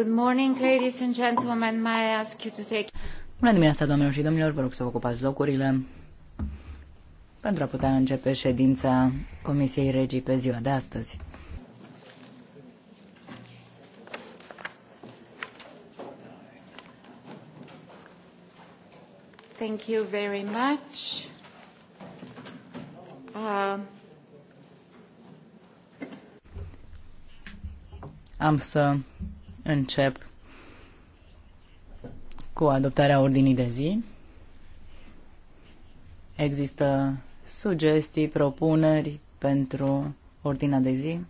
Good morning, ladies and gentlemen. May I ask you to take... Bună dimineața, doamnelor și domnilor, vă rog să vă ocupați locurile pentru a putea începe ședința Comisiei Regii pe ziua de astăzi. Thank you very much. Uh... Am să încep cu adoptarea ordinii de zi. Există sugestii, propuneri pentru ordinea de zi?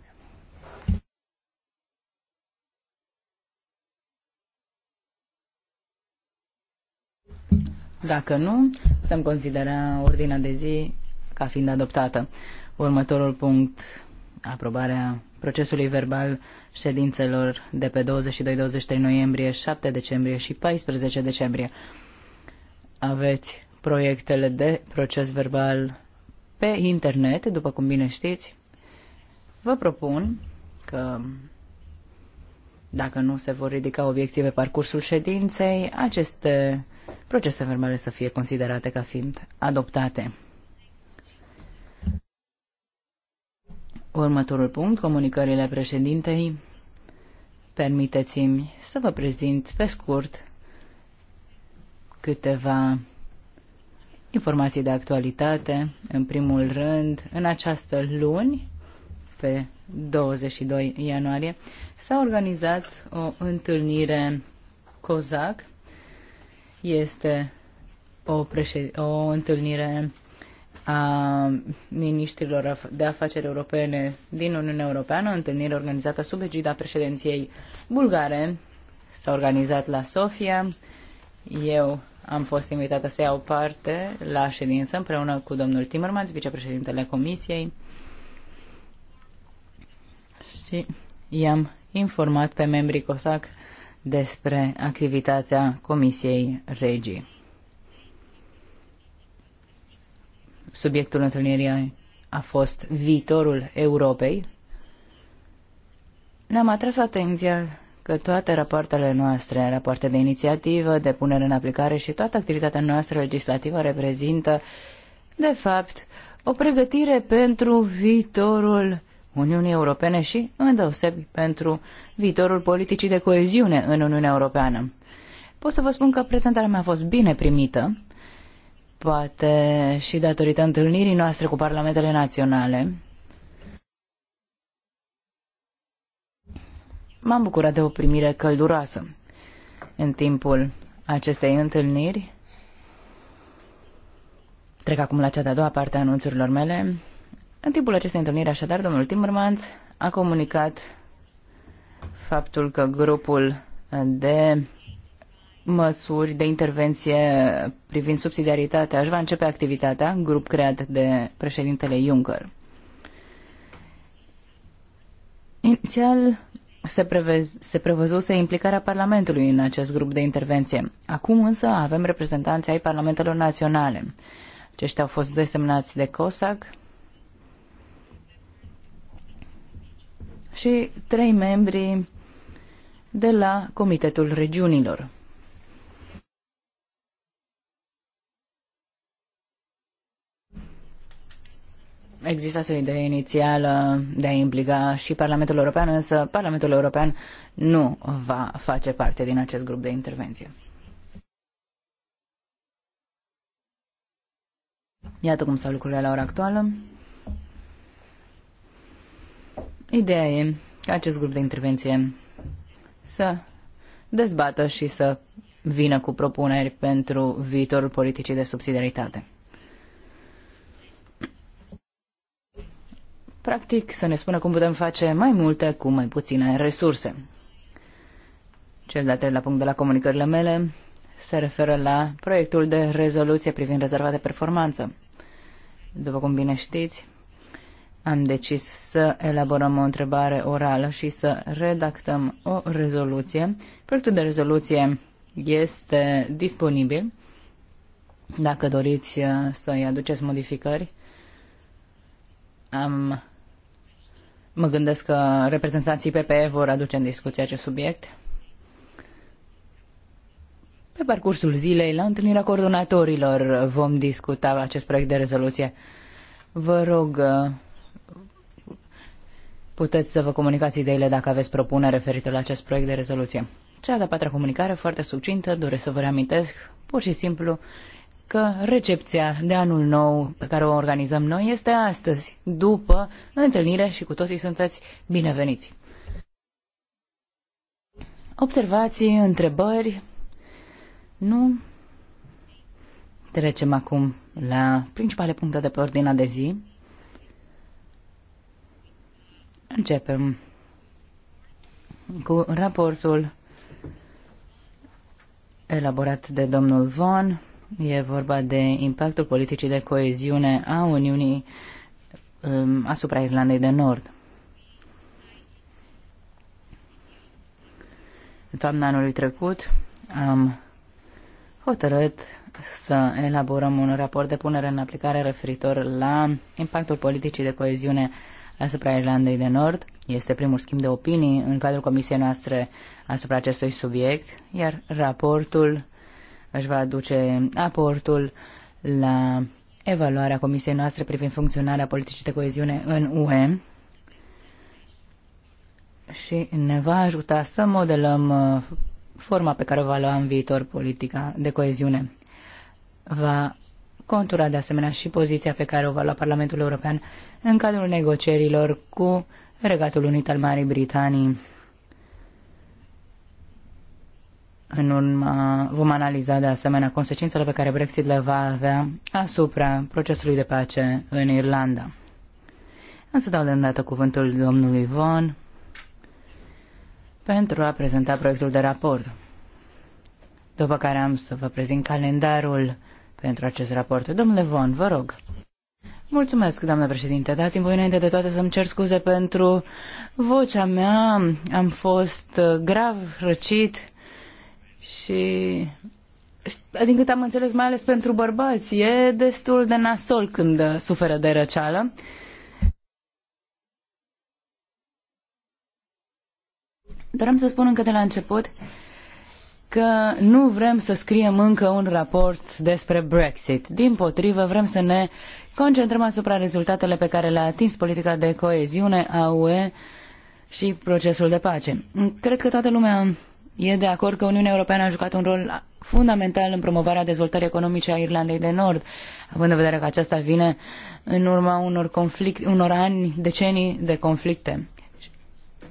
Dacă nu, putem considera ordinea de zi ca fiind adoptată. Următorul punct, aprobarea procesului verbal ședințelor de pe 22-23 noiembrie, 7 decembrie și 14 decembrie. Aveți proiectele de proces verbal pe internet, după cum bine știți. Vă propun că dacă nu se vor ridica obiective pe parcursul ședinței, aceste procese verbale să fie considerate ca fiind adoptate. Următorul punct, comunicările președintei. Permiteți-mi să vă prezint pe scurt câteva informații de actualitate. În primul rând, în această luni, pe 22 ianuarie, s-a organizat o întâlnire COZAC. Este o, președ... o întâlnire a ministrilor de afaceri europene din Uniunea Europeană, întâlnire organizată sub egida președinției bulgare. S-a organizat la Sofia. Eu am fost invitată să iau parte la ședință împreună cu domnul Timmermans, vicepreședintele Comisiei. Și i-am informat pe membrii COSAC despre activitatea Comisiei Regii. Subiectul întâlnirii a fost viitorul Europei. Ne-am atras atenția că toate rapoartele noastre, rapoarte de inițiativă, de punere în aplicare și toată activitatea noastră legislativă reprezintă, de fapt, o pregătire pentru viitorul Uniunii Europene și, îndeosebi, pentru viitorul politicii de coeziune în Uniunea Europeană. Pot să vă spun că prezentarea mea a fost bine primită poate și datorită întâlnirii noastre cu parlamentele naționale, m-am bucurat de o primire călduroasă. În timpul acestei întâlniri, trec acum la cea de-a doua parte a anunțurilor mele, în timpul acestei întâlniri, așadar, domnul Timmermans a comunicat faptul că grupul de măsuri de intervenție privind subsidiaritatea aș va începe activitatea, grup creat de președintele Juncker. Inițial se, prevez, se prevăzuse implicarea Parlamentului în acest grup de intervenție. Acum însă avem reprezentanți ai Parlamentelor Naționale. Aceștia au fost desemnați de COSAC și trei membri de la Comitetul Regiunilor. Existase o idee inițială de a implica și Parlamentul European, însă Parlamentul European nu va face parte din acest grup de intervenție. Iată cum stau lucrurile la ora actuală. Ideea e ca acest grup de intervenție să dezbată și să vină cu propuneri pentru viitorul politicii de subsidiaritate. practic să ne spună cum putem face mai multe cu mai puține resurse. Cel de-al treilea punct de la comunicările mele se referă la proiectul de rezoluție privind rezerva de performanță. După cum bine știți, am decis să elaborăm o întrebare orală și să redactăm o rezoluție. Proiectul de rezoluție este disponibil dacă doriți să-i aduceți modificări. Am Mă gândesc că reprezentanții PPE vor aduce în discuție acest subiect. Pe parcursul zilei, la întâlnirea coordonatorilor, vom discuta acest proiect de rezoluție. Vă rog, puteți să vă comunicați ideile dacă aveți propuneri referită la acest proiect de rezoluție. Cea de-a patra comunicare, foarte succintă, doresc să vă reamintesc, pur și simplu, că recepția de anul nou pe care o organizăm noi este astăzi, după întâlnire și cu toții sunteți bineveniți. Observații, întrebări? Nu? Trecem acum la principale puncte de pe ordinea de zi. Începem cu raportul elaborat de domnul Von E vorba de impactul politicii de coeziune a Uniunii um, asupra Irlandei de Nord. În toamna anului trecut am hotărât să elaborăm un raport de punere în aplicare referitor la impactul politicii de coeziune asupra Irlandei de Nord. Este primul schimb de opinii în cadrul comisiei noastre asupra acestui subiect, iar raportul își va aduce aportul la evaluarea comisiei noastre privind funcționarea politicii de coeziune în UE și ne va ajuta să modelăm uh, forma pe care o va lua în viitor politica de coeziune. Va contura de asemenea și poziția pe care o va lua Parlamentul European în cadrul negocierilor cu Regatul Unit al Marii Britanii. În urmă vom analiza de asemenea consecințele pe care Brexit le va avea asupra procesului de pace în Irlanda. Am să dau de îndată cuvântul domnului Von pentru a prezenta proiectul de raport. După care am să vă prezint calendarul pentru acest raport. Domnule Von, vă rog. Mulțumesc, doamnă președinte. Dați-mi voi înainte de toate să-mi cer scuze pentru vocea mea. Am fost uh, grav răcit și din câte am înțeles, mai ales pentru bărbați, e destul de nasol când suferă de răceală. Doream să spun încă de la început că nu vrem să scriem încă un raport despre Brexit. Din potrivă, vrem să ne concentrăm asupra rezultatele pe care le-a atins politica de coeziune a UE și procesul de pace. Cred că toată lumea e de acord că Uniunea Europeană a jucat un rol fundamental în promovarea dezvoltării economice a Irlandei de Nord, având în vedere că aceasta vine în urma unor, conflict, unor ani, decenii de conflicte.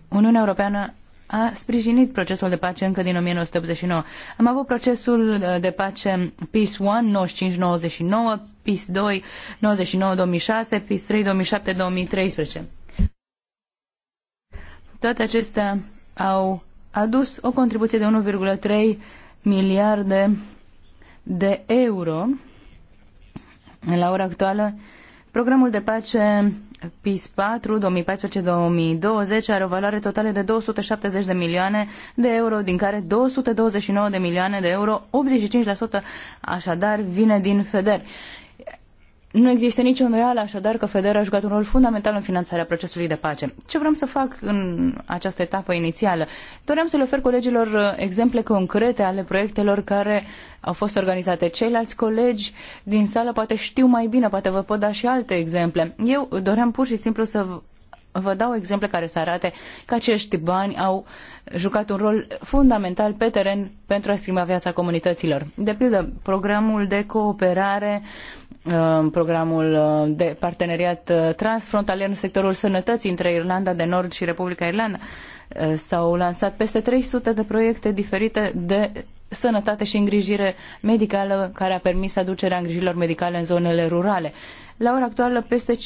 Uniunea Europeană a sprijinit procesul de pace încă din 1989. Am avut procesul uh, de pace Peace 1, 95-99, Peace 2, 99-2006, Peace 3, 2007-2013. Toate acestea au adus o contribuție de 1,3 miliarde de euro. La ora actuală, programul de pace PIS 4 2014-2020 are o valoare totală de 270 de milioane de euro, din care 229 de milioane de euro, 85% așadar, vine din FEDER. Nu există nicio îndoială așadar că Federa a jucat un rol fundamental în finanțarea procesului de pace. Ce vreau să fac în această etapă inițială? Doream să le ofer colegilor uh, exemple concrete ale proiectelor care au fost organizate. Ceilalți colegi din sală poate știu mai bine, poate vă pot da și alte exemple. Eu doream pur și simplu să Vă dau exemple care să arate că acești bani au jucat un rol fundamental pe teren pentru a schimba viața comunităților. De pildă, programul de cooperare, uh, programul uh, de parteneriat uh, transfrontalier în sectorul sănătății între Irlanda de Nord și Republica Irlanda. S-au lansat peste 300 de proiecte diferite de sănătate și îngrijire medicală care a permis aducerea îngrijirilor medicale în zonele rurale. La ora actuală, peste 50.000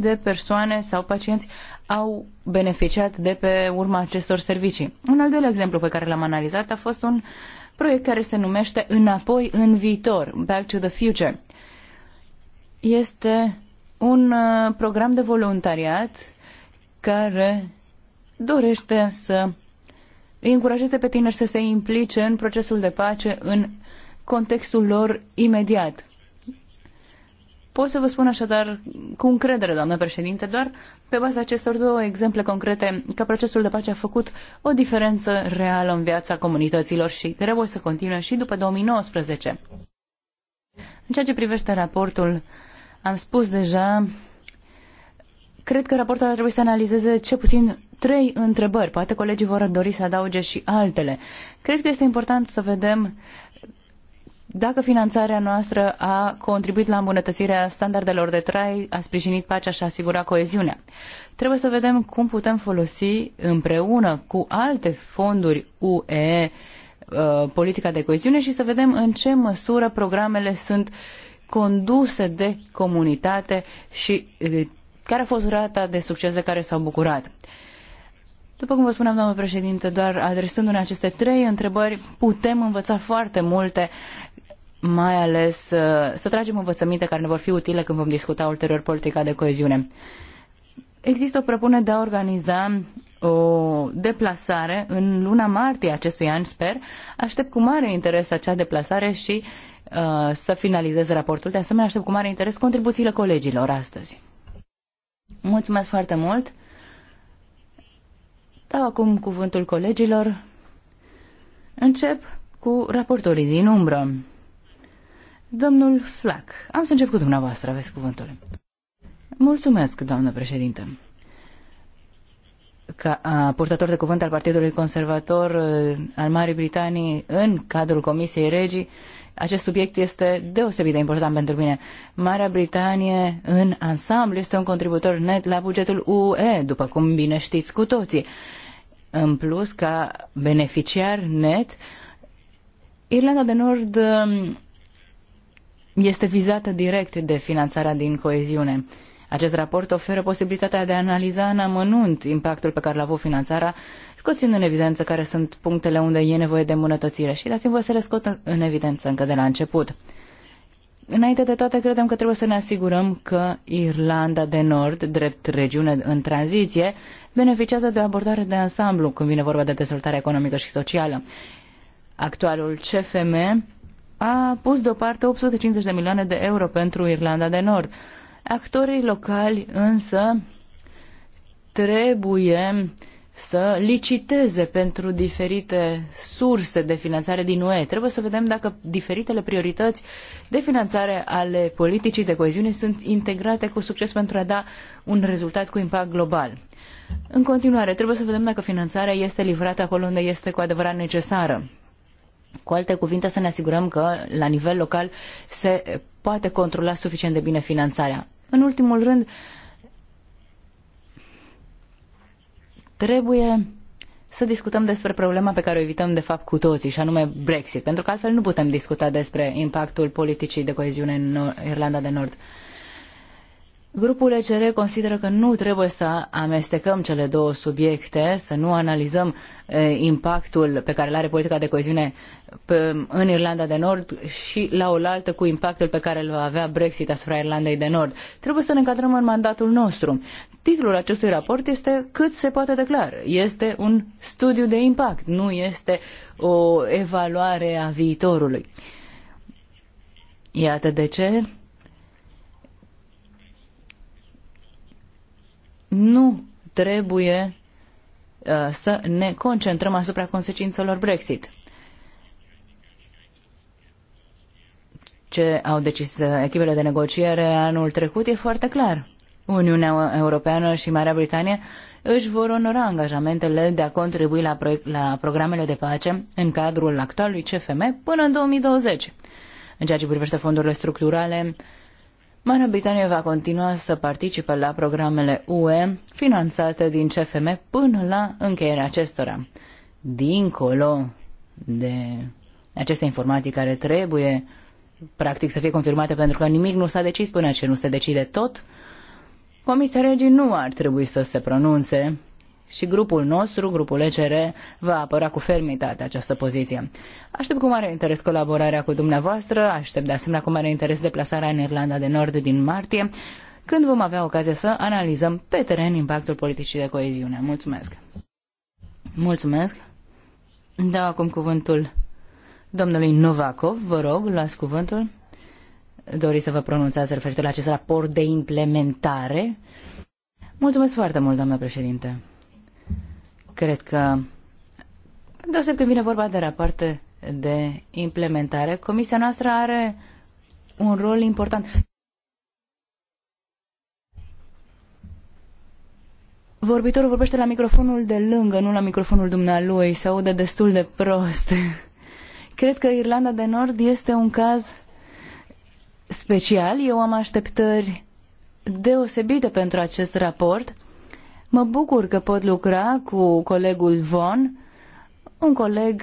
de persoane sau pacienți au beneficiat de pe urma acestor servicii. Un al doilea exemplu pe care l-am analizat a fost un proiect care se numește Înapoi în viitor, Back to the Future. Este un uh, program de voluntariat care dorește să îi încurajeze pe tineri să se implice în procesul de pace, în contextul lor imediat. Pot să vă spun așadar cu încredere, doamnă președinte, doar pe baza acestor două exemple concrete că procesul de pace a făcut o diferență reală în viața comunităților și trebuie să continue și după 2019. În ceea ce privește raportul, am spus deja Cred că raportul ar trebui să analizeze ce puțin trei întrebări. Poate colegii vor dori să adauge și altele. Cred că este important să vedem dacă finanțarea noastră a contribuit la îmbunătățirea standardelor de trai, a sprijinit pacea și a asigurat coeziunea. Trebuie să vedem cum putem folosi împreună cu alte fonduri UE uh, politica de coeziune și să vedem în ce măsură programele sunt conduse de comunitate și uh, care a fost rata de succes de care s-au bucurat? După cum vă spuneam, doamnă președinte, doar adresându-ne aceste trei întrebări, putem învăța foarte multe, mai ales uh, să tragem învățăminte care ne vor fi utile când vom discuta ulterior politica de coeziune. Există o propunere de a organiza o deplasare în luna martie acestui an, sper. Aștept cu mare interes acea deplasare și uh, să finalizez raportul. De asemenea, aștept cu mare interes contribuțiile colegilor astăzi. Mulțumesc foarte mult. Dau acum cuvântul colegilor. Încep cu raportorii din umbră. Domnul Flac, am să încep cu dumneavoastră, aveți cuvântul. Mulțumesc, doamnă președintă. Ca a, purtător de cuvânt al Partidului Conservator uh, al Marii Britanii în cadrul Comisiei Regii, acest subiect este deosebit de important pentru mine. Marea Britanie, în ansamblu, este un contributor net la bugetul UE, după cum bine știți cu toții. În plus, ca beneficiar net, Irlanda de Nord um, este vizată direct de finanțarea din coeziune. Acest raport oferă posibilitatea de a analiza în amănunt impactul pe care l-a avut finanțarea, scoțând în evidență care sunt punctele unde e nevoie de îmbunătățire și dați-mi voi să le scot în evidență încă de la început. Înainte de toate, credem că trebuie să ne asigurăm că Irlanda de Nord, drept regiune în tranziție, beneficiază de o abordare de ansamblu când vine vorba de dezvoltare economică și socială. Actualul CFM a pus deoparte 850 de milioane de euro pentru Irlanda de Nord. Actorii locali însă trebuie să liciteze pentru diferite surse de finanțare din UE. Trebuie să vedem dacă diferitele priorități de finanțare ale politicii de coeziune sunt integrate cu succes pentru a da un rezultat cu impact global. În continuare, trebuie să vedem dacă finanțarea este livrată acolo unde este cu adevărat necesară. Cu alte cuvinte, să ne asigurăm că la nivel local se poate controla suficient de bine finanțarea. În ultimul rând, trebuie să discutăm despre problema pe care o evităm de fapt cu toții, și anume Brexit, pentru că altfel nu putem discuta despre impactul politicii de coeziune în Irlanda de Nord. Grupul ECR consideră că nu trebuie să amestecăm cele două subiecte, să nu analizăm impactul pe care îl are politica de coeziune pe, în Irlanda de Nord și la oaltă cu impactul pe care îl va avea Brexit asupra Irlandei de Nord. Trebuie să ne încadrăm în mandatul nostru. Titlul acestui raport este cât se poate clar”. Este un studiu de impact, nu este o evaluare a viitorului. Iată de ce nu trebuie uh, să ne concentrăm asupra consecințelor Brexit. Ce au decis uh, echipele de negociere anul trecut e foarte clar. Uniunea Europeană și Marea Britanie își vor onora angajamentele de a contribui la, proiect, la programele de pace în cadrul actualului CFM până în 2020. În ceea ce privește fondurile structurale, uh, Marea Britanie va continua să participe la programele UE finanțate din CFM până la încheierea acestora. Dincolo de aceste informații care trebuie practic să fie confirmate pentru că nimic nu s-a decis până ce nu se decide tot, Comisia Regii nu ar trebui să se pronunțe și grupul nostru, grupul ECR, va apăra cu fermitate această poziție. Aștept cu mare interes colaborarea cu dumneavoastră, aștept de asemenea cu mare interes deplasarea în Irlanda de Nord din martie, când vom avea ocazia să analizăm pe teren impactul politicii de coeziune. Mulțumesc! Mulțumesc! Dau acum cuvântul domnului Novakov, vă rog, luați cuvântul. Doriți să vă pronunțați referitor la acest raport de implementare? Mulțumesc foarte mult, doamnă președinte. Cred că, deosebit da, când vine vorba de rapoarte de implementare, comisia noastră are un rol important. Vorbitorul vorbește la microfonul de lângă, nu la microfonul dumnealui. Se aude destul de prost. Cred că Irlanda de Nord este un caz special. Eu am așteptări deosebite pentru acest raport. Mă bucur că pot lucra cu colegul Von, un coleg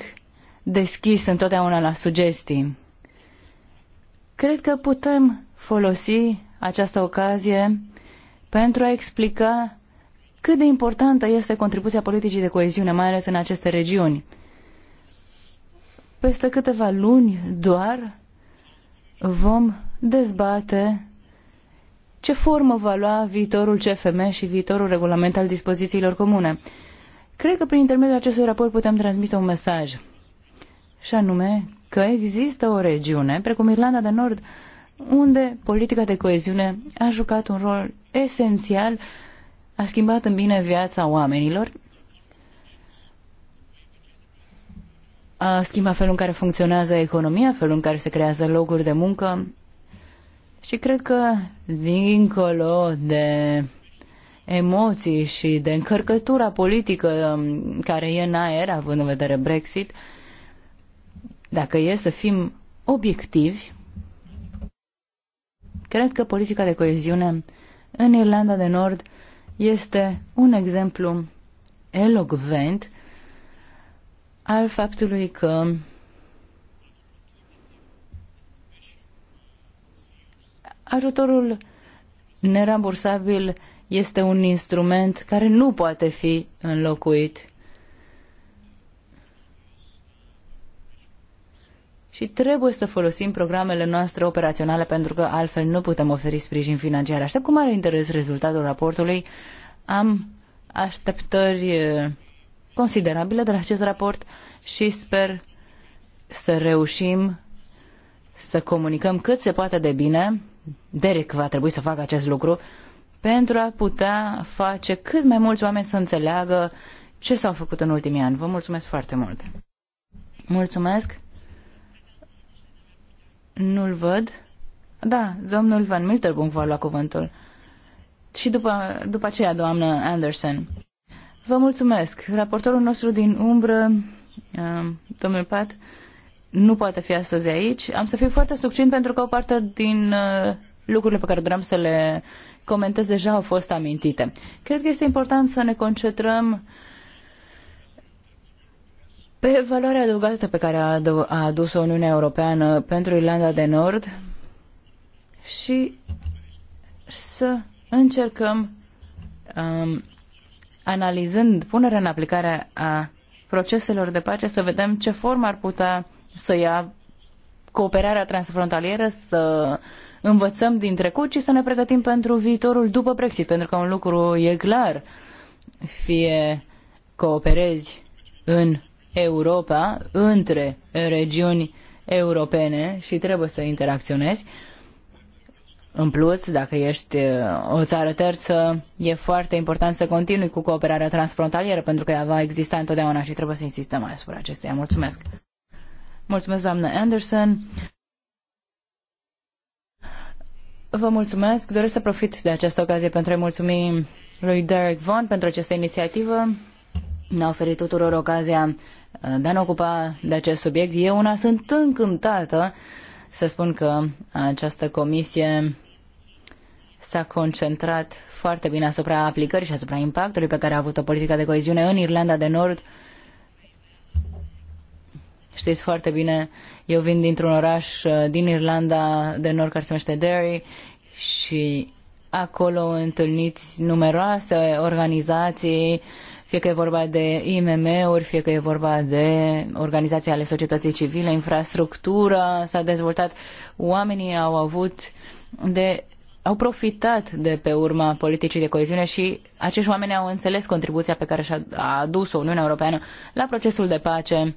deschis întotdeauna la sugestii. Cred că putem folosi această ocazie pentru a explica cât de importantă este contribuția politicii de coeziune, mai ales în aceste regiuni. Peste câteva luni doar vom dezbate ce formă va lua viitorul CFM și viitorul regulament al dispozițiilor comune. Cred că prin intermediul acestui raport putem transmite un mesaj, și anume că există o regiune, precum Irlanda de Nord, unde politica de coeziune a jucat un rol esențial, a schimbat în bine viața oamenilor, a schimbat felul în care funcționează economia, felul în care se creează locuri de muncă, și cred că, dincolo de emoții și de încărcătura politică um, care e în aer, având în vedere Brexit, dacă e să fim obiectivi, cred că politica de coeziune în Irlanda de Nord este un exemplu elogvent al faptului că Ajutorul nerambursabil este un instrument care nu poate fi înlocuit. Și trebuie să folosim programele noastre operaționale pentru că altfel nu putem oferi sprijin financiar. Aștept cu mare interes rezultatul raportului. Am așteptări eh, considerabile de la acest raport și sper să reușim să comunicăm cât se poate de bine Derek va trebui să facă acest lucru pentru a putea face cât mai mulți oameni să înțeleagă ce s-au făcut în ultimii ani. Vă mulțumesc foarte mult! Mulțumesc! Nu-l văd. Da, domnul Van Milterbunk va lua cuvântul. Și după, după aceea, doamnă Anderson. Vă mulțumesc. Raportorul nostru din umbră, um, domnul Pat, nu poate fi astăzi aici. Am să fiu foarte succint pentru că o parte din uh, lucrurile pe care doream să le comentez deja au fost amintite. Cred că este important să ne concentrăm pe valoarea adăugată pe care a adus-o Uniunea Europeană pentru Irlanda de Nord și să încercăm, um, analizând punerea în aplicare a proceselor de pace, să vedem ce formă ar putea să ia cooperarea transfrontalieră, să învățăm din trecut și să ne pregătim pentru viitorul după Brexit, pentru că un lucru e clar. Fie cooperezi în Europa, între regiuni europene și trebuie să interacționezi. În plus, dacă ești uh, o țară terță, e foarte important să continui cu cooperarea transfrontalieră, pentru că ea va exista întotdeauna și trebuie să insistăm asupra acesteia. Mulțumesc! Mulțumesc, doamnă Anderson. Vă mulțumesc. Doresc să profit de această ocazie pentru a-i mulțumi lui Derek Vaughan pentru această inițiativă. Ne-a oferit tuturor ocazia uh, de a ne ocupa de acest subiect. Eu una sunt încântată să spun că această comisie s-a concentrat foarte bine asupra aplicării și asupra impactului pe care a avut o politică de coeziune în Irlanda de Nord Știți foarte bine, eu vin dintr-un oraș uh, din Irlanda de Nord care se numește Derry și acolo întâlniți numeroase organizații, fie că e vorba de IMM-uri, fie că e vorba de organizații ale societății civile, infrastructura s-a dezvoltat, oamenii au avut de au profitat de pe urma politicii de coeziune și acești oameni au înțeles contribuția pe care și-a adus-o Uniunea Europeană la procesul de pace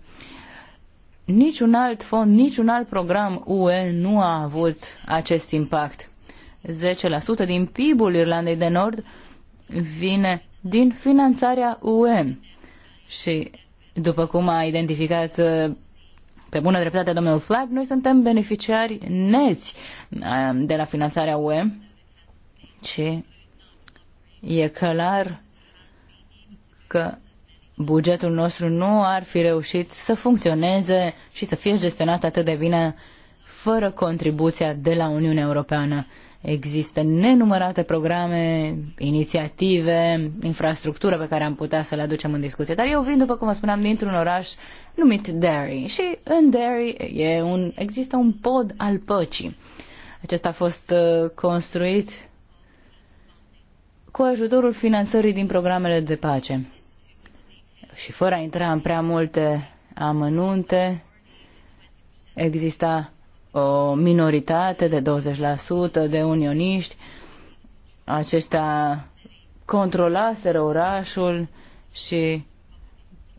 Niciun alt fond, niciun alt program UE nu a avut acest impact. 10% din PIB-ul Irlandei de Nord vine din finanțarea UE. Și, după cum a identificat uh, pe bună dreptate domnul Flag, noi suntem beneficiari neți uh, de la finanțarea UE și e clar că bugetul nostru nu ar fi reușit să funcționeze și să fie gestionat atât de bine fără contribuția de la Uniunea Europeană. Există nenumărate programe, inițiative, infrastructură pe care am putea să le aducem în discuție. Dar eu vin, după cum vă spuneam, dintr-un oraș numit Derry și în Derry e un, există un pod al păcii. Acesta a fost uh, construit cu ajutorul finanțării din programele de pace și fără a intra în prea multe amănunte, exista o minoritate de 20% de unioniști. Aceștia controlaseră orașul și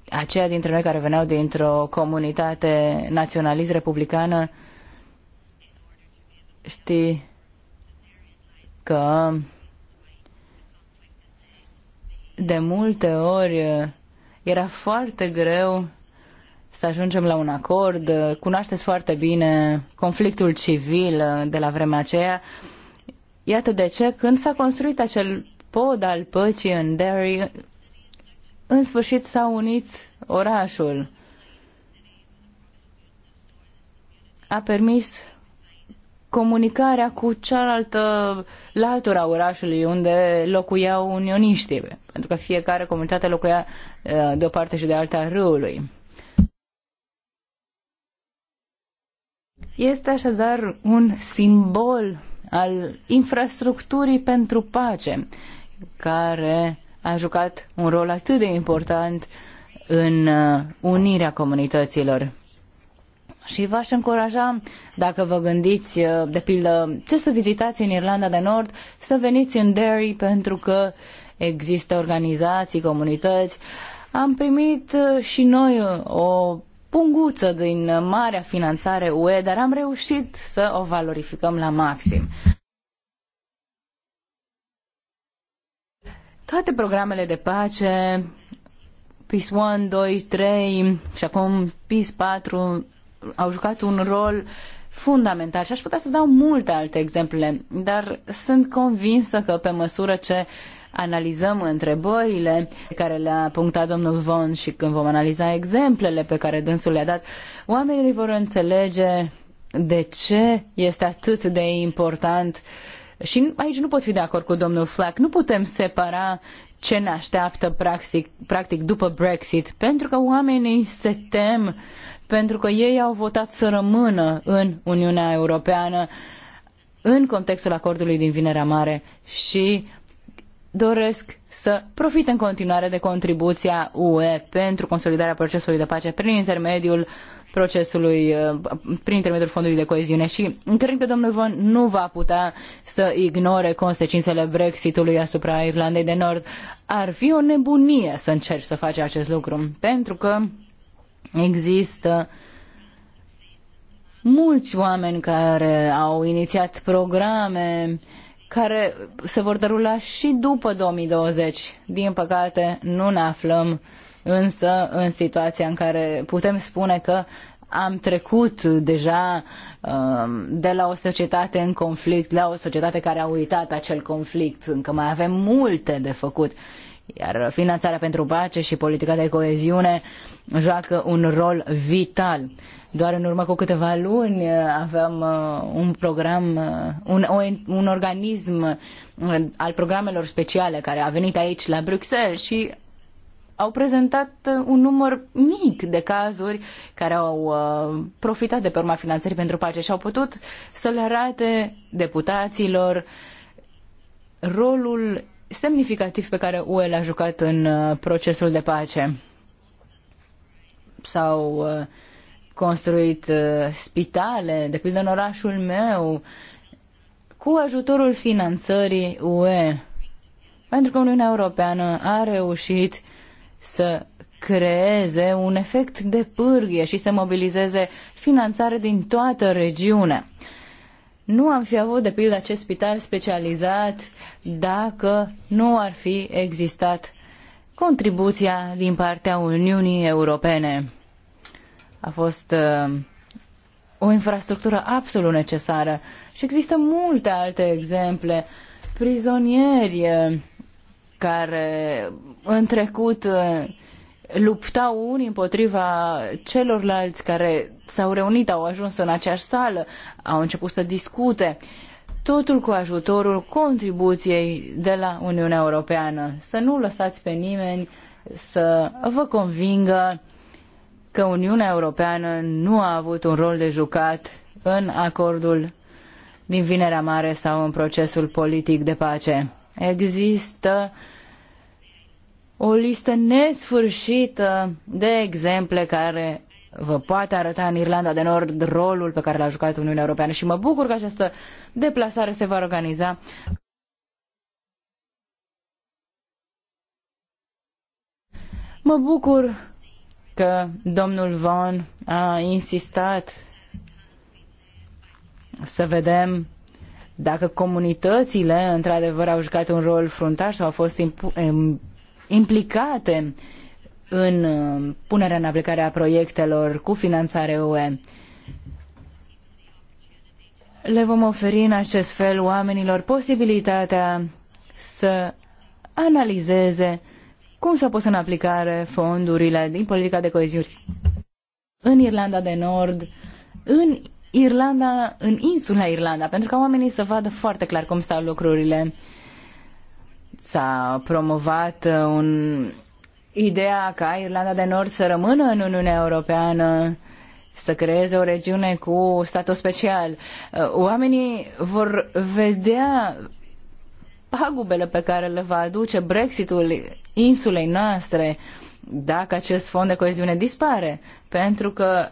aceia dintre noi care veneau dintr-o comunitate naționalist republicană știi că de multe ori era foarte greu să ajungem la un acord. Cunoașteți foarte bine conflictul civil de la vremea aceea. Iată de ce, când s-a construit acel pod al păcii în Derry, în sfârșit s-a unit orașul. A permis comunicarea cu cealaltă latura orașului unde locuiau unioniștii, pentru că fiecare comunitate locuia eh, de o parte și de alta râului. Este așadar un simbol al infrastructurii pentru pace, care a jucat un rol atât de important în eh, unirea comunităților și v-aș încuraja, dacă vă gândiți, uh, de pildă, ce să vizitați în Irlanda de Nord, să veniți în Derry pentru că există organizații, comunități. Am primit uh, și noi uh, o punguță din marea finanțare UE, dar am reușit să o valorificăm la maxim. Toate programele de pace PIS 1, 2, 3 și acum PIS 4 au jucat un rol fundamental și aș putea să dau multe alte exemple, dar sunt convinsă că pe măsură ce analizăm întrebările pe care le-a punctat domnul Von și când vom analiza exemplele pe care dânsul le-a dat, oamenii vor înțelege de ce este atât de important și aici nu pot fi de acord cu domnul Flack. Nu putem separa ce ne așteaptă practic, practic după Brexit, pentru că oamenii se tem pentru că ei au votat să rămână în Uniunea Europeană în contextul acordului din Vinerea Mare și doresc să profite în continuare de contribuția UE pentru consolidarea procesului de pace prin intermediul procesului, uh, prin intermediul fondului de coeziune și cred că domnul Von nu va putea să ignore consecințele Brexitului asupra Irlandei de Nord. Ar fi o nebunie să încerci să faci acest lucru, pentru că Există mulți oameni care au inițiat programe care se vor derula și după 2020. Din păcate, nu ne aflăm însă în situația în care putem spune că am trecut deja um, de la o societate în conflict la o societate care a uitat acel conflict. Încă mai avem multe de făcut. Iar finanțarea pentru pace și politica de coeziune joacă un rol vital. Doar în urmă cu câteva luni uh, aveam uh, un program, uh, un, un organism al programelor speciale care a venit aici la Bruxelles și au prezentat un număr mic de cazuri care au uh, profitat de pe urma finanțării pentru pace și au putut să le arate deputaților rolul semnificativ pe care UE l-a jucat în uh, procesul de pace. S-au uh, construit uh, spitale, de pildă în orașul meu, cu ajutorul finanțării UE. Pentru că Uniunea Europeană a reușit să creeze un efect de pârghie și să mobilizeze finanțare din toată regiunea. Nu am fi avut, de pildă, acest spital specializat dacă nu ar fi existat contribuția din partea Uniunii Europene. A fost uh, o infrastructură absolut necesară și există multe alte exemple. Prizonieri uh, care în trecut uh, luptau unii împotriva celorlalți care s-au reunit, au ajuns în aceeași sală, au început să discute. Uh, totul cu ajutorul contribuției de la Uniunea Europeană. Să nu lăsați pe nimeni să vă convingă că Uniunea Europeană nu a avut un rol de jucat în acordul din Vinerea Mare sau în procesul politic de pace. Există o listă nesfârșită de exemple care vă poate arăta în Irlanda de Nord rolul pe care l-a jucat Uniunea Europeană și mă bucur că această deplasare se va organiza. Mă bucur că domnul Von a insistat să vedem dacă comunitățile într-adevăr au jucat un rol fruntaș sau au fost implicate în uh, punerea în aplicare a proiectelor cu finanțare UE. Le vom oferi în acest fel oamenilor posibilitatea să analizeze cum s-au pus în aplicare fondurile din politica de coeziune în Irlanda de Nord, în Irlanda, în insula Irlanda, pentru ca oamenii să vadă foarte clar cum stau lucrurile. S-a promovat un ideea ca Irlanda de Nord să rămână în Uniunea Europeană, să creeze o regiune cu statul special. Uh, oamenii vor vedea pagubele pe care le va aduce Brexitul insulei noastre dacă acest fond de coeziune dispare, pentru că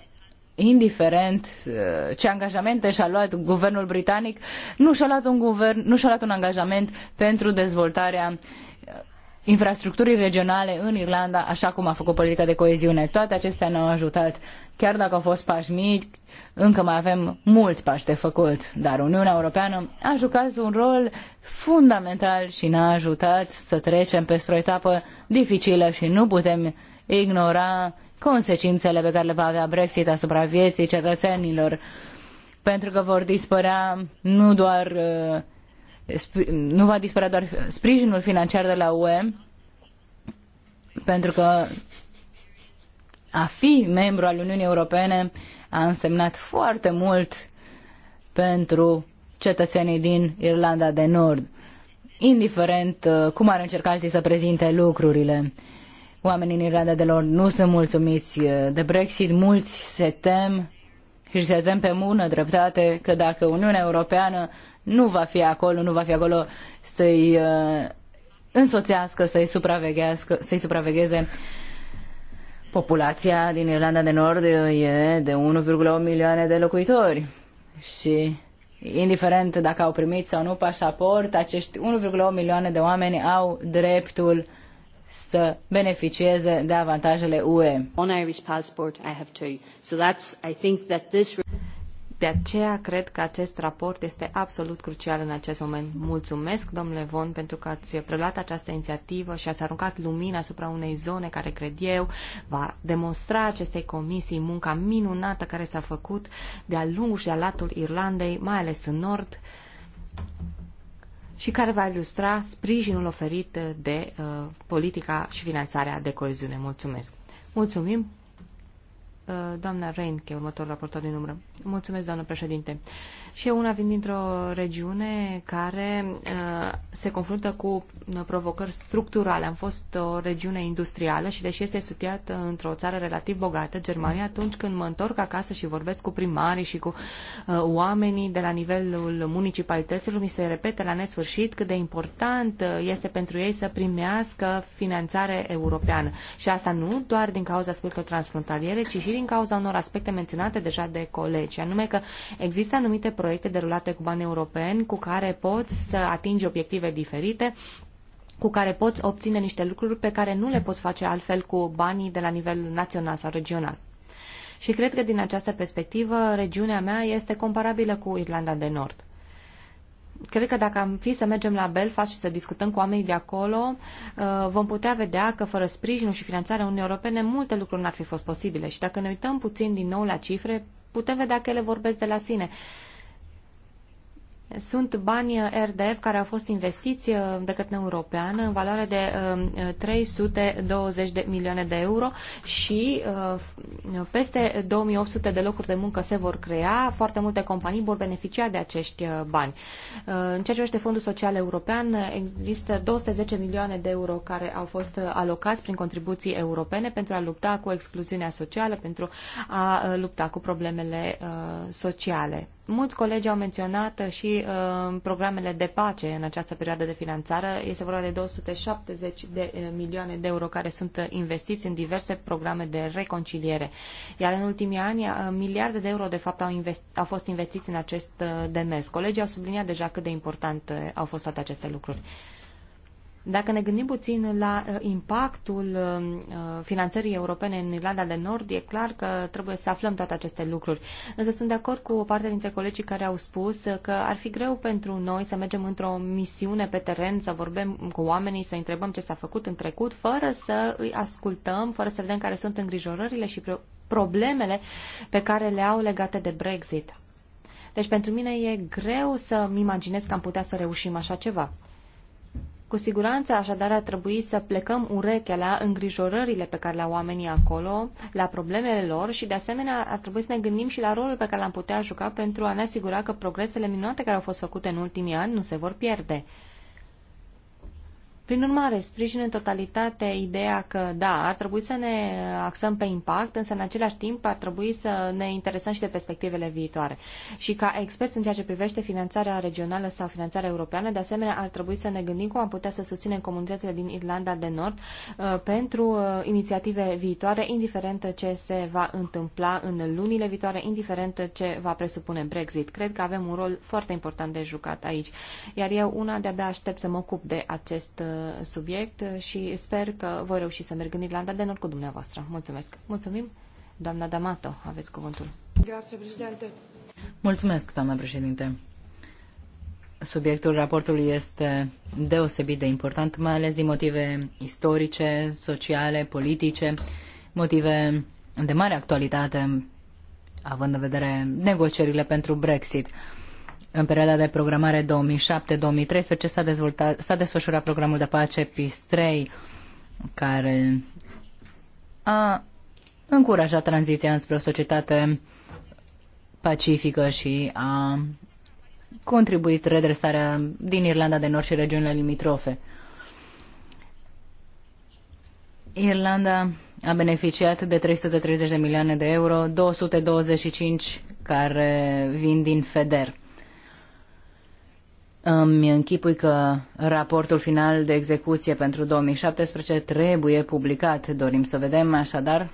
indiferent uh, ce angajamente și-a luat guvernul britanic, nu și-a luat un, guvern, nu și-a luat un angajament pentru dezvoltarea infrastructurii regionale în Irlanda, așa cum a făcut politica de coeziune. Toate acestea ne-au ajutat. Chiar dacă au fost pași mici, încă mai avem mulți pași de făcut, dar Uniunea Europeană a jucat un rol fundamental și ne-a ajutat să trecem peste o etapă dificilă și nu putem ignora consecințele pe care le va avea Brexit asupra vieții cetățenilor, pentru că vor dispărea nu doar uh, nu va dispărea doar sprijinul financiar de la UE, pentru că a fi membru al Uniunii Europene a însemnat foarte mult pentru cetățenii din Irlanda de Nord, indiferent uh, cum ar încerca alții să prezinte lucrurile. Oamenii în Irlanda de Nord nu sunt mulțumiți uh, de Brexit, mulți se tem și se tem pe mună dreptate că dacă Uniunea Europeană nu va fi acolo, nu va fi acolo să-i uh, însoțească, să-i supraveghească, să-i supravegheze. Populația din Irlanda de Nord e de 1,8 milioane de locuitori și indiferent dacă au primit sau nu pașaport, acești 1,8 milioane de oameni au dreptul să beneficieze de avantajele UE. On Irish passport I have two. So that's I think that this de aceea cred că acest raport este absolut crucial în acest moment. Mulțumesc, domnule Von, pentru că ați preluat această inițiativă și ați aruncat lumina asupra unei zone care, cred eu, va demonstra acestei comisii munca minunată care s-a făcut de-a lungul și de-a latul Irlandei, mai ales în nord, și care va ilustra sprijinul oferit de uh, politica și finanțarea de coeziune. Mulțumesc! Mulțumim! doamna Reinke, următorul raportor din umbră. Mulțumesc, doamnă președinte. Și eu una vin dintr-o regiune care uh, se confruntă cu uh, provocări structurale. Am fost o regiune industrială și deși este studiată într-o țară relativ bogată, Germania, atunci când mă întorc acasă și vorbesc cu primarii și cu uh, oamenii de la nivelul municipalităților, mi se repete la nesfârșit cât de important uh, este pentru ei să primească finanțare europeană. Și asta nu doar din cauza aspectelor transfrontaliere, ci și din cauza unor aspecte menționate deja de colegi, anume că există anumite proiecte proiecte derulate cu bani europeni cu care poți să atingi obiective diferite cu care poți obține niște lucruri pe care nu le poți face altfel cu banii de la nivel național sau regional. Și cred că din această perspectivă regiunea mea este comparabilă cu Irlanda de Nord cred că dacă am fi să mergem la Belfast și să discutăm cu oamenii de acolo, uh, vom putea vedea că fără sprijinul și finanțarea Uniunii Europene multe lucruri n-ar fi fost posibile. Și dacă ne uităm puțin din nou la cifre, putem vedea că ele vorbesc de la sine. Sunt bani RDF care au fost investiți uh, de către europeană în valoare de 320 uh, de milioane de euro și uh, peste 2800 de locuri de muncă se vor crea. Foarte multe companii vor beneficia de acești bani. În ceea ce privește Fondul Social European, există 210 milioane de euro care au fost alocați prin contribuții europene pentru a lupta cu excluziunea socială, pentru a lupta cu problemele sociale. Mulți colegi au menționat uh, și uh, programele de pace în această perioadă de finanțare. Este vorba de 270 de uh, milioane de euro care sunt uh, investiți în diverse programe de reconciliere. Iar în ultimii ani, uh, miliarde de euro de fapt au, au fost investiți în acest uh, demers. Colegii au subliniat deja cât de uh, au fost toate aceste lucruri. Uh, dacă ne gândim puțin la uh, impactul uh, uh, finanțării europene în Irlanda de Nord, e clar că trebuie să aflăm toate aceste lucruri. Însă sunt de acord cu o parte dintre colegii care au spus că ar fi greu pentru noi să mergem într-o misiune pe teren, să vorbim cu oamenii, să întrebăm ce s-a făcut în trecut, fără să îi ascultăm, fără să vedem care sunt îngrijorările și problemele pe care le au legate de Brexit. Deci pentru mine e greu să-mi imaginez că am putea să reușim așa ceva. Cu siguranță, așadar, ar trebui să plecăm urechea la îngrijorările pe care le au oamenii acolo, la problemele lor și, de asemenea, ar trebui să ne gândim și la rolul pe care l-am putea juca pentru a ne asigura că progresele minunate care au fost făcute în ultimii ani nu se vor pierde. Prin urmare, sprijin în totalitate ideea că, da, ar trebui să ne axăm pe impact, însă în același timp ar trebui să ne interesăm și de perspectivele viitoare. Și ca experți în ceea ce privește finanțarea regională sau finanțarea europeană, de asemenea, ar trebui să ne gândim cum am putea să susținem comunitățile din Irlanda de Nord uh, pentru uh, inițiative viitoare, indiferent ce se va întâmpla în lunile viitoare, indiferent ce va presupune Brexit. Cred că avem un rol foarte important de jucat aici, iar eu una de-abia aștept să mă ocup de acest uh, subiect și sper că voi reuși să merg în Irlanda de Nord cu dumneavoastră. Mulțumesc. Mulțumim. Doamna D'Amato, aveți cuvântul. Grazie, președinte. Mulțumesc, doamna președinte. Subiectul raportului este deosebit de important, mai ales din motive istorice, sociale, politice, motive de mare actualitate, având în vedere negocierile pentru Brexit. În perioada de programare 2007-2013 s-a, dezvoltat, s-a desfășurat programul de pace PIS 3, care a încurajat tranziția înspre o societate pacifică și a contribuit redresarea din Irlanda de Nord și regiunile limitrofe. Irlanda a beneficiat de 330 de milioane de euro, 225 care vin din FEDER. Îmi închipui că raportul final de execuție pentru 2017 trebuie publicat. Dorim să vedem așadar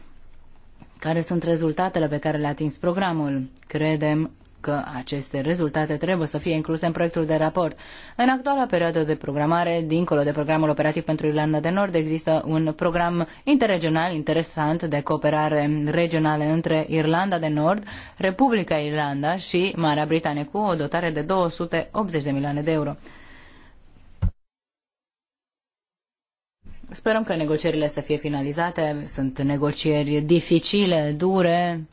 care sunt rezultatele pe care le-a atins programul. Credem că aceste rezultate trebuie să fie incluse în proiectul de raport. În actuala perioadă de programare, dincolo de programul operativ pentru Irlanda de Nord, există un program interregional interesant de cooperare regională între Irlanda de Nord, Republica Irlanda și Marea Britanie cu o dotare de 280 de milioane de euro. Sperăm că negocierile să fie finalizate. Sunt negocieri dificile, dure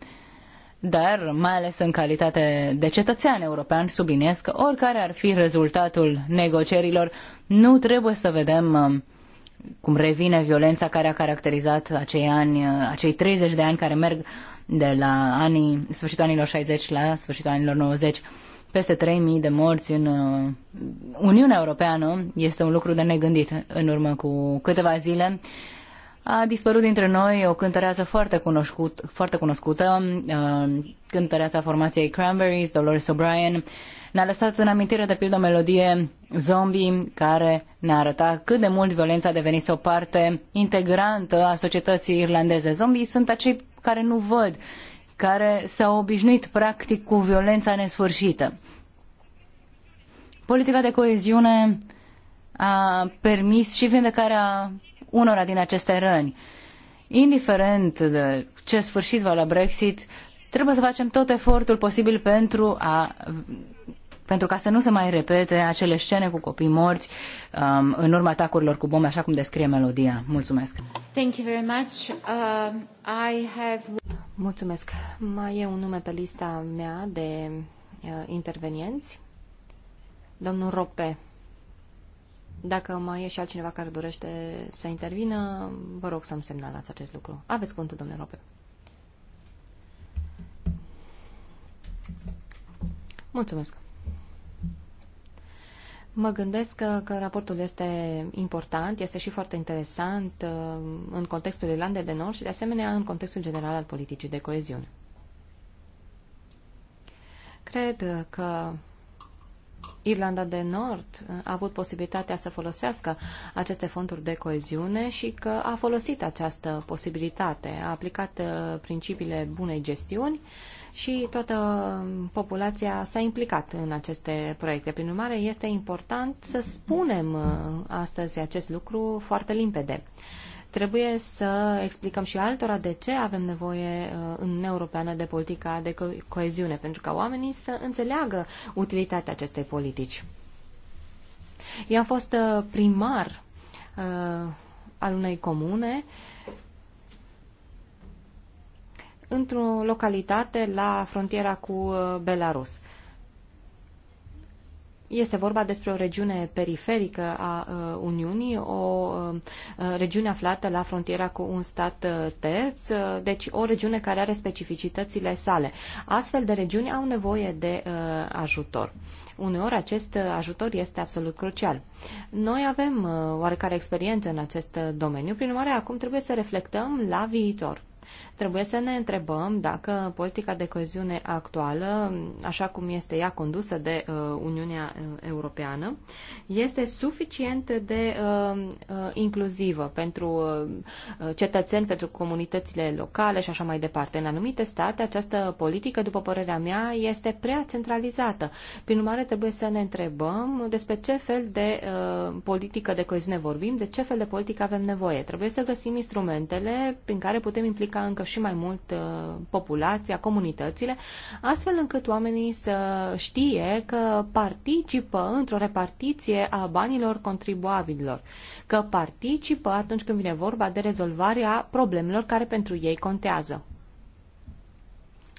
dar mai ales în calitate de cetățean european subliniez că oricare ar fi rezultatul negocierilor, nu trebuie să vedem um, cum revine violența care a caracterizat acei ani, uh, acei 30 de ani care merg de la anii, sfârșitul anilor 60 la sfârșitul anilor 90. Peste 3.000 de morți în uh, Uniunea Europeană este un lucru de negândit. În urmă cu câteva zile, a dispărut dintre noi o cântăreață foarte, cunoscut, foarte cunoscută, um, cântăreața formației Cranberries, Dolores O'Brien. Ne-a lăsat în amintire de pildă o melodie zombie care ne arătat cât de mult violența a devenit o parte integrantă a societății irlandeze. Zombii sunt acei care nu văd, care s-au obișnuit practic cu violența nesfârșită. Politica de coeziune a permis și vindecarea unora din aceste răni. Indiferent de ce sfârșit va la Brexit, trebuie să facem tot efortul posibil pentru a pentru ca să nu se mai repete acele scene cu copii morți um, în urma atacurilor cu bombe, așa cum descrie melodia. Mulțumesc. Thank you very much. Uh, I have... Mulțumesc. Mai e un nume pe lista mea de uh, intervenienți. Domnul Rope. Dacă mai e și altcineva care dorește să intervină, vă rog să-mi semnalați acest lucru. Aveți cuvântul, domnule Rope. Mulțumesc. Mă gândesc că, că raportul este important, este și foarte interesant uh, în contextul Irlandei de Nord și, de asemenea, în contextul general al politicii de coeziune. Cred că Irlanda de Nord a avut posibilitatea să folosească aceste fonduri de coeziune și că a folosit această posibilitate, a aplicat uh, principiile bunei gestiuni și toată populația s-a implicat în aceste proiecte. Prin urmare, este important să spunem uh, astăzi acest lucru foarte limpede. Trebuie să explicăm și altora de ce avem nevoie uh, în Uniunea Europeană de politica de co- coeziune, pentru ca oamenii să înțeleagă utilitatea acestei politici. Eu am fost uh, primar uh, al unei comune într-o localitate la frontiera cu uh, Belarus. Uh, este vorba despre o regiune periferică a uh, Uniunii, o uh, uh, regiune aflată la frontiera cu un stat terț, deci o regiune care are specificitățile sale. Astfel de regiuni au nevoie de ajutor. Uneori acest ajutor este absolut crucial. Noi avem oarecare experiență în acest domeniu, prin urmare acum trebuie să reflectăm la viitor. Trebuie să ne întrebăm dacă politica de coeziune actuală, așa cum este ea condusă de uh, Uniunea uh, Europeană, este suficient de uh, inclusivă pentru cetățeni, pentru comunitățile locale și așa mai departe. În anumite state, această politică, după părerea mea, este prea centralizată. Prin urmare, trebuie să ne întrebăm despre ce fel de politică de coeziune vorbim, de ce fel de politică avem nevoie. Trebuie să găsim instrumentele prin care putem implica încă și mai mult uh, populația, comunitățile, astfel încât oamenii să știe că participă într-o repartiție a banilor contribuabililor, că participă atunci când vine vorba de rezolvarea problemelor care pentru ei contează.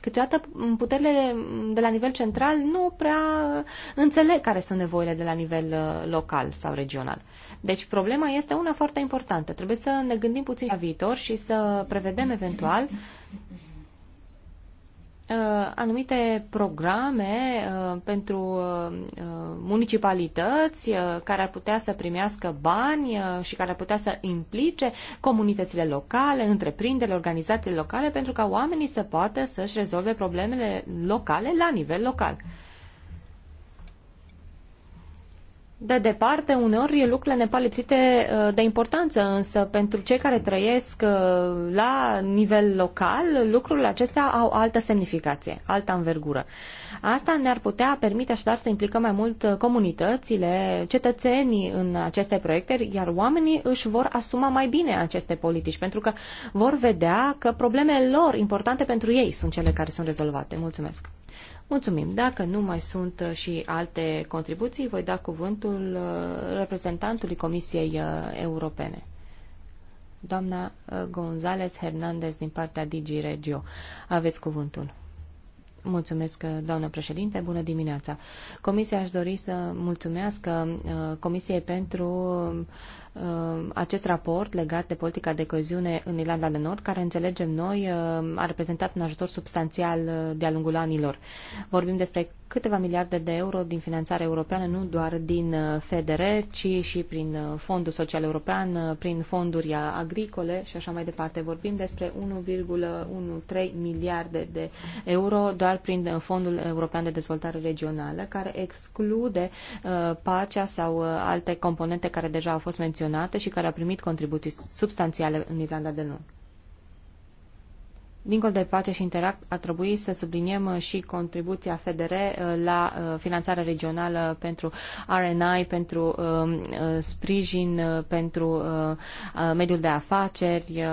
Câteodată puterile de la nivel central nu prea înțeleg care sunt nevoile de la nivel uh, local sau regional. Deci problema este una foarte importantă. Trebuie să ne gândim puțin la viitor și să prevedem eventual uh, anumite programe uh, pentru uh, municipalități care ar putea să primească bani și care ar putea să implice comunitățile locale, întreprinderile, organizațiile locale pentru ca oamenii să poată să-și rezolve problemele locale la nivel local. de departe, uneori lucrurile ne par lipsite uh, de importanță, însă pentru cei care trăiesc uh, la nivel local, lucrurile acestea au altă semnificație, altă învergură. Asta ne-ar putea permite așadar să implicăm mai mult uh, comunitățile, cetățenii în aceste proiecte, iar oamenii își vor asuma mai bine aceste politici, pentru că vor vedea că problemele lor importante pentru ei sunt cele care sunt rezolvate. Mulțumesc! Mulțumim. Dacă nu mai sunt uh, și alte contribuții, voi da cuvântul uh, reprezentantului Comisiei uh, Europene doamna González Hernández din partea Digi Regio. Aveți cuvântul. Mulțumesc, doamnă președinte, bună dimineața. Comisia aș dori să mulțumească Comisiei pentru Uh, acest raport legat de politica de coeziune în Irlanda de Nord, care înțelegem noi uh, a reprezentat un ajutor substanțial uh, de-a lungul anilor. Vorbim despre câteva miliarde de euro din finanțare europeană, nu doar din FDR, ci și prin Fondul Social European, prin fonduri agricole și așa mai departe. Vorbim despre 1,13 miliarde de euro doar prin Fondul European de Dezvoltare Regională, care exclude pacea sau alte componente care deja au fost menționate menționată și care a primit contribuții substanțiale în Irlanda de Nord. Dincolo de pace și interact, a trebuit să subliniem uh, și contribuția FDR uh, la uh, finanțarea regională pentru RNI, pentru sprijin, pentru mediul de afaceri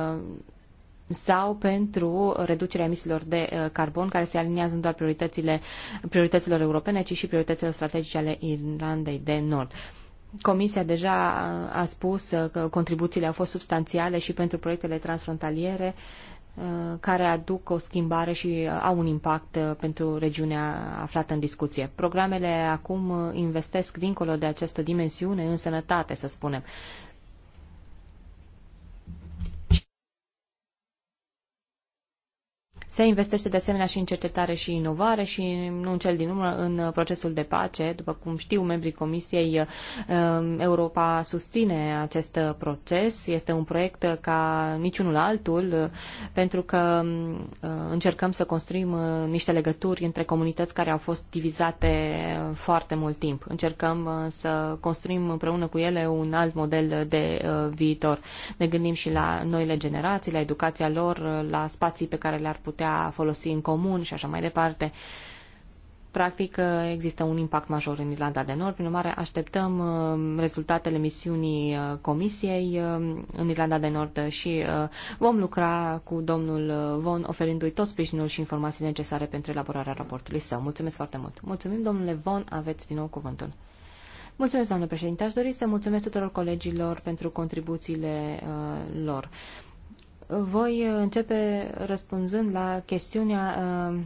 sau pentru reducerea emisiilor de carbon, care se aliniază nu doar prioritățile, priorităților europene, ci și priorităților strategice ale Irlandei de Nord. Comisia deja a spus că contribuțiile au fost substanțiale și pentru proiectele transfrontaliere uh, care aduc o schimbare și au un impact uh, pentru regiunea aflată în discuție. Programele acum uh, investesc dincolo de această dimensiune în sănătate, să spunem. Se investește de asemenea și în cercetare și inovare și, nu în cel din urmă, în procesul de pace. După cum știu membrii Comisiei, um, Europa susține acest proces. Este un proiect ca niciunul altul, pentru că um, încercăm să construim uh, niște legături între comunități care au fost divizate uh, foarte mult timp. Încercăm uh, să construim împreună cu ele un alt model de viitor. Ne gândim și la noile generații, la educația lor, la spații pe care le-ar putea putea folosi în comun și așa mai departe. Practic, uh, există un impact major în Irlanda de Nord. Prin urmare, așteptăm uh, rezultatele misiunii uh, Comisiei în Irlanda de Nord și vom lucra cu domnul Von, oferindu-i tot sprijinul și informații necesare pentru elaborarea raportului său. Mulțumesc foarte mult! Mulțumim, domnule Von, aveți din nou cuvântul. Mulțumesc, doamnă președinte. Aș dori să mulțumesc tuturor colegilor pentru contribuțiile uh, lor. Voi începe răspunzând la chestiunea uh,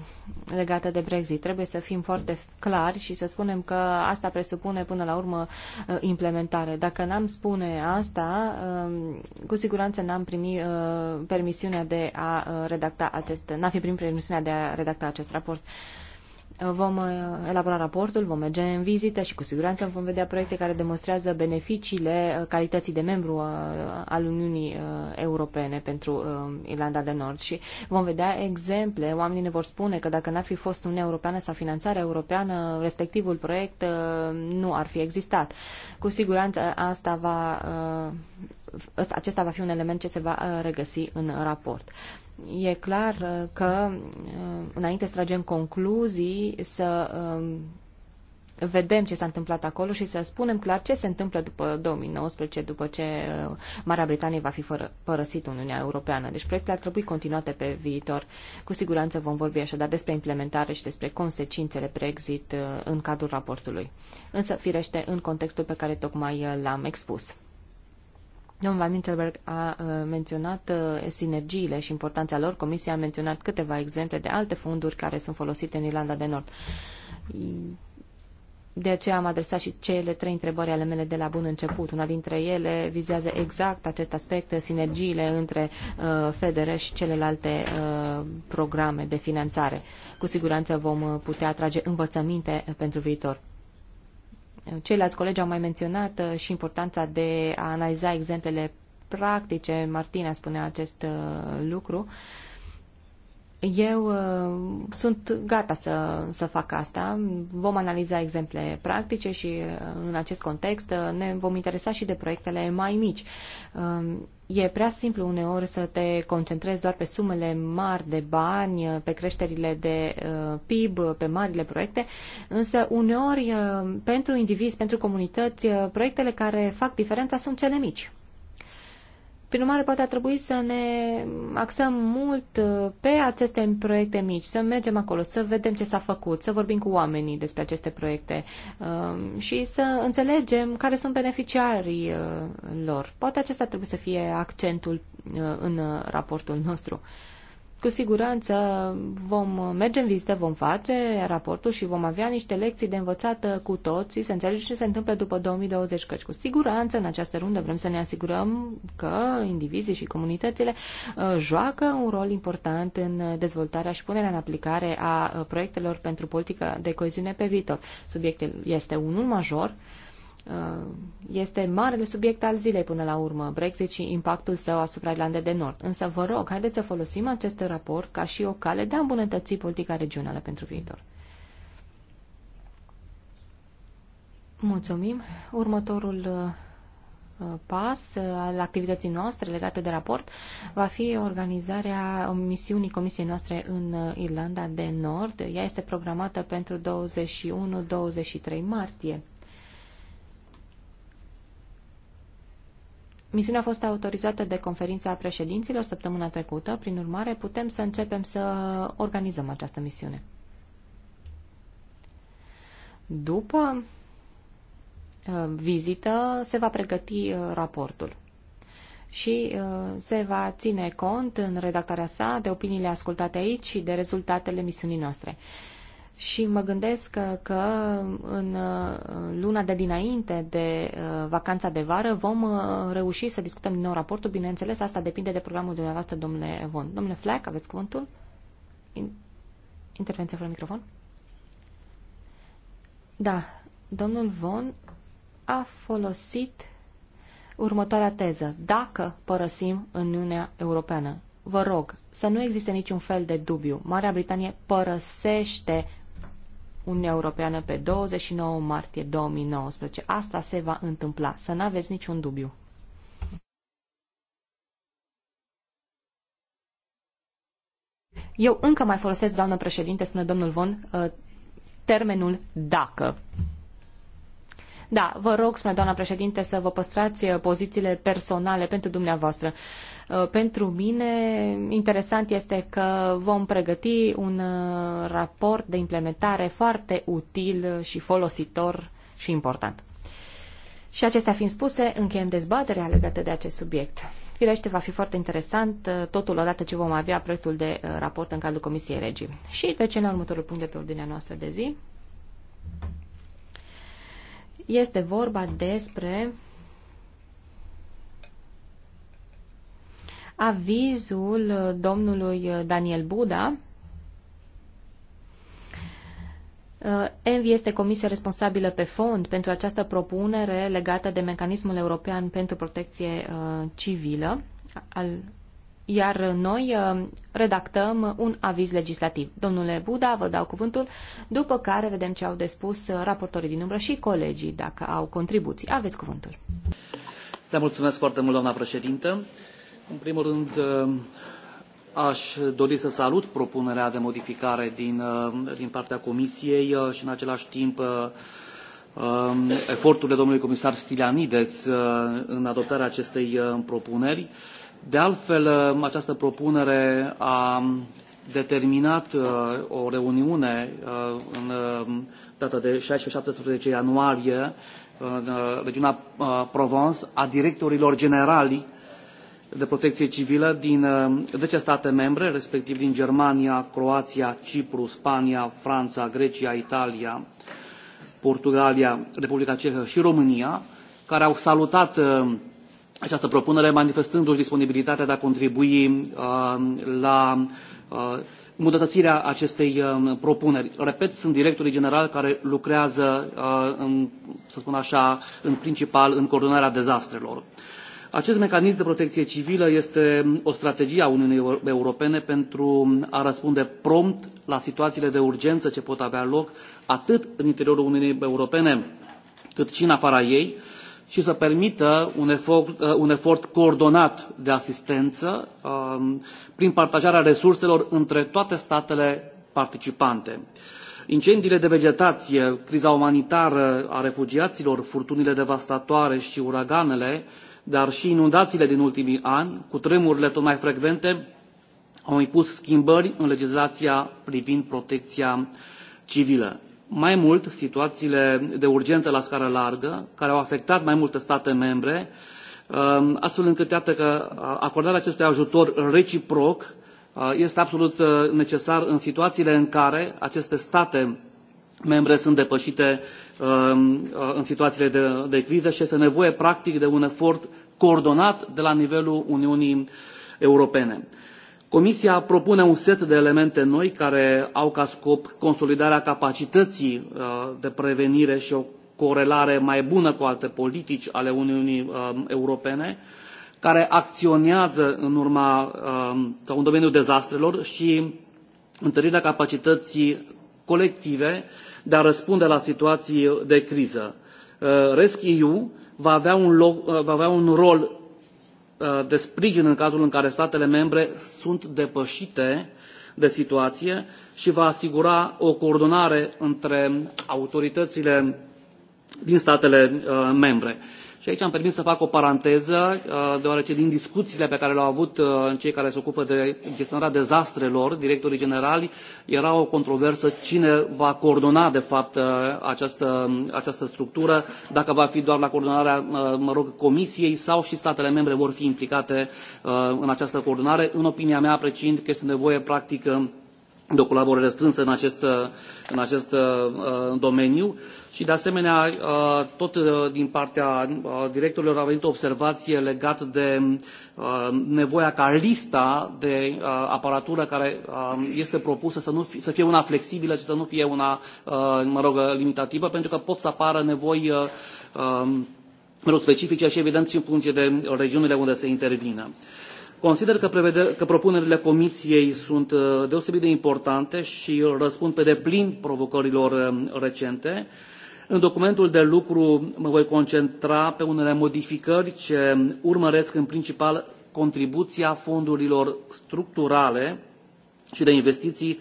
legată de Brexit. Trebuie să fim foarte clari și să spunem că asta presupune până la urmă uh, implementare. Dacă n-am spune asta, um, cu siguranță n-am primit uh, permisiunea de a redacta acest, n-am fi primit permisiunea de a redacta acest raport. Vom uh, elabora raportul, vom merge în vizită și cu siguranță vom vedea proiecte care demonstrează beneficiile uh, calității de membru uh, al Uniunii Europene pentru Irlanda de Nord și vom vedea exemple. Oamenii ne vor spune că dacă n-ar fi fost Uniunea Europeană sau finanțarea europeană, respectivul proiect nu ar fi existat. Cu siguranță asta va, acesta va fi un element ce se va regăsi în raport. E clar uh, că uh, înainte să tragem concluzii, să um, vedem ce s-a întâmplat acolo și să spunem clar ce se întâmplă după 2019, după ce uh, Marea Britanie va fi fără, părăsită Uniunea Europeană. Deci proiectele ar trebui continuate pe viitor. Cu siguranță vom vorbi așadar despre implementare și despre consecințele Brexit în cadrul raportului. Însă, firește, în contextul pe care tocmai l-am expus. Domnul Van Winterberg a uh, menționat uh, sinergiile și importanța lor. Comisia a menționat câteva exemple de alte fonduri care sunt folosite în Irlanda de Nord. De aceea am adresat și cele trei întrebări ale mele de la bun început. Una dintre ele vizează exact acest aspect, sinergiile între uh, FEDER și celelalte uh, programe de finanțare. Cu siguranță vom uh, putea atrage învățăminte pentru viitor. Ceilalți colegi au mai menționat uh, și importanța de a analiza exemplele practice. Martina spunea acest uh, lucru. Uh, eu uh, sunt gata să, să fac asta. Vom analiza exemple practice și uh, în acest context uh, ne vom interesa și de proiectele mai mici. Uh, e prea simplu uneori să te concentrezi doar pe sumele mari de bani, uh, pe creșterile de uh, PIB, uh, pe marile proiecte, însă uneori uh, pentru indivizi, pentru comunități, uh, proiectele care fac diferența sunt cele mici. Prin urmare, poate ar trebui să ne axăm mult uh, pe aceste proiecte mici, să mergem acolo, să vedem ce s-a făcut, să vorbim cu oamenii despre aceste proiecte um, și să înțelegem care sunt beneficiarii uh, lor. Poate acesta trebuie să fie accentul uh, în raportul nostru. Cu siguranță vom merge în vizită, vom face raportul și vom avea niște lecții de învățat uh, cu toții, să înțelegem ce se întâmplă după 2020, căci cu siguranță în această rundă vrem să ne asigurăm că indivizii și comunitățile uh, joacă un rol important în dezvoltarea și punerea în aplicare a uh, proiectelor pentru politică de coeziune pe viitor. Subiectul este unul major, Uh, este marele subiect al zilei până la urmă, Brexit și impactul său asupra Irlandei de Nord. Însă vă rog, haideți să folosim acest raport ca și o cale de a îmbunătăți politica regională pentru viitor. Mulțumim. Următorul uh, uh, pas al activității noastre legate de raport va fi organizarea misiunii comisiei noastre în Irlanda de Nord. Ea este programată pentru 21-23 martie. Misiunea a fost autorizată de conferința președinților săptămâna trecută, prin urmare putem să începem să organizăm această misiune. După uh, vizită se va pregăti uh, raportul și uh, se va ține cont în redactarea sa de opiniile ascultate aici și de rezultatele misiunii noastre și mă gândesc că uh, în luna de dinainte de uh, vacanța de vară vom uh, reuși să discutăm din nou raportul. Bineînțeles, asta depinde de programul dumneavoastră, domnule VON. Domnule Fleck, aveți cuvântul? Intervenție fără microfon? Da, domnul Von a folosit următoarea teză. Dacă părăsim Uniunea Europeană, vă rog să nu existe niciun fel de dubiu. Marea Britanie părăsește Uniunea Europeană pe 29 martie 2019. Asta se va întâmpla, să n aveți niciun dubiu. Eu încă mai folosesc, doamnă președinte, spune domnul Von, uh, termenul dacă. Da, vă rog, spune doamna președinte, să vă păstrați uh, pozițiile personale pentru dumneavoastră. Uh, pentru mine, interesant este că vom pregăti un uh, raport de implementare foarte util și folositor și important. Și acestea fiind spuse, încheiem dezbaterea legată de acest subiect. Firește, va fi foarte interesant totul odată ce vom avea proiectul de raport în cadrul Comisiei Regii. Și trecem la următorul punct de pe ordinea noastră de zi. Este vorba despre avizul domnului Daniel Buda. Envi este comisia responsabilă pe fond pentru această propunere legată de mecanismul european pentru protecție uh, civilă al iar noi uh, redactăm un aviz legislativ. Domnule Buda, vă dau cuvântul, după care vedem ce au de spus uh, raportorii din umbră și colegii, dacă au contribuții. Aveți cuvântul. Da, mulțumesc foarte mult, doamna președintă. În primul rând, uh, aș dori să salut propunerea de modificare din, din partea Comisiei și, în același timp, um, eforturile domnului comisar Stilianides în adoptarea acestei propuneri. De altfel, uh, această propunere a determinat uh, o reuniune uh, în data de 16-17 ianuarie în regiunea Provence a directorilor generali de protecție civilă din 10 state membre, respectiv din Germania, Croația, Cipru, Spania, Franța, Grecia, Italia, Portugalia, Republica Cehă și România, care au salutat această propunere, manifestându-și disponibilitatea de a contribui uh, la uh, îmbunătățirea acestei um, propuneri. Repet, sunt directorii generali care lucrează, uh, în, să spun așa, în principal în coordonarea dezastrelor. Acest mecanism de protecție civilă este o strategie a Uniunii Europene pentru a răspunde prompt la situațiile de urgență ce pot avea loc atât în interiorul Uniunii Europene cât și în afara ei, și să permită un efort, uh, un efort coordonat de asistență um, prin partajarea resurselor între toate statele participante. Incendiile de vegetație, criza umanitară a refugiaților, furtunile devastatoare și uraganele, dar și inundațiile din ultimii ani, cu tremurile tot mai frecvente, au impus schimbări în legislația privind protecția civilă mai mult, situațiile de urgență la scară largă, care au afectat mai multe state membre, um, astfel încât, iată că acordarea acestui ajutor reciproc este absolut uh, necesar în situațiile în care aceste state membre sunt depășite um, uh, în situațiile de, de criză și este nevoie, practic, de un efort coordonat de la nivelul Uniunii Europene. Comisia propune un set de elemente noi care au ca scop consolidarea capacității uh, de prevenire și o corelare mai bună cu alte politici ale Uniunii uh, Europene, care acționează în urma uh, sau în domeniul dezastrelor și întărirea capacității colective de a răspunde la situații de criză. RescEU va avea un, loc, va avea un rol Uh, de sprijin în cazul în care statele membre sunt depășite de situație și va asigura o coordonare între autoritățile din statele uh, membre. Și aici am permis să fac o paranteză, uh, deoarece din discuțiile pe care le-au avut uh, cei care se ocupă de gestionarea dezastrelor, directorii generali, era o controversă cine va coordona, de fapt, uh, această, această structură, dacă va fi doar la coordonarea, mă rog, Comisiei sau și statele membre vor fi implicate în această coordonare. În opinia mea, apreciind că este nevoie, practic, de o colaborare strânsă în acest, în acest uh, uh, domeniu și, de asemenea, uh, tot din partea directorilor a venit o observație legată de nevoia ca lista de aparatură care este propusă să, nu să fie una flexibilă și să nu fie una, mă rog, limitativă, pentru că pot să apară nevoi um, mă rog, specifice și, evident, și în funcție de regiunile unde se intervine. Consider că, prevede, că propunerile Comisiei sunt uh, deosebit de importante și răspund pe deplin provocărilor um, recente. În documentul de lucru mă voi concentra pe unele modificări ce urmăresc în principal contribuția fondurilor structurale și de investiții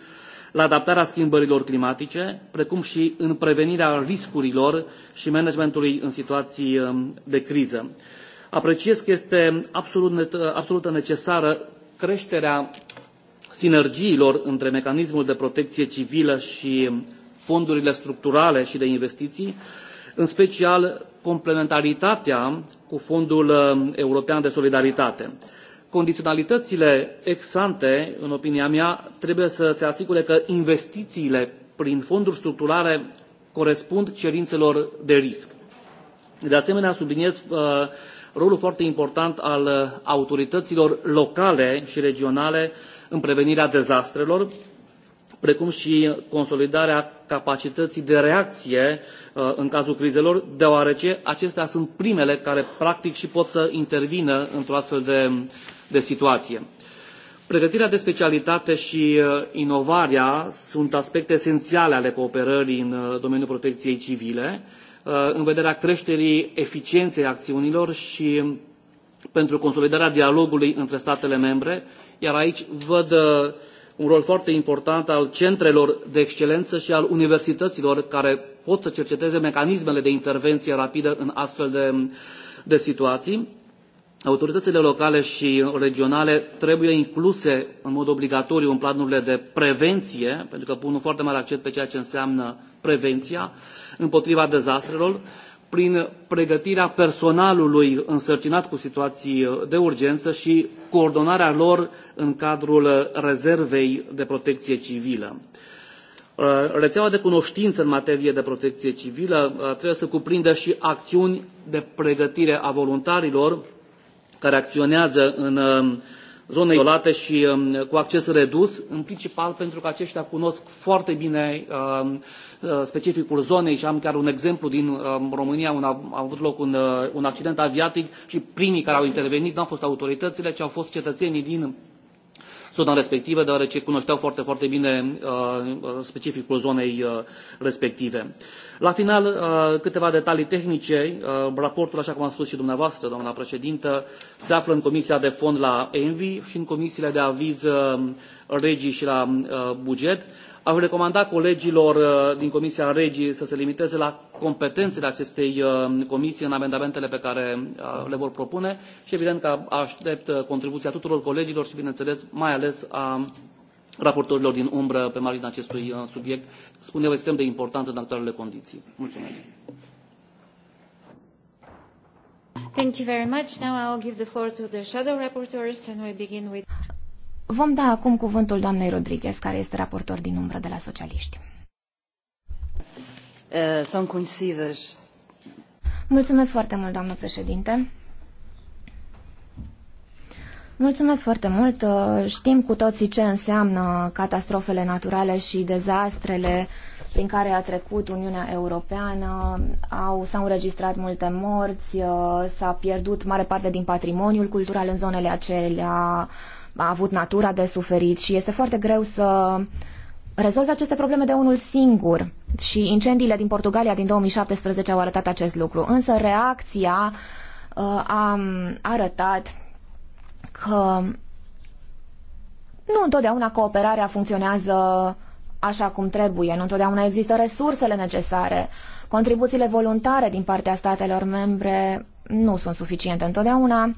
la adaptarea schimbărilor climatice, precum și în prevenirea riscurilor și managementului în situații um, de criză. Apreciez că este absolut, absolut necesară creșterea sinergiilor între mecanismul de protecție civilă și fondurile structurale și de investiții, în special complementaritatea cu Fondul uh, European de Solidaritate. Condiționalitățile ex ante, în opinia mea, trebuie să se asigure că investițiile prin fonduri structurale corespund cerințelor de risc. De asemenea, subliniez uh, rolul foarte important al uh, autorităților locale și regionale în prevenirea dezastrelor, precum și consolidarea capacității de reacție uh, în cazul crizelor, deoarece acestea sunt primele care practic și pot să intervină într-o astfel de, de situație. Pregătirea de specialitate și uh, inovarea sunt aspecte esențiale ale cooperării în domeniul protecției civile Uh, în vederea creșterii eficienței acțiunilor și pentru consolidarea dialogului între statele membre, iar aici văd uh, un rol foarte important al centrelor de excelență și al universităților care pot să cerceteze mecanismele de intervenție rapidă în astfel de, de situații. Autoritățile locale și regionale trebuie incluse în mod obligatoriu în planurile de prevenție, pentru că pun un foarte mare accent pe ceea ce înseamnă prevenția împotriva dezastrelor prin pregătirea personalului însărcinat cu situații de urgență și coordonarea lor în cadrul rezervei de protecție civilă. Uh, rețeaua de cunoștință în materie de protecție civilă uh, trebuie să cuprindă și acțiuni de pregătire a voluntarilor care acționează în um, zone izolate și um, cu acces redus, în principal pentru că aceștia cunosc foarte bine um, Uh, specificul zonei și am chiar un exemplu din uh, România unde a avut loc un, uh, un accident aviatic și primii care au intervenit nu au fost autoritățile, ci au fost cetățenii din zona respectivă, deoarece cunoșteau foarte, foarte bine uh, specificul zonei uh, respective. La final, uh, câteva detalii tehnice. Raportul, așa cum am spus și dumneavoastră, doamna președintă, se află în Comisia de Fond la ENVI și în comisiile de aviz regii și la buget. Aș recomanda colegilor uh, din Comisia Regii să se limiteze la competențele acestei uh, comisii în amendamentele pe care uh, le vor propune și evident că aștept contribuția tuturor colegilor și, bineînțeles, mai ales a raportorilor din umbră pe marginea acestui subiect, spun eu, extrem de important în actualele condiții. Mulțumesc. Thank you very much. Now I'll give the floor to the shadow rapporteurs and we begin with Vom da acum cuvântul doamnei Rodriguez, care este raportor din umbră de la socialiști. Uh, eh, sunt Mulțumesc foarte mult, doamnă președinte. Mulțumesc foarte mult. Eh, știm cu toții ce înseamnă catastrofele naturale și dezastrele prin care a trecut Uniunea Europeană. Au, s-au înregistrat multe morți, eh, s-a pierdut mare parte din patrimoniul cultural în zonele acelea a avut natura de suferit și este foarte greu să rezolve aceste probleme de unul singur. Și incendiile din Portugalia din 2017 au arătat acest lucru. Însă reacția uh, a arătat că nu întotdeauna cooperarea funcționează așa cum trebuie, nu întotdeauna există resursele necesare. Contribuțiile voluntare din partea statelor membre nu sunt suficiente întotdeauna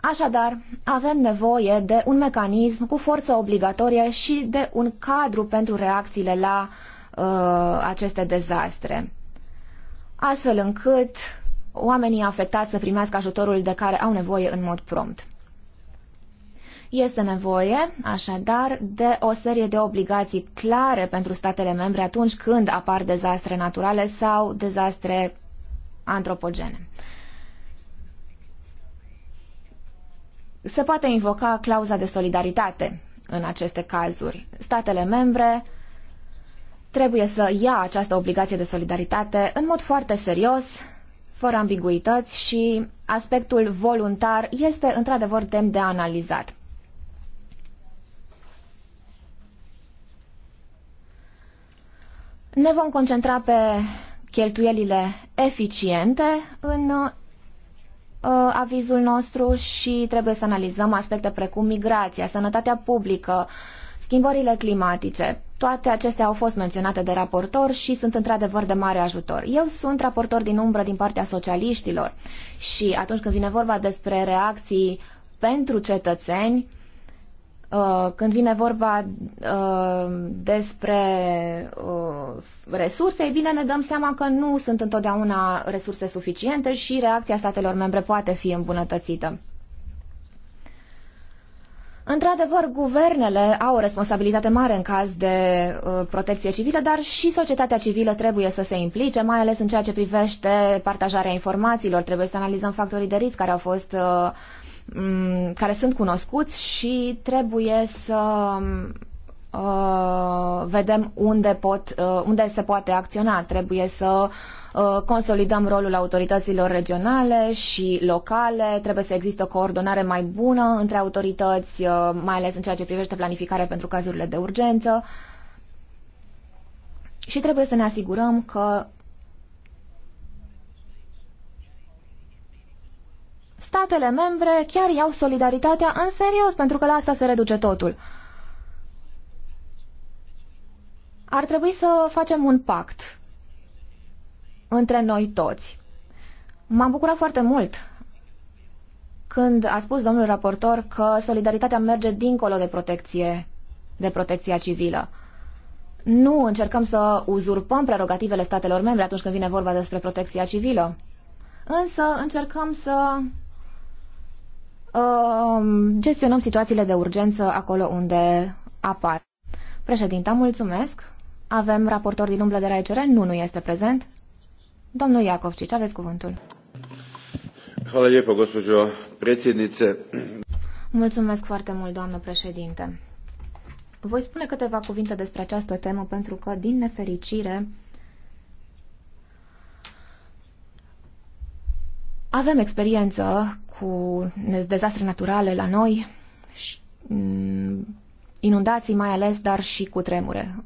Așadar, avem nevoie de un mecanism cu forță obligatorie și de un cadru pentru reacțiile la uh, aceste dezastre, astfel încât oamenii afectați să primească ajutorul de care au nevoie în mod prompt. Este nevoie, așadar, de o serie de obligații clare pentru statele membre atunci când apar dezastre naturale sau dezastre antropogene. se poate invoca clauza de solidaritate în aceste cazuri. Statele membre trebuie să ia această obligație de solidaritate în mod foarte serios, fără ambiguități și aspectul voluntar este într-adevăr demn de analizat. Ne vom concentra pe cheltuielile eficiente în uh, avizul nostru și trebuie să analizăm aspecte precum migrația, sănătatea publică, schimbările climatice. Toate acestea au fost menționate de raportor și sunt într-adevăr de mare ajutor. Eu sunt raportor din umbră din partea socialiștilor și atunci când vine vorba despre reacții pentru cetățeni, Uh, când vine vorba uh, despre uh, resurse, e bine, ne dăm seama că nu sunt întotdeauna resurse suficiente și reacția statelor membre poate fi îmbunătățită. Într-adevăr, guvernele au o responsabilitate mare în caz de uh, protecție civilă, dar și societatea civilă trebuie să se implice, mai ales în ceea ce privește partajarea informațiilor. Trebuie să analizăm factorii de risc care au fost uh, Mm, care sunt cunoscuți și trebuie să uh, vedem unde, pot, uh, unde se poate acționa. Trebuie să uh, consolidăm rolul autorităților regionale și locale, trebuie să existe o coordonare mai bună între autorități, uh, mai ales în ceea ce privește planificarea pentru cazurile de urgență. Și trebuie să ne asigurăm că statele membre chiar iau solidaritatea în serios, pentru că la asta se reduce totul. Ar trebui să facem un pact între noi toți. M-am bucurat foarte mult când a spus domnul raportor că solidaritatea merge dincolo de protecție, de protecția civilă. Nu încercăm să uzurpăm prerogativele statelor membre atunci când vine vorba despre protecția civilă, însă încercăm să Ehm, gestionăm situațiile de urgență acolo unde apar. Președinta, mulțumesc. Avem raportor din umblă de la ECR? Nu, nu este prezent. Domnul Iacovcici, aveți cuvântul. Hvala lijepo, gospođo predsjednice. Mulțumesc foarte mult, doamnă președinte. Voi spune câteva cuvinte despre această temă pentru că, din nefericire, avem experiență cu dezastre naturale la noi, mm, inundații mai ales, dar și cu tremure.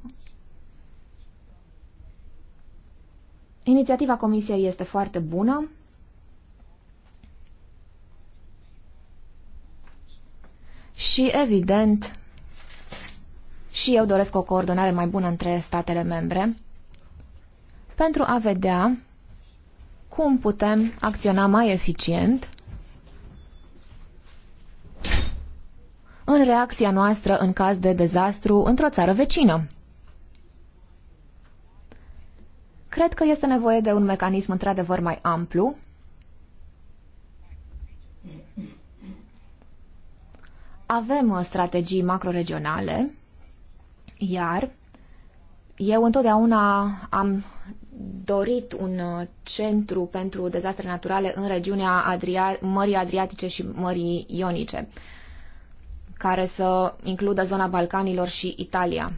Inițiativa Comisiei este foarte bună. Și, evident, și eu doresc o coordonare mai bună între statele membre pentru a vedea cum putem acționa mai eficient în reacția noastră în caz de dezastru într-o țară vecină. Cred că este nevoie de un mecanism într-adevăr mai amplu. Avem uh, strategii macroregionale, iar eu întotdeauna am dorit un uh, centru pentru dezastre naturale în regiunea Adria- Mării Adriatice și Mării Ionice care să includă zona Balcanilor și Italia.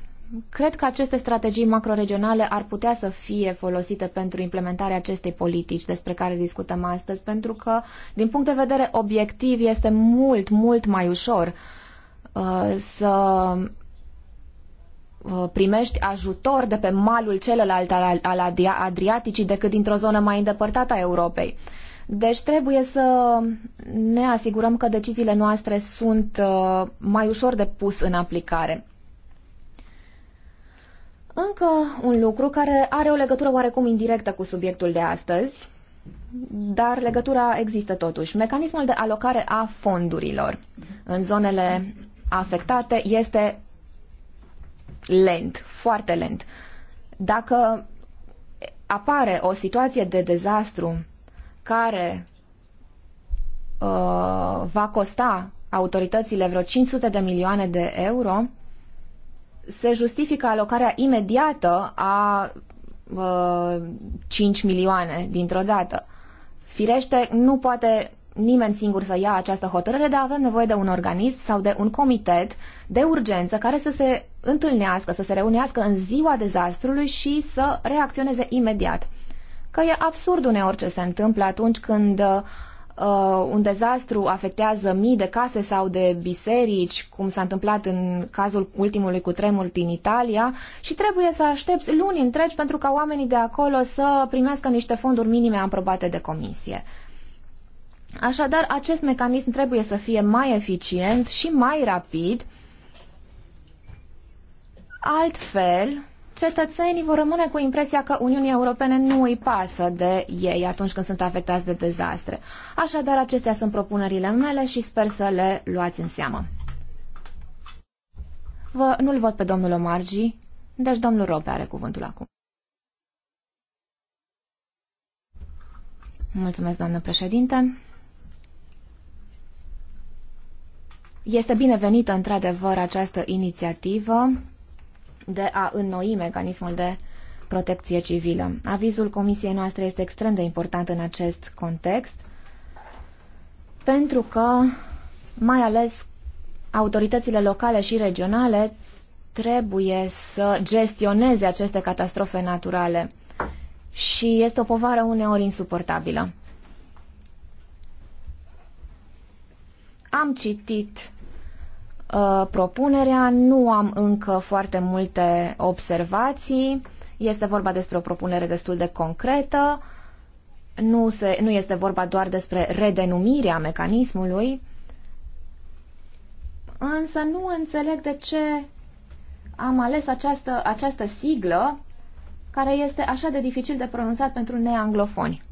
Cred că aceste strategii macroregionale ar putea să fie folosite pentru implementarea acestei politici despre care discutăm astăzi, pentru că, din punct de vedere obiectiv, este mult, mult mai ușor uh, să uh, primești ajutor de pe malul celălalt al, Adriaticii decât dintr-o zonă mai îndepărtată a Europei. Uh, deci trebuie să ne asigurăm că deciziile noastre sunt uh, mai ușor de pus în aplicare. Încă un lucru care are o legătură oarecum indirectă cu subiectul de astăzi, dar legătura există totuși. Mecanismul de alocare a fondurilor în zonele afectate este lent, foarte lent. Dacă apare o situație de dezastru care uh, va costa autoritățile vreo 500 de milioane de euro, se justifică alocarea imediată a uh, 5 milioane dintr-o dată. Firește, nu poate nimeni singur să ia această hotărâre, dar avem nevoie de un organism sau de un comitet de urgență care să se întâlnească, să se reunească în ziua dezastrului și să reacționeze imediat că e absurd uneori ce se întâmplă atunci când uh, un dezastru afectează mii de case sau de biserici, cum s-a întâmplat în cazul ultimului cutremur din Italia, și trebuie să aștepți luni întregi pentru ca oamenii de acolo să primească niște fonduri minime aprobate de comisie. Așadar, acest mecanism trebuie să fie mai eficient și mai rapid. Altfel, cetățenii vor rămâne cu impresia că Uniunii Europene nu îi pasă de ei atunci când sunt afectați de dezastre. Așadar, acestea sunt propunerile mele și sper să le luați în seamă. Vă, nu-l văd pe domnul Omargi, deci domnul Rope are cuvântul acum. Mulțumesc, doamnă președinte. Este binevenită, într-adevăr, această inițiativă de a înnoi mecanismul de protecție civilă. Avizul comisiei noastre este extrem de important în acest context, pentru că, mai ales, autoritățile locale și regionale trebuie să gestioneze aceste catastrofe naturale și este o povară uneori insuportabilă. Am citit Uh, propunerea. Nu am încă foarte multe observații. Este vorba despre o propunere destul de concretă. Nu, se, nu este vorba doar despre redenumirea mecanismului. Însă nu înțeleg de ce am ales această, această siglă care este așa de dificil de pronunțat pentru neanglofoni.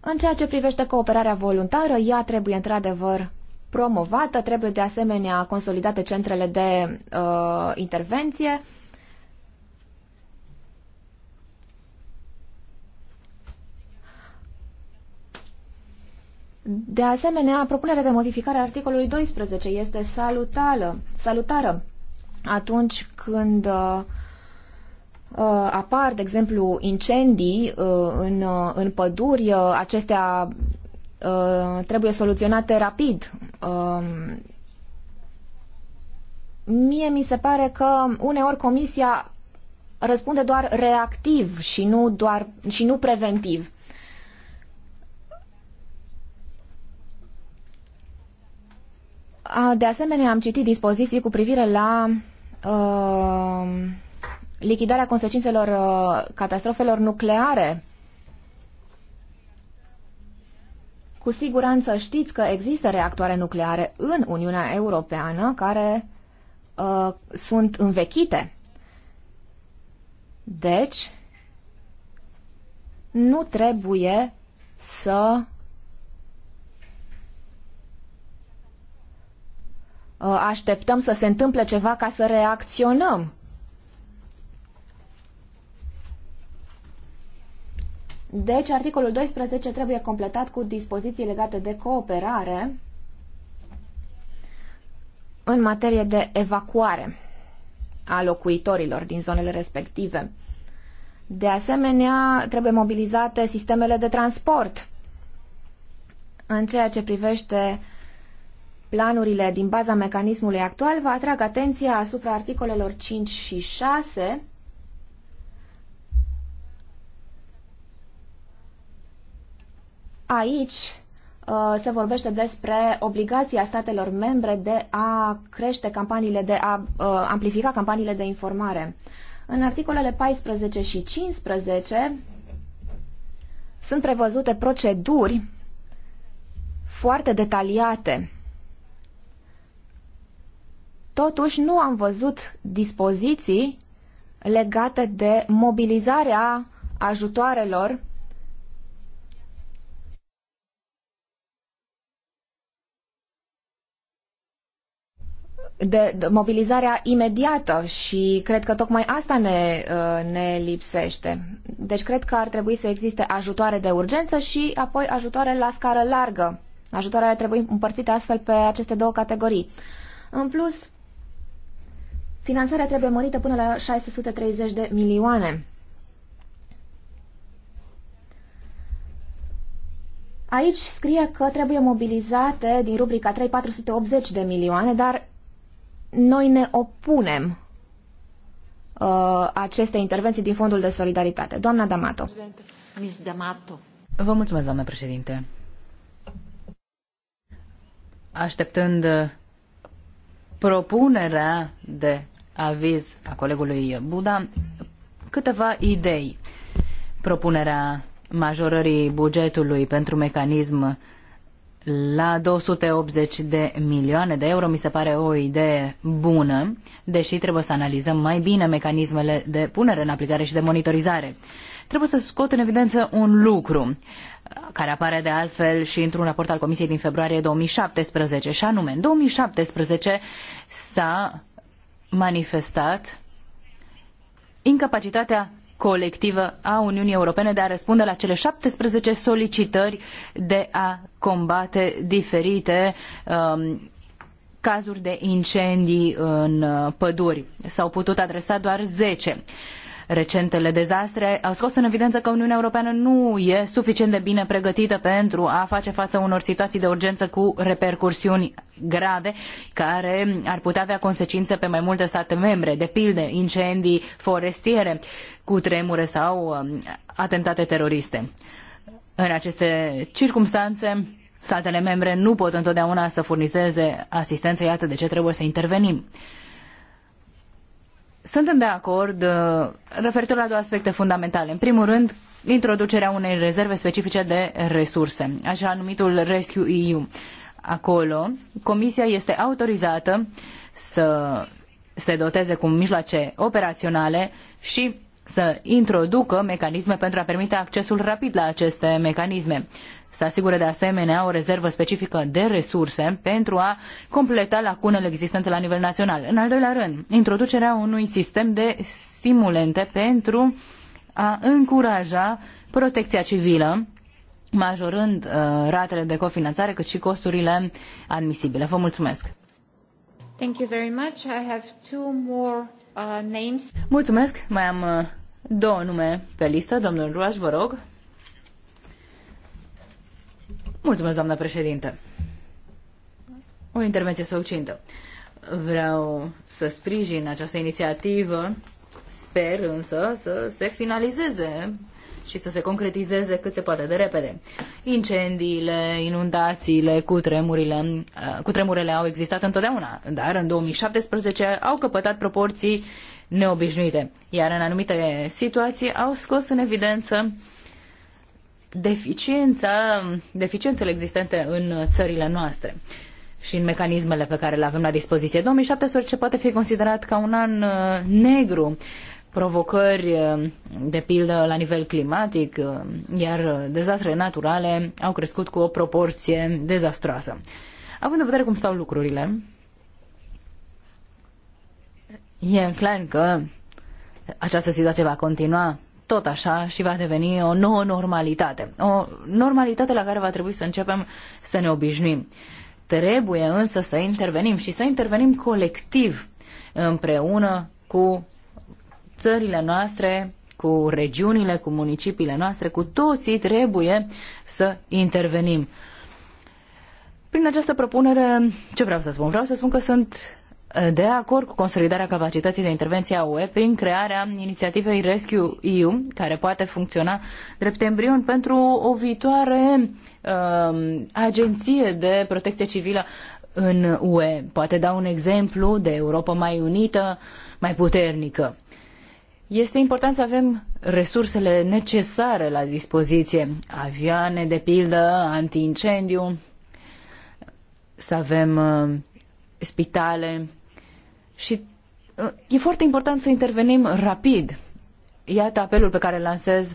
În ceea ce privește cooperarea voluntară, ea trebuie într-adevăr promovată, trebuie de asemenea consolidate centrele de uh, intervenție. De asemenea, propunerea de modificare a articolului 12 este salutală, salutară atunci când uh, uh, apar, de exemplu, incendii uh, în, uh, în păduri, uh, acestea Uh, trebuie soluționate rapid. Uh, mie mi se pare că uneori comisia răspunde doar reactiv și nu, doar, și nu preventiv. Ah, de asemenea, am citit dispoziții cu privire la uh, lichidarea consecințelor uh, catastrofelor nucleare Cu siguranță știți că există reactoare nucleare în Uniunea Europeană care uh, sunt învechite. Deci, nu trebuie să uh, așteptăm să se întâmple ceva ca să reacționăm. Deci, articolul 12 trebuie completat cu dispoziții legate de cooperare în materie de evacuare a locuitorilor din zonele respective. De asemenea, trebuie mobilizate sistemele de transport în ceea ce privește planurile din baza mecanismului actual, vă atrag atenția asupra articolelor 5 și 6 Aici uh, se vorbește despre obligația statelor membre de a crește campaniile, de a uh, amplifica campaniile de informare. În articolele 14 și 15 sunt prevăzute proceduri foarte detaliate. Totuși, nu am văzut dispoziții legate de mobilizarea ajutoarelor de, mobilizarea imediată și cred că tocmai asta ne, uh, ne lipsește. Deci cred că ar trebui să existe ajutoare de urgență și apoi ajutoare la scară largă. Ajutoarele trebuie împărțite astfel pe aceste două categorii. În plus, finanțarea trebuie mărită până la 630 de milioane. Aici scrie că trebuie mobilizate din rubrica 3 480 de milioane, dar noi ne opunem uh, aceste intervenții din Fondul de Solidaritate. Doamna D'Amato. Miss D'Amato. Vă mulțumesc, doamnă președinte. Așteptând uh, propunerea de aviz a colegului Buda, câteva idei. Propunerea majorării bugetului pentru mecanism la 280 de milioane de euro mi se pare o idee bună, deși trebuie să analizăm mai bine mecanismele de punere în aplicare și de monitorizare. Trebuie să scot în evidență un lucru care apare de altfel și într-un raport al Comisiei din februarie 2017, și anume, în 2017 s-a manifestat incapacitatea colectivă a Uniunii Europene de a răspunde la cele 17 solicitări de a combate diferite um, cazuri de incendii în uh, păduri. S-au putut adresa doar 10. Recentele dezastre au scos în evidență că Uniunea Europeană nu e suficient de bine pregătită pentru a face față unor situații de urgență cu repercursiuni grave care ar putea avea consecințe pe mai multe state membre, de pildă incendii forestiere, cu tremure sau um, atentate teroriste. În aceste circumstanțe, statele membre nu pot întotdeauna să furnizeze asistență, iată de ce trebuie să intervenim. Suntem de acord uh, referitor la două aspecte fundamentale. În primul rând, introducerea unei rezerve specifice de resurse, așa numitul Rescue EU. Acolo, Comisia este autorizată să se doteze cu mijloace operaționale și să introducă mecanisme pentru a permite accesul rapid la aceste mecanisme. Să asigure de asemenea o rezervă specifică de resurse pentru a completa lacunele existente la nivel național. În al doilea rând, introducerea unui sistem de stimulente pentru a încuraja protecția civilă, majorând uh, ratele de cofinanțare cât și costurile admisibile. Vă mulțumesc! Thank you very much. I have two more Uh, names. Mulțumesc, mai am uh, două nume pe listă. Domnul Ruaș, vă rog. Mulțumesc, doamna președinte. O intervenție succintă. Vreau să sprijin această inițiativă, sper însă să se finalizeze și să se concretizeze cât se poate de repede. Incendiile, inundațiile, cutremurile, uh, cutremurele au existat întotdeauna, dar în 2017 au căpătat proporții neobișnuite, iar în anumite situații au scos în evidență deficiența, deficiențele existente în țările noastre și în mecanismele pe care le avem la dispoziție. 2017 poate fi considerat ca un an uh, negru provocări, eh, de pildă, la nivel climatic, eh, iar dezastrele naturale au crescut cu o proporție dezastroasă. Având în vedere cum stau lucrurile, e clar că această situație va continua tot așa și va deveni o nouă normalitate. O normalitate la care va trebui să începem să ne obișnuim. Trebuie însă să intervenim și să intervenim colectiv împreună cu țările noastre, cu regiunile, cu municipiile noastre, cu toții trebuie să intervenim. Prin această propunere, ce vreau să spun? Vreau să spun că sunt eh, de acord cu consolidarea capacității de intervenție a UE prin crearea inițiativei Rescue EU, care poate funcționa drept embrion pentru o viitoare uh, agenție de protecție civilă în UE. Poate da un exemplu de Europa mai unită, mai puternică. Uh, este important să avem resursele necesare la dispoziție, avioane, de pildă, antiincendiu, să avem uh, spitale și uh, e foarte important să intervenim rapid. Iată apelul pe care îl lansez uh,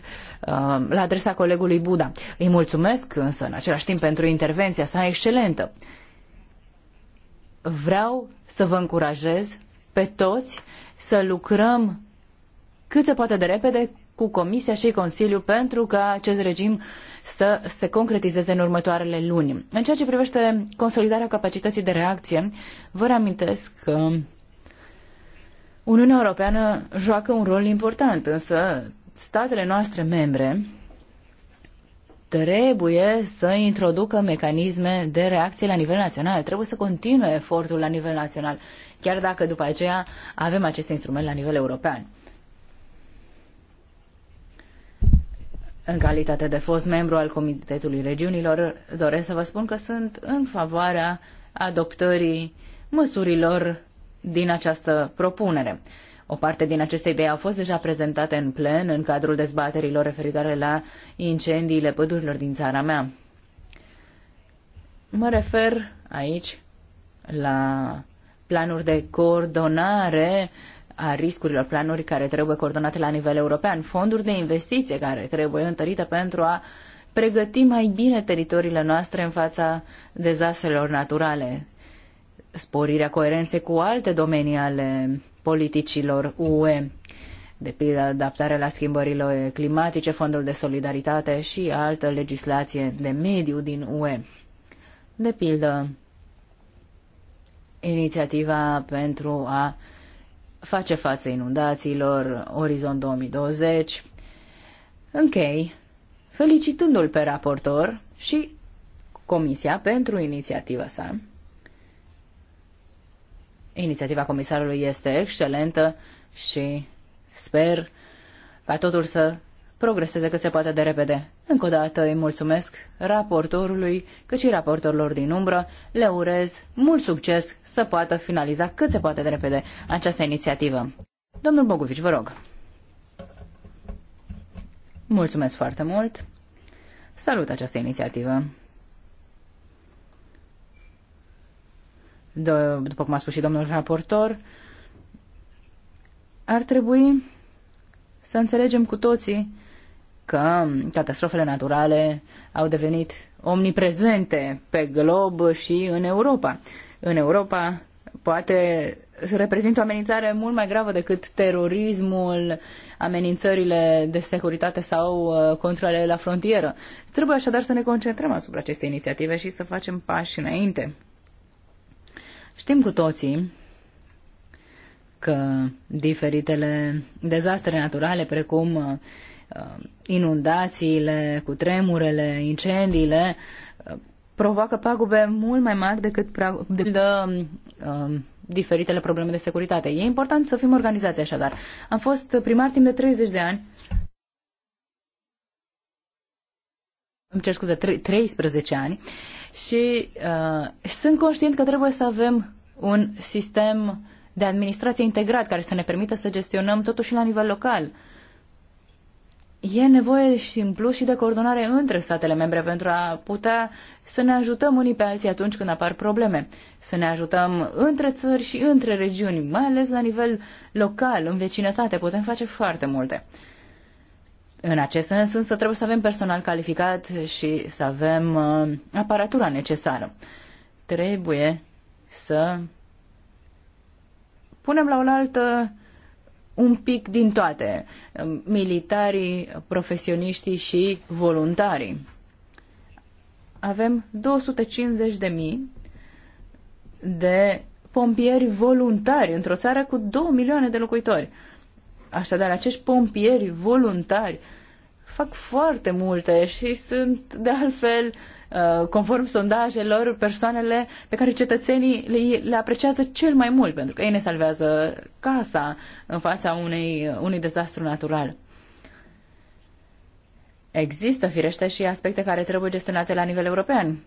la adresa colegului Buda. Îi mulțumesc însă în același timp pentru intervenția sa excelentă. Vreau să vă încurajez pe toți să lucrăm cât se poate de repede cu Comisia și Consiliul pentru ca acest regim să se concretizeze în următoarele luni. În ceea ce privește consolidarea capacității de reacție, vă reamintesc că Uniunea Europeană joacă un rol important, însă statele noastre membre trebuie să introducă mecanisme de reacție la nivel național. Trebuie să continue efortul la nivel național, chiar dacă după aceea avem acest instrument la nivel european. În calitate de fost membru al Comitetului Regiunilor, doresc să vă spun că sunt în favoarea adoptării măsurilor din această propunere. O parte din aceste idei au fost deja prezentate în plen în cadrul dezbaterilor referitoare la incendiile pădurilor din țara mea. Mă refer aici la planuri de coordonare a riscurilor, planuri care trebuie coordonate la nivel european, fonduri de investiție care trebuie întărite pentru a pregăti mai bine teritoriile noastre în fața dezastrelor naturale, sporirea coerenței cu alte domenii ale politicilor UE, de pildă adaptarea la schimbările climatice, fondul de solidaritate și altă legislație de mediu din UE. De pildă, inițiativa pentru a face față inundațiilor, Orizont 2020. Închei felicitându-l pe raportor și Comisia pentru inițiativa sa. Inițiativa comisarului este excelentă și sper ca totul să progreseze cât se poate de repede. Încă o dată îi mulțumesc raportorului, cât și raportorilor din umbră. Le urez mult succes să poată finaliza cât se poate de repede această inițiativă. Domnul Bogovici, vă rog. Mulțumesc foarte mult. Salut această inițiativă. după cum a spus și domnul raportor, ar trebui să înțelegem cu toții că catastrofele naturale au devenit omniprezente pe glob și în Europa. În Europa poate reprezintă o amenințare mult mai gravă decât terorismul, amenințările de securitate sau uh, controlele la frontieră. Trebuie așadar să ne concentrăm asupra acestei inițiative și să facem pași înainte. Știm cu toții că diferitele dezastre naturale, precum uh, Um, inundațiile, cu tremurele, incendiile, uh, provoacă pagube mult mai mari decât de, de, uh, diferitele probleme de securitate. E important să fim organizați așadar. Am fost primar timp de 30 de ani. Îmi cer scuze, 13 ani. Și uh, sunt conștient că trebuie să avem un sistem de administrație integrat care să ne permită să gestionăm totuși la nivel local. Uh, E nevoie și în plus și de coordonare între statele membre pentru a putea să ne ajutăm unii pe alții atunci când apar probleme, să ne ajutăm între țări și între regiuni, mai ales la nivel local, în vecinătate, putem face foarte multe. În acest sens însă trebuie să avem personal calificat și să avem uh, aparatura necesară. Trebuie să punem la oaltă uh, un pic din toate, um, militarii, profesioniștii și voluntarii. Avem 250.000 de pompieri voluntari într-o țară cu 2 milioane de locuitori. Așadar, acești pompieri voluntari fac foarte multe și sunt, de altfel, uh, Uh, conform sondajelor, persoanele pe care cetățenii le, le apreciază cel mai mult, pentru că ei ne salvează casa în fața unei, unui dezastru natural. Există, firește, și aspecte care trebuie gestionate la nivel european.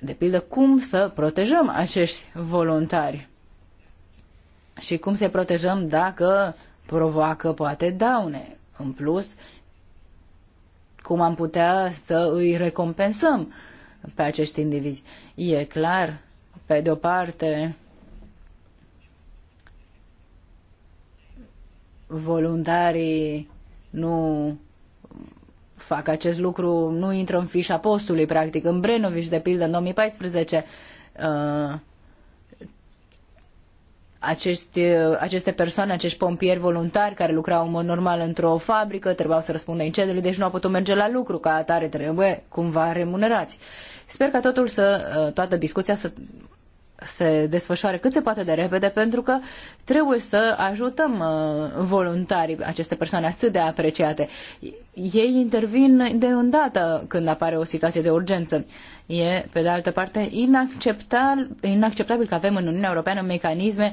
De pildă, cum să protejăm acești voluntari și cum să-i protejăm dacă provoacă, poate, daune. În plus, cum am putea să îi recompensăm pe acești indivizi. E clar, pe de o parte, voluntarii nu fac acest lucru, nu intră în fișa postului, practic. În Brenoviș, de pildă, în 2014, uh, acești, uh, aceste persoane, acești pompieri voluntari care lucrau în mod normal într-o fabrică, trebuiau să răspundă incendiului, deci nu au putut merge la lucru ca atare, trebuie cumva remunerați. Sper ca totul să, ă, toată discuția să se desfășoare cât se poate de repede pentru că trebuie să ajutăm ă, voluntarii, aceste persoane atât de apreciate. Ei intervin de îndată când apare o situație de urgență. E, pe de altă parte, inacceptabil, inacceptabil că avem în Uniunea Europeană mecanisme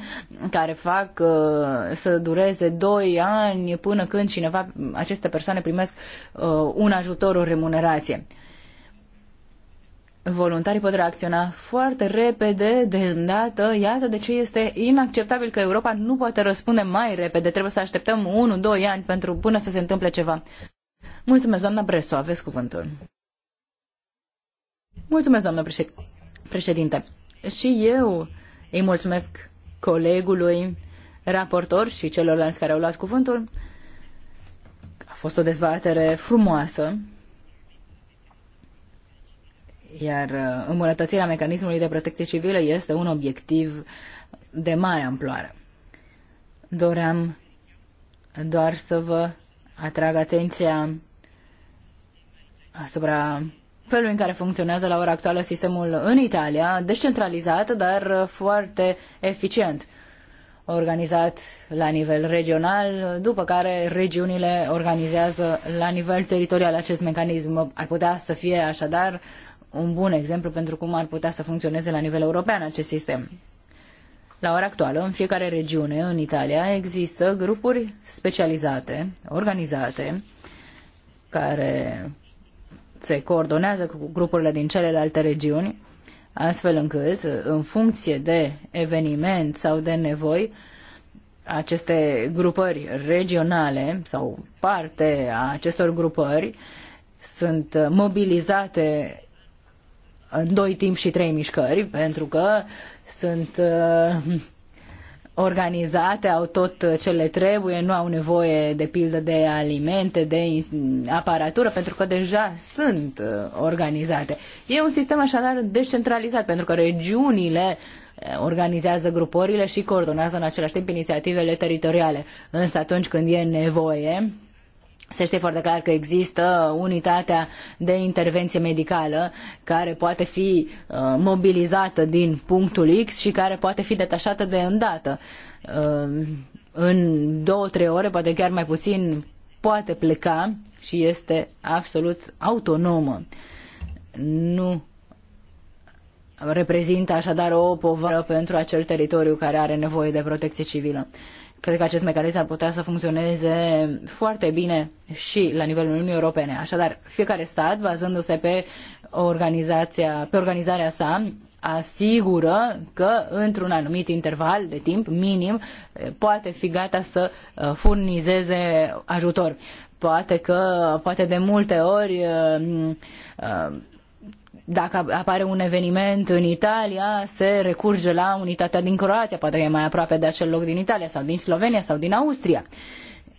care fac uh, să dureze 2 ani până când cineva, aceste persoane primesc uh, un ajutor, o remunerație. Uh, voluntarii pot reacționa foarte repede, de îndată. Iată de ce este inacceptabil că Europa nu poate răspunde mai repede. Trebuie să așteptăm 1-2 ani pentru până să se întâmple ceva. Mulțumesc, doamna Bresu, aveți cuvântul. Mulțumesc, doamna președinte. Și eu îi mulțumesc colegului raportor și celorlalți care au luat cuvântul. A fost o dezbatere frumoasă iar uh, îmbunătățirea mecanismului de protecție civilă este un obiectiv de mare amploare. Doream doar să vă atrag atenția asupra felul în care funcționează la ora actuală sistemul în Italia, descentralizat, dar foarte eficient, organizat la nivel regional, după care regiunile organizează la nivel teritorial acest mecanism. Ar putea să fie așadar un bun exemplu pentru cum ar putea să funcționeze la nivel european acest sistem. La ora actuală, în fiecare regiune în Italia există grupuri specializate, organizate, care se coordonează cu grupurile din celelalte regiuni, astfel încât, în funcție de eveniment sau de nevoi, aceste grupări regionale sau parte a acestor grupări sunt mobilizate în doi timp și trei mișcări, pentru că sunt uh, organizate, au tot ce le trebuie, nu au nevoie de pildă de alimente, de aparatură, pentru că deja sunt uh, organizate. E un sistem așadar descentralizat, pentru că regiunile uh, organizează grupările și coordonează în același timp inițiativele teritoriale. Însă atunci când e nevoie, se știe foarte clar că există unitatea de intervenție medicală care poate fi uh, mobilizată din punctul X și care poate fi detașată de îndată. Uh, în două, trei ore, poate chiar mai puțin, poate pleca și este absolut autonomă. Nu reprezintă așadar o povară pentru acel teritoriu care are nevoie de protecție civilă. Cred că acest mecanism ar putea să funcționeze foarte bine și la nivelul Uniunii Europene. Așadar, fiecare stat, bazându-se pe, organizația, pe organizarea sa, asigură că într-un anumit interval de timp minim poate fi gata să uh, furnizeze ajutor. Poate că, poate de multe ori uh, uh, dacă apare un eveniment în Italia, se recurge la unitatea din Croația, poate că e mai aproape de acel loc din Italia sau din Slovenia sau din Austria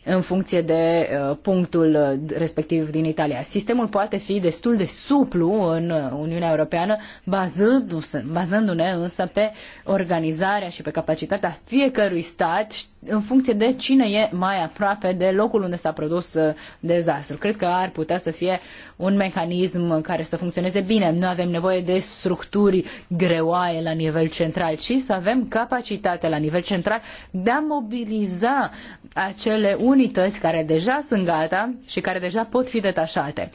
în funcție de uh, punctul uh, respectiv din Italia. Sistemul poate fi destul de suplu în uh, Uniunea Europeană, bazându se bazându-ne însă pe organizarea și pe capacitatea fiecărui stat în funcție de cine e mai aproape de locul unde s-a produs uh, dezastru. Cred că ar putea să fie un mecanism care să funcționeze bine. Nu avem nevoie de structuri greoaie la nivel central, ci să avem capacitatea la nivel central de a mobiliza acele unități care deja sunt gata și care deja pot fi detașate.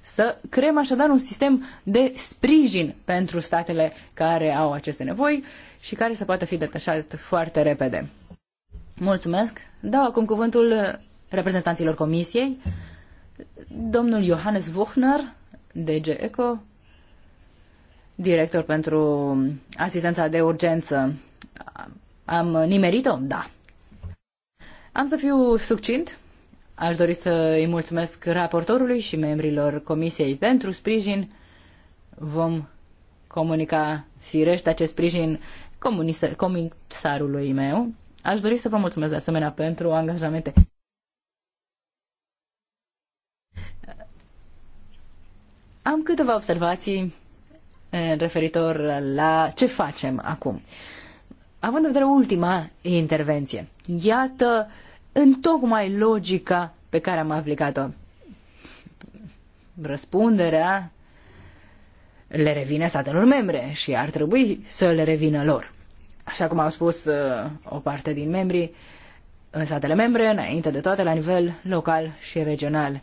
Să creăm așadar un sistem de sprijin pentru statele care au aceste nevoi și care să poată fi detașat foarte repede. Mulțumesc. Da, acum cuvântul reprezentanților comisiei. Domnul Johannes Wuchner, DG ECO, director pentru asistența de urgență. Am nimerit-o? Da. Am să fiu succint. Aș dori să îi mulțumesc raportorului și membrilor comisiei pentru sprijin. Vom comunica firește acest sprijin comisarului meu, Aș dori să vă mulțumesc de asemenea pentru angajamente. Am câteva observații eh, referitor la ce facem acum. Având în vedere ultima intervenție, iată întocmai logica pe care am aplicat-o. Răspunderea le revine statelor membre și ar trebui să le revină lor. Așa cum au spus uh, o parte din membrii, în statele membre, înainte de toate la nivel local și regional.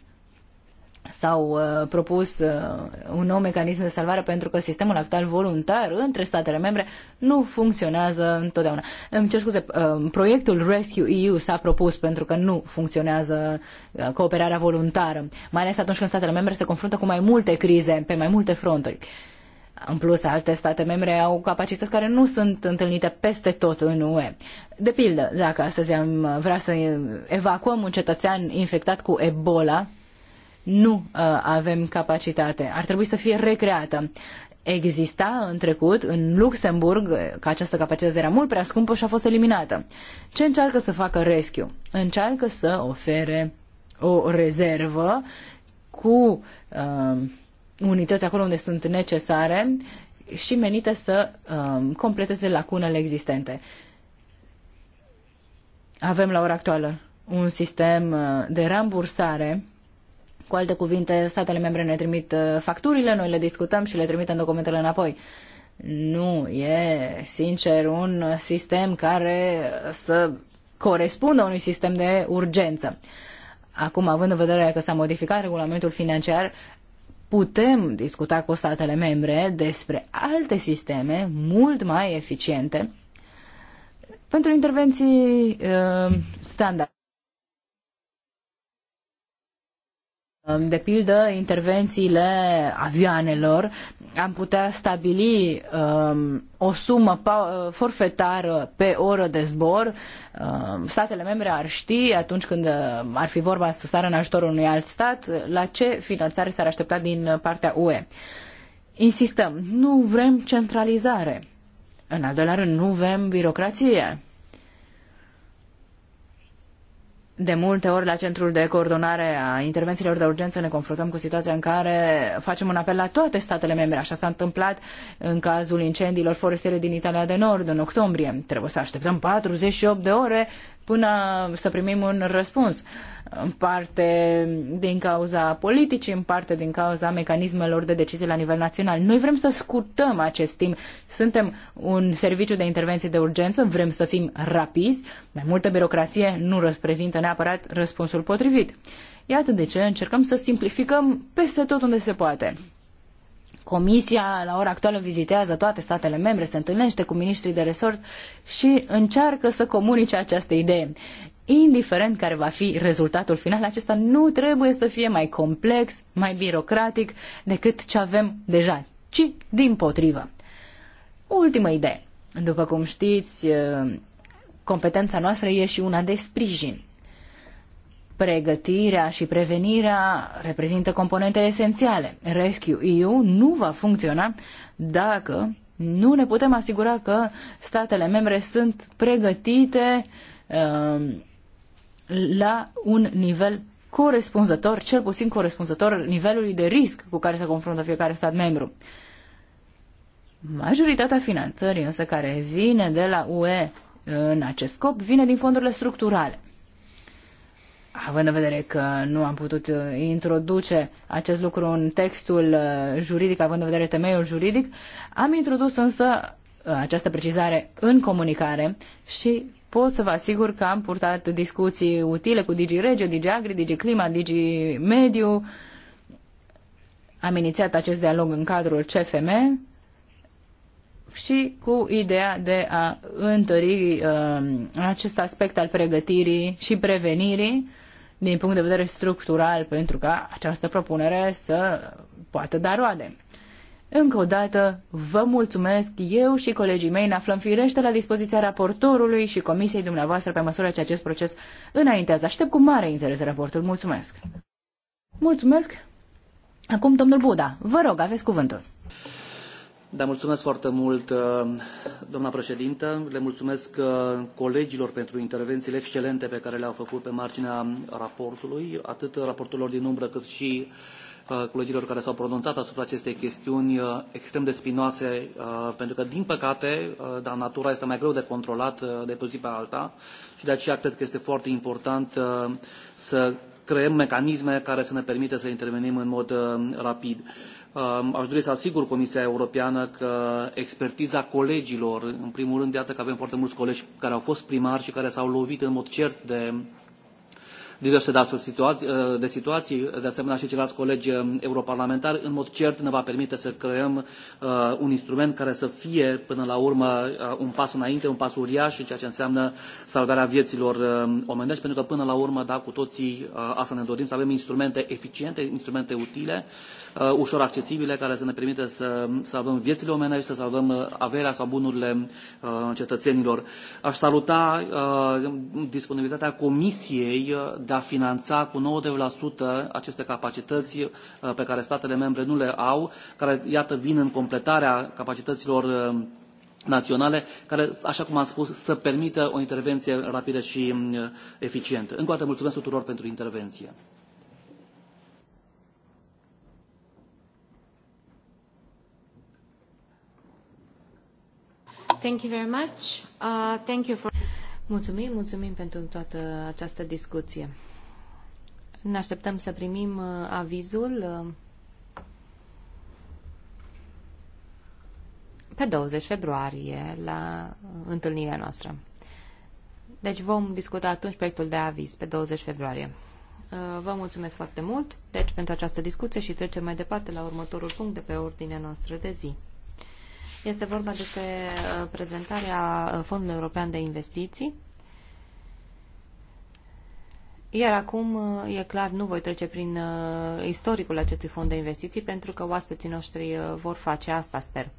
S-au uh, propus uh, un nou mecanism de salvare pentru că sistemul actual voluntar între statele membre nu funcționează întotdeauna. Îmi cer scuze, uh, proiectul Rescue EU s-a propus pentru că nu funcționează uh, cooperarea voluntară, mai ales atunci când statele membre se confruntă cu mai multe crize pe mai multe fronturi. Uh, în plus, alte state membre au capacități care nu sunt întâlnite peste tot în UE. De pildă, dacă astăzi am vrea să evacuăm un cetățean infectat cu Ebola, nu uh, avem capacitate. Ar trebui să fie recreată. Exista în trecut, în Luxemburg, că această capacitate era mult prea scumpă și a fost eliminată. Ce încearcă să facă Rescue? Încearcă să ofere o rezervă cu uh, unități acolo unde sunt necesare și menite să um, completeze lacunele existente. Avem la ora actuală un sistem uh, de rambursare cu alte cuvinte, statele membre ne trimit uh, facturile, noi le discutăm și le trimitem documentele înapoi. Nu e, sincer, un sistem care să corespundă unui sistem de urgență. Acum, având în vedere că s-a modificat regulamentul financiar, putem discuta cu statele membre despre alte sisteme mult mai eficiente pentru intervenții uh, standard. de pildă, intervențiile avioanelor, am putea stabili um, o sumă uh, forfetară pe oră de zbor. Um, statele membre ar ști, atunci când uh, ar fi vorba să sară în ajutorul unui alt stat, la ce finanțare s-ar aștepta din partea UE. Insistăm, nu vrem centralizare. În al doilea rând, nu vrem birocrație de multe ori la centrul de coordonare a intervențiilor de urgență ne confruntăm cu situația în care facem un apel la toate statele membre. Așa s-a întâmplat în cazul incendiilor forestiere din Italia de Nord în octombrie. Trebuie să așteptăm 48 de ore până să primim un răspuns. În parte din cauza politicii, în parte din cauza mecanismelor de decizie la nivel național. Noi vrem să scurtăm acest timp. Suntem un serviciu de intervenție de urgență, vrem să fim rapizi. Mai multă birocrație nu reprezintă neapărat răspunsul potrivit. Iată de ce încercăm să simplificăm peste tot unde se poate. Comisia la ora actuală vizitează toate statele membre, se întâlnește cu ministrii de resort și încearcă să comunice această idee. Indiferent care va fi rezultatul final, acesta nu trebuie să fie mai complex, mai birocratic decât ce avem deja, ci din potrivă. Ultimă idee. După cum știți, eh, competența noastră e și una de sprijin pregătirea și prevenirea reprezintă componente esențiale. Rescue EU nu va funcționa dacă nu ne putem asigura că statele membre sunt pregătite um, la un nivel corespunzător, cel puțin corespunzător nivelului de risc cu care se confruntă fiecare stat membru. Majoritatea finanțării însă care vine de la UE în acest scop vine din fondurile structurale având în vedere că nu am putut uh, introduce acest lucru în textul uh, juridic, având în vedere temeiul juridic, am introdus însă uh, această precizare în comunicare și pot să vă asigur că am purtat discuții utile cu Digi Regio, Digi Agri, Digi Clima, Digi Mediu. Am inițiat acest dialog în cadrul CFM și cu ideea de a întări uh, acest aspect al pregătirii și prevenirii din punct de vedere structural pentru ca această propunere să poată da roade. Încă o dată, vă mulțumesc. Eu și colegii mei ne aflăm firește la dispoziția raportorului și comisiei dumneavoastră pe măsură ce acest proces înaintează. Aștept cu mare interes raportul. Mulțumesc! Mulțumesc! Acum, domnul Buda, vă rog, aveți cuvântul. Da, mulțumesc foarte mult, uh, doamna președintă. Le mulțumesc uh, colegilor pentru intervențiile excelente pe care le-au făcut pe marginea raportului, atât raportorilor din umbră cât și uh, colegilor care s-au pronunțat asupra acestei chestiuni extrem de spinoase, pentru că, din păcate, dar natura este mai greu de controlat de pe zi pe alta și de aceea cred că este foarte important să creăm mecanisme care să ne permită să intervenim în mod rapid. Aș dori să asigur Comisia Europeană că expertiza colegilor, în primul rând, iată că avem foarte mulți colegi care au fost primari și care s-au lovit în mod cert de diverse de, situații, ă, de situații, de asemenea și ceilalți colegi ă, europarlamentari, în mod cert ne va permite să creăm ă, un instrument care să fie, până la urmă, un pas înainte, un pas uriaș în ceea ce înseamnă salvarea vieților omenești, pentru că, până la urmă, da, cu toții asta ne dorim, să avem instrumente eficiente, instrumente utile, ușor accesibile, care să ne permită să salvăm viețile omenești, să salvăm averea sau bunurile cetățenilor. Aș saluta disponibilitatea Comisiei de de a finanța cu 90% aceste capacități uh, pe care statele membre nu le au, care, iată, vin în completarea capacităților uh, naționale, care, așa cum am spus, să permită o intervenție rapidă și uh, eficientă. Încă o dată mulțumesc tuturor pentru intervenție. Thank you very much. Uh, thank you for Mulțumim, mulțumim pentru toată această discuție. Ne așteptăm să primim uh, avizul uh, pe 20 februarie la uh, întâlnirea noastră. Deci vom discuta atunci proiectul de aviz pe 20 februarie. Vă mulțumesc foarte mult deci, pentru această discuție și trecem mai departe la următorul punct de pe ordinea noastră de zi. Este vorba despre uh, prezentarea uh, Fondului European de Investiții. Iar acum, uh, e clar, nu voi trece prin istoricul acestui fond de investiții, pentru că oaspeții noștri vor face asta, sper.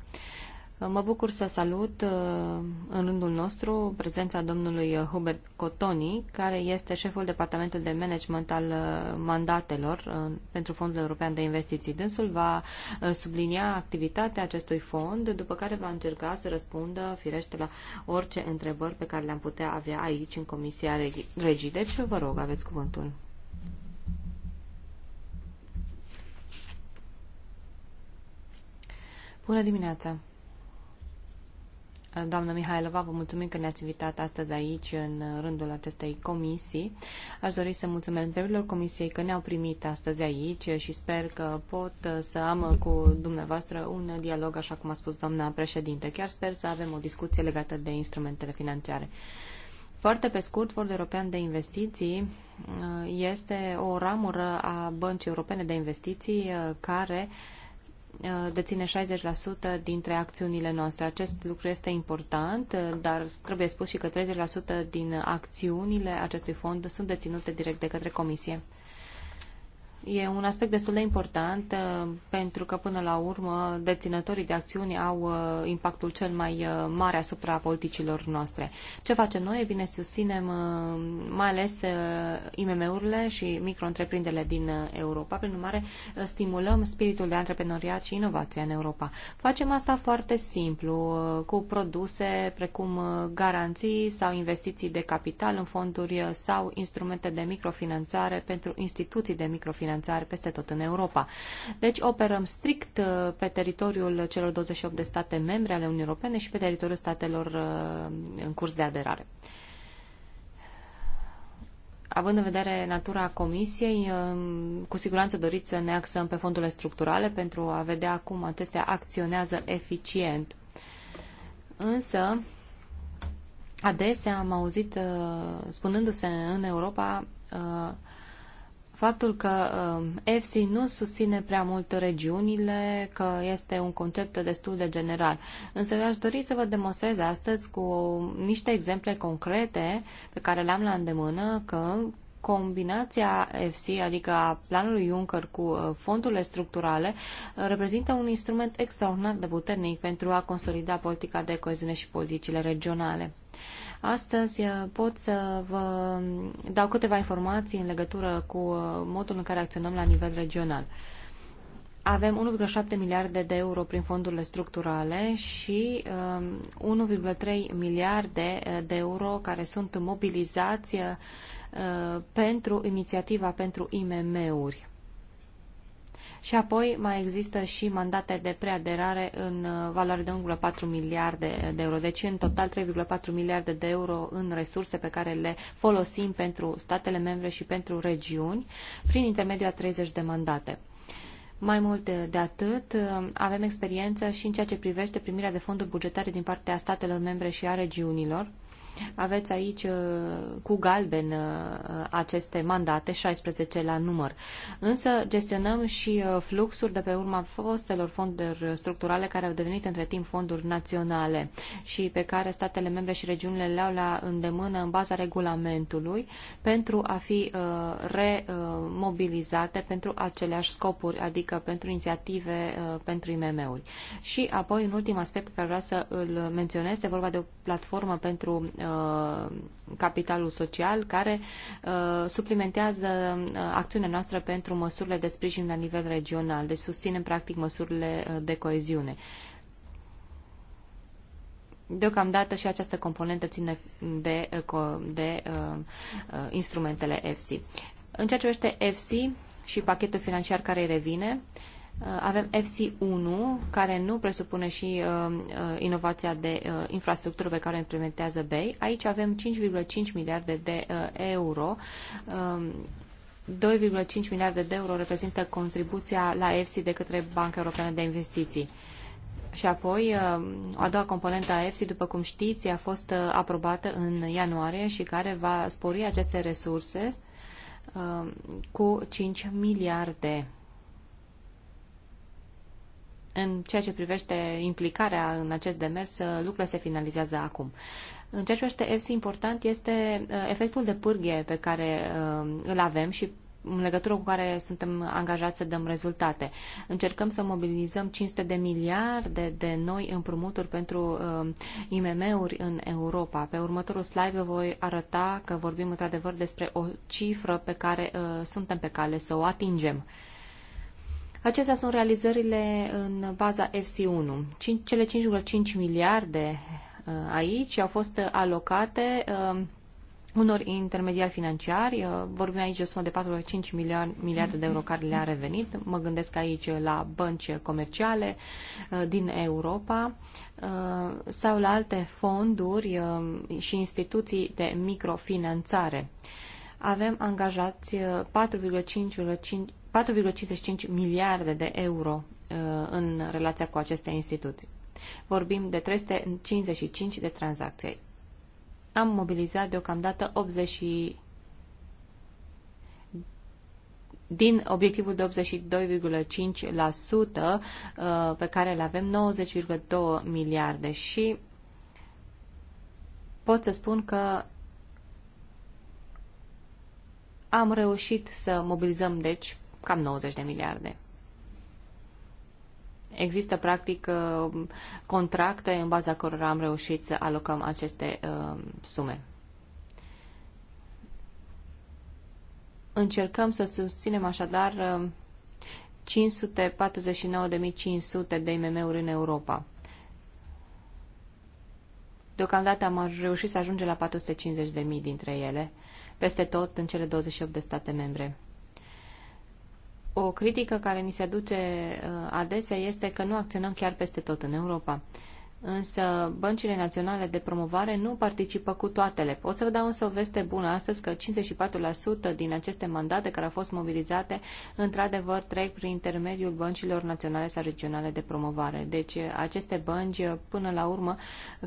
Mă bucur să salut uh, în rândul nostru prezența domnului Hubert Cotoni, care este șeful Departamentului de Management al uh, Mandatelor uh, pentru Fondul European de Investiții. Dânsul va sublinia activitatea acestui fond, după care va încerca să răspundă firește la orice întrebări pe care le-am putea avea aici, în Comisia Regii. Deci, vă rog, aveți cuvântul. Bună dimineața! Doamnă Mihailova, vă mulțumim că ne-ați invitat astăzi aici, în rândul acestei comisii. Aș dori să mulțumesc membrilor comisiei că ne-au primit astăzi aici și sper că pot să am cu dumneavoastră un dialog, așa cum a spus doamna președinte. Chiar sper să avem o discuție legată de instrumentele financiare. Foarte pe scurt, Fondul European de Investiții uh, este o ramură a Băncii Europene de Investiții uh, care Uh, deține 60% dintre acțiunile noastre. Acest lucru este important, uh, dar trebuie spus și că 30% din acțiunile acestui fond sunt deținute direct de către Comisie. E un aspect destul de important uh, pentru că, până la urmă, deținătorii de acțiuni au uh, impactul cel mai uh, mare asupra politicilor noastre. Ce facem noi? E bine, susținem mai ales IMM-urile și micro-întreprinderile din Europa. Prin urmare, stimulăm spiritul de antreprenoriat și inovația în Europa. Facem asta foarte simplu, cu produse precum garanții sau investiții de capital în fonduri sau instrumente de microfinanțare pentru instituții de microfinanțare finanțare peste tot în Europa. Deci operăm strict uh, pe teritoriul celor 28 de state membre ale Uniunii Europene și pe teritoriul statelor uh, în curs de aderare. Având în vedere natura comisiei, uh, cu siguranță doriți să ne axăm pe fondurile structurale pentru a vedea cum acestea acționează eficient. Însă, adesea am auzit, spunându-se în Europa, faptul că EFSI um, nu susține prea mult regiunile, că este un concept destul de general. Însă eu aș dori să vă demonstrez astăzi cu niște exemple concrete pe care le-am la îndemână că combinația FC, adică a planului Juncker cu uh, fondurile structurale, uh, reprezintă un instrument extraordinar de puternic pentru a consolida politica de coeziune și politicile regionale. Astăzi uh, pot să vă dau câteva informații în legătură cu uh, modul în care acționăm la nivel regional. Avem 1,7 miliarde de euro prin fondurile structurale și 1,3 um, miliarde uh, de euro care sunt mobilizați pentru inițiativa pentru IMM-uri. Și apoi mai există și mandate de preaderare în uh, valoare de 1,4 miliarde de euro. Deci în total 3,4 miliarde de euro în resurse pe care le folosim pentru statele membre și pentru regiuni prin intermediul a 30 de mandate. Mai mult uh, de atât, uh, avem experiență și în ceea ce privește primirea de fonduri bugetare din partea statelor membre și a regiunilor, aveți aici uh, cu galben uh, aceste mandate, 16 la număr. Însă gestionăm și uh, fluxuri de pe urma fostelor fonduri structurale care au devenit între timp fonduri naționale și pe care statele membre și regiunile le-au la îndemână în baza regulamentului pentru a fi remobilizate pentru aceleași scopuri, adică pentru inițiative pentru IMM-uri. Și apoi, un ultim aspect pe care vreau să îl menționez, este vorba de o platformă pentru Uh, capitalul social care uh, suplimentează uh, acțiunea noastră pentru măsurile de sprijin la nivel regional. Deci susținem practic măsurile de coeziune. Deocamdată și această componentă ține de, de uh, instrumentele EFSI. În ceea ce privește EFSI și pachetul financiar care îi revine, uh, Uh, avem FC1, care nu presupune și uh, uh, inovația de uh, infrastructură pe care o implementează BEI. Aici avem 5,5 miliarde de uh, euro. Uh, um, 2,5 miliarde de euro reprezintă contribuția la EFSI de către Banca Europeană de Investiții. Și apoi, uh, a doua componentă a EFSI, după cum știți, a fost aprobată în ianuarie și care va spori aceste resurse cu 5 miliarde în ceea ce privește implicarea în acest demers, lucrurile se finalizează acum. În ceea ce privește EFSI, important este uh, efectul de pârghie pe care uh, îl avem și în legătură cu care suntem angajați să dăm rezultate. Încercăm să mobilizăm 500 de miliarde de noi împrumuturi pentru uh, IMM-uri în Europa. Pe următorul slide vă voi arăta că vorbim într-adevăr despre o cifră pe care uh, suntem pe cale să o atingem. Uh, Acestea sunt realizările în baza FC1. Cele 5,5 miliarde uh, aici au fost alocate uh, unor intermediari financiari. Uh, vorbim aici de o sumă de 4,5 miliarde de euro care le-a revenit. Mă gândesc aici la bănci comerciale din Europa sau la alte fonduri și instituții de microfinanțare. Avem angajați 4,5, 4,55 miliarde de euro uh, în relația cu aceste instituții. Vorbim de 355 de tranzacții. Am mobilizat deocamdată 80 din obiectivul de 82,5% uh, pe care îl avem, 90,2 miliarde și pot să spun că am reușit să mobilizăm, deci, cam 90 de miliarde. Există, practic, uh, contracte în baza cărora am reușit să alocăm aceste uh, sume. Încercăm să susținem așadar 549.500 uh, de IMM-uri în Europa. Deocamdată am reușit să ajungem la 450.000 dintre ele, peste tot în cele 28 de state membre. O critică care ni se aduce uh, adesea este că nu acționăm chiar peste tot în Europa însă băncile naționale de promovare nu participă cu toatele. Pot să vă dau însă o veste bună astăzi că 54% din aceste mandate care au fost mobilizate într-adevăr trec prin intermediul băncilor naționale sau regionale de promovare. Deci aceste bănci până la urmă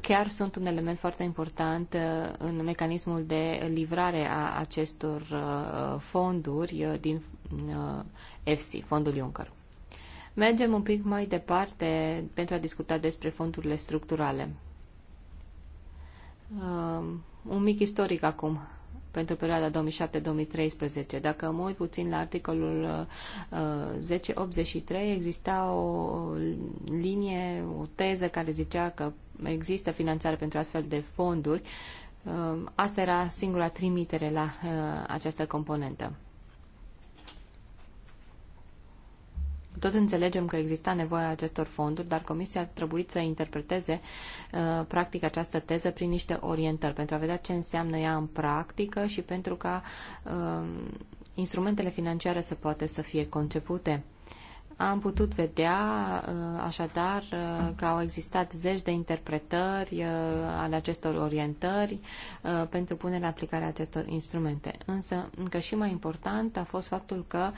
chiar sunt un element foarte important uh, în mecanismul de livrare a acestor uh, fonduri uh, din FC, fondul Juncker mergem un pic mai departe pentru a discuta despre fondurile structurale. Um, un mic istoric acum pentru perioada 2007-2013. Dacă mă uit puțin la articolul uh, 1083, exista o linie, o teză care zicea că există finanțare pentru astfel de fonduri. Uh, asta era singura trimitere la uh, această componentă. Tot înțelegem că exista nevoia acestor fonduri, dar Comisia a trebuit să interpreteze uh, practic această teză prin niște orientări pentru a vedea ce înseamnă ea în practică și pentru ca uh, instrumentele financiare să poată să fie concepute. Am putut vedea, uh, așadar, uh, că au existat zeci de interpretări uh, ale acestor orientări pentru punerea aplicarea acestor instrumente. Însă, încă și mai important a fost faptul că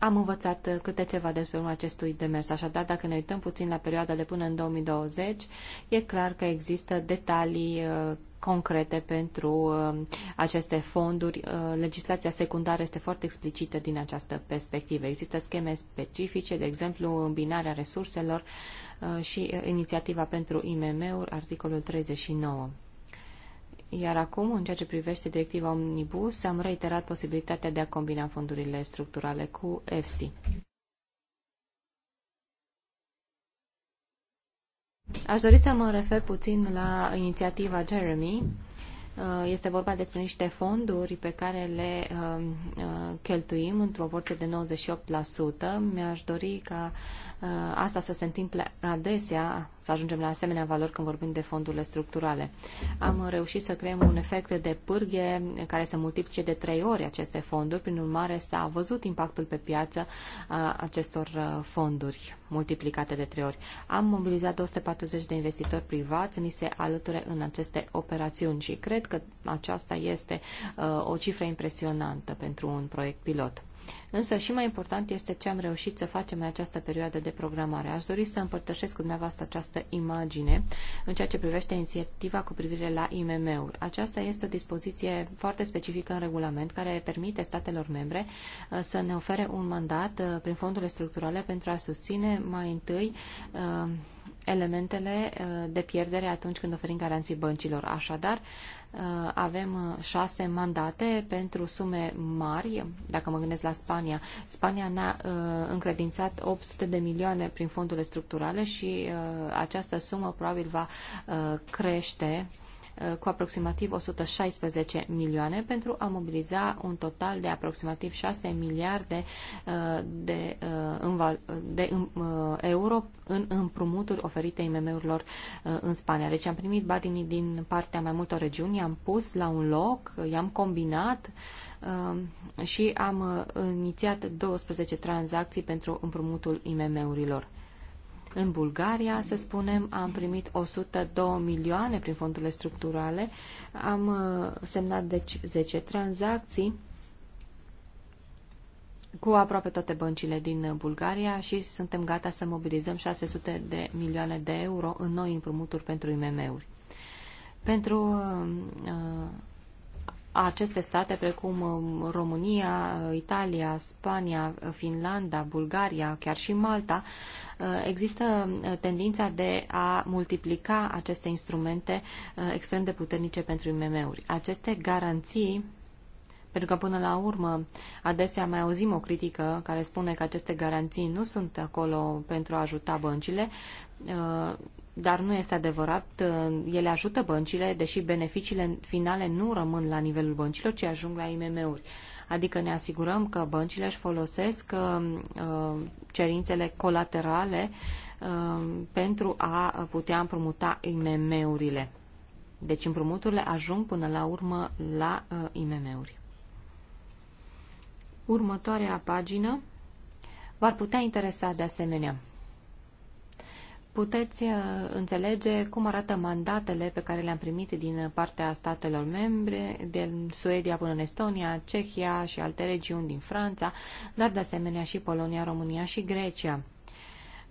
am învățat uh, câte ceva despre urma acestui demers, așadar dacă ne uităm puțin la perioada de până în 2020, e clar că există detalii uh, concrete pentru uh, aceste fonduri. Legislația secundară este foarte explicită din această perspectivă. Există scheme specifice, de exemplu, binarea resurselor și inițiativa pentru IMM-uri, articolul 39. Iar acum, în ceea ce privește directiva Omnibus, am reiterat posibilitatea de a combina fondurile structurale cu EFSI. Aș dori să mă refer puțin la inițiativa Jeremy. Uh, este vorba despre niște fonduri pe care le uh, uh, cheltuim într-o proporție de 98%. Mi-aș dori ca Uh, asta să se întâmple adesea, să ajungem la asemenea valori când vorbim de fondurile structurale. Am reușit să creăm un efect de pârghie care să multiplice de trei ori aceste fonduri, prin urmare s-a văzut impactul pe piață a acestor uh, fonduri multiplicate de trei ori. Am mobilizat 240 de investitori privați, ni se alăture în aceste operațiuni și cred că aceasta este uh, o cifră impresionantă pentru un proiect pilot. Însă și mai important este ce am reușit să facem în această perioadă de programare. Aș dori să împărtășesc cu dumneavoastră această imagine în ceea ce privește inițiativa cu privire la IMM-uri. Aceasta este o dispoziție foarte specifică în regulament care permite statelor membre uh, să ne ofere un mandat uh, prin fondurile structurale pentru a susține mai întâi uh, elementele de pierdere atunci când oferim garanții băncilor. Așadar, Uh, avem uh, șase mandate pentru sume mari. Dacă mă gândesc la Spania, Spania ne-a uh, încredințat 800 de milioane prin fondurile structurale și această sumă probabil va crește Uh, cu aproximativ 116 milioane pentru a mobiliza un total de aproximativ 6 miliarde uh, de, uh, de um, euro în împrumuturi oferite IMM-urilor în Spania. Deci am primit banii din partea mai multor regiuni, am pus la un loc, i-am combinat și am inițiat 12 tranzacții pentru împrumutul IMM-urilor. În Bulgaria, să spunem, am primit 102 milioane prin fondurile structurale, am uh, semnat deci 10 tranzacții cu aproape toate băncile din uh, Bulgaria și suntem gata să mobilizăm 600 de milioane de euro în noi împrumuturi pentru IMM-uri. Pentru uh, uh aceste state precum um, România, uh, Italia, Spania, uh, Finlanda, Bulgaria, chiar și Malta, uh, există tendința de a multiplica aceste instrumente extrem de puternice pentru IMM-uri. Aceste garanții pentru că până la urmă adesea mai auzim o critică care spune că aceste garanții nu sunt acolo pentru a ajuta băncile, dar nu este adevărat. Uh, ele ajută băncile, deși beneficiile finale nu rămân la nivelul băncilor, ci ajung la IMM-uri. Adică ne asigurăm că băncile își folosesc uh, uh, cerințele colaterale pentru a putea împrumuta IMM-urile. Deci împrumuturile ajung până la urmă la IMM-uri. Următoarea pagină v-ar putea interesa de asemenea puteți uh, înțelege cum arată mandatele pe care le-am primit din partea statelor membre, din Suedia până în Estonia, Cehia și alte regiuni din Franța, dar de asemenea și Polonia, România și Grecia.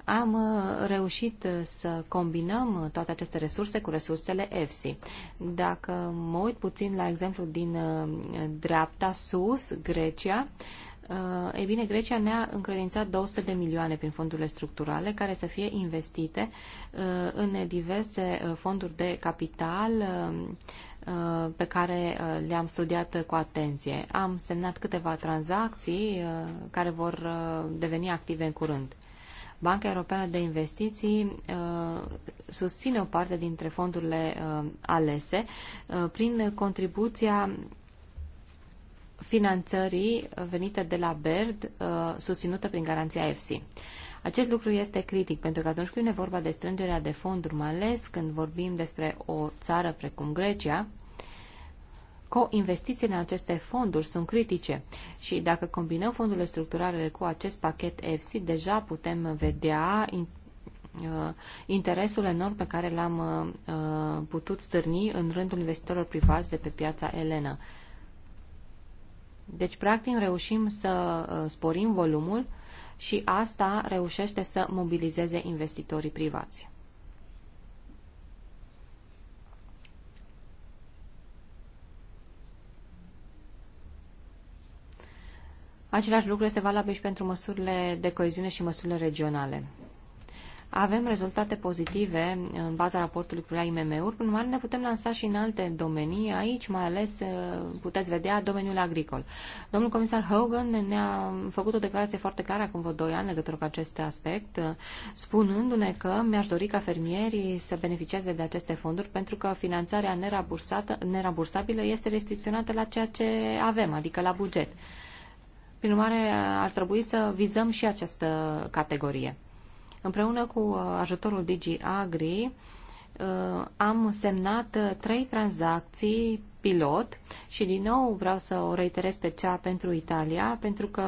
Am uh, reușit uh, să combinăm toate aceste resurse cu resursele EFSI. Dacă mă uit puțin la exemplu din dreapta sus, Grecia, Uh, ei bine, Grecia ne-a încredințat 200 de milioane prin fondurile structurale care să fie investite uh, în diverse uh, fonduri de capital pe care le-am studiat cu atenție. Am semnat câteva tranzacții care vor deveni active în curând. Banca Europeană de Investiții uh, susține o parte dintre fondurile uh, alese uh, prin contribuția finanțării venite de la BERD, uh, susținută prin garanția EFSI. Acest lucru este critic, pentru că atunci când e vorba de strângerea de fonduri, mai ales când vorbim despre o țară precum Grecia, co-investițiile în aceste fonduri sunt critice și dacă combinăm fondurile structurale cu acest pachet EFSI, deja putem vedea uh, interesul enorm pe care l-am uh, putut stârni în rândul investitorilor privați de pe piața Elena. Deci, practic, reușim să uh, sporim volumul și asta reușește să mobilizeze investitorii privați. Același lucru este valabil și pentru măsurile de coeziune și măsurile regionale avem rezultate pozitive în baza raportului cu la IMM-uri, prin urmare ne putem lansa și în alte domenii, aici mai ales eh, puteți vedea domeniul agricol. Domnul comisar Hogan ne-a făcut o declarație foarte clară acum vreo doi ani legătură cu acest aspect, spunându-ne că mi-aș dori ca fermierii să beneficieze de aceste fonduri pentru că finanțarea nerabursată, nerabursabilă este restricționată la ceea ce avem, adică la buget. Prin urmare, ar trebui să vizăm și această categorie. Împreună cu uh, ajutorul Digi Agri uh, am semnat uh, trei tranzacții pilot și din nou vreau să o reiterez pe cea pentru Italia, pentru că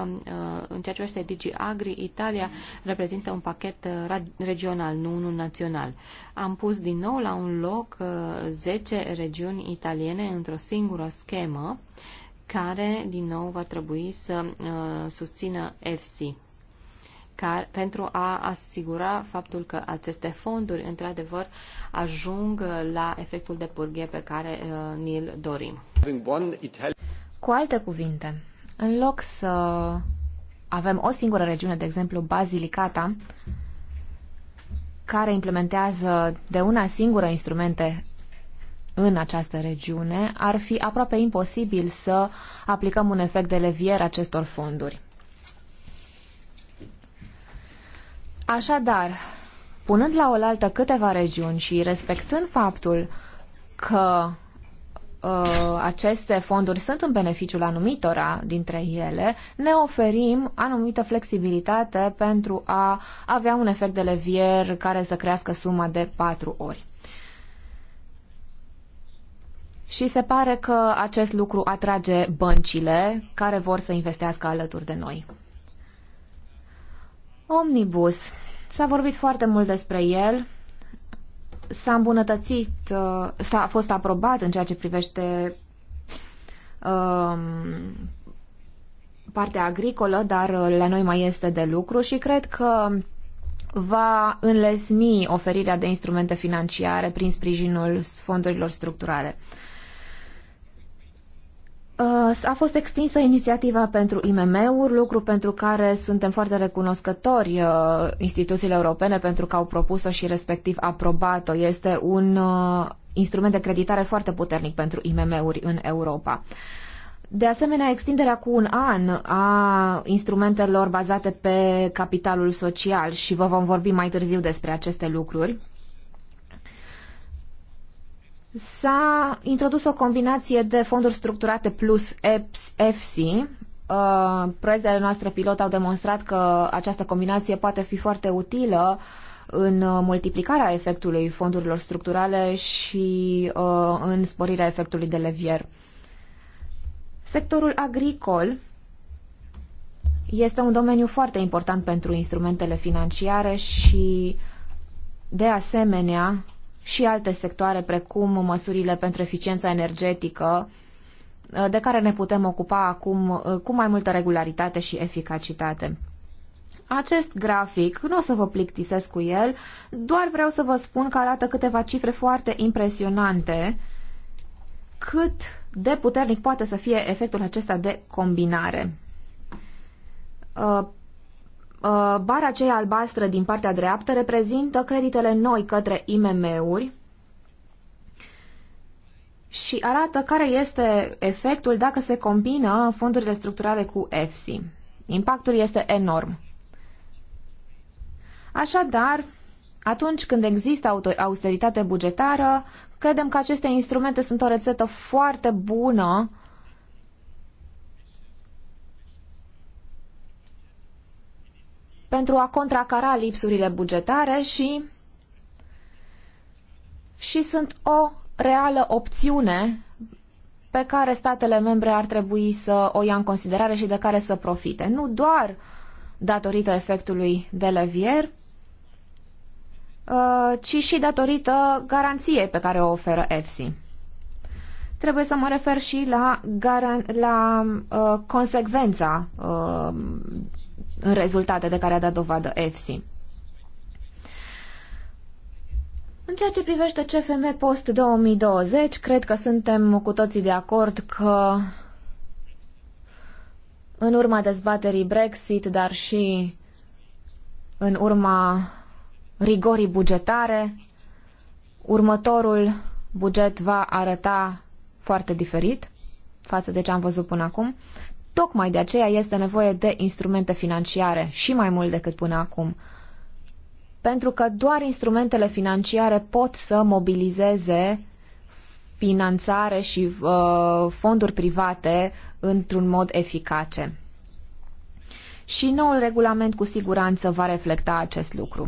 în ceea ce privește Digi Agri, Italia reprezintă un pachet regional, nu unul național. Am pus din nou la un loc 10 regiuni italiene într-o singură schemă care din nou va trebui să susțină EFSI care, pentru a asigura faptul că aceste fonduri, într-adevăr, ajung la efectul de pârghie pe care uh, ni-l dorim. Cu alte cuvinte, în loc să avem o singură regiune, de exemplu Basilicata, care implementează de una singură instrumente în această regiune, ar fi aproape imposibil să aplicăm un efect de levier acestor fonduri. Așadar, punând la oaltă câteva regiuni și respectând faptul că uh, aceste fonduri sunt în beneficiul anumitora dintre ele, ne oferim anumită flexibilitate pentru a avea un efect de levier care să crească suma de patru ori. Și se pare că acest lucru atrage băncile care vor să investească alături de noi. Omnibus. S-a vorbit foarte mult despre el. S-a îmbunătățit, uh, s-a fost aprobat în ceea ce privește um, partea agricolă, dar uh, la noi mai este de lucru și cred că va înlesni oferirea de instrumente financiare prin sprijinul fondurilor structurale. Uh, a fost extinsă inițiativa pentru IMM-uri, lucru pentru care suntem foarte recunoscători uh, instituțiile europene pentru că au propus-o și respectiv aprobat-o. Este un uh, instrument de creditare foarte puternic pentru IMM-uri în Europa. De asemenea, extinderea cu un an a instrumentelor bazate pe capitalul social și vă vom vorbi mai târziu despre aceste lucruri. S-a introdus o combinație de fonduri structurate plus EFSI. Uh, proiectele noastre pilot au demonstrat că această combinație poate fi foarte utilă în multiplicarea efectului fondurilor structurale și uh, în sporirea efectului de levier. Sectorul agricol este un domeniu foarte important pentru instrumentele financiare și, de asemenea, și alte sectoare, precum măsurile pentru eficiența energetică, uh, de care ne putem ocupa acum uh, cu mai multă regularitate și eficacitate. Acest grafic, nu o să vă plictisesc cu el, doar vreau să vă spun că arată câteva cifre foarte impresionante cât de puternic poate să fie efectul acesta de combinare. Uh, Uh, bara aceea albastră din partea dreaptă reprezintă creditele noi către IMM-uri și arată care este efectul dacă se combină fondurile structurale cu EFSI. Impactul este enorm. Așadar, atunci când există austeritate bugetară, credem că aceste instrumente sunt o rețetă foarte bună pentru a contracara lipsurile bugetare și, și sunt o reală opțiune pe care statele membre ar trebui să o ia în considerare și de care să profite. Nu doar datorită efectului de levier, uh, ci și datorită garanției pe care o oferă EFSI. Trebuie să mă refer și la, la uh, consecvența uh, în rezultate de care a dat dovadă EFSI. În ceea ce privește CFM Post 2020, cred că suntem cu toții de acord că în urma dezbaterii Brexit, dar și în urma rigorii bugetare, următorul buget va arăta foarte diferit față de ce am văzut până acum Tocmai de aceea este nevoie de instrumente financiare și mai mult decât până acum. Pentru că doar instrumentele financiare pot să mobilizeze finanțare și uh, fonduri private într-un mod eficace. Și noul regulament cu siguranță va reflecta acest lucru.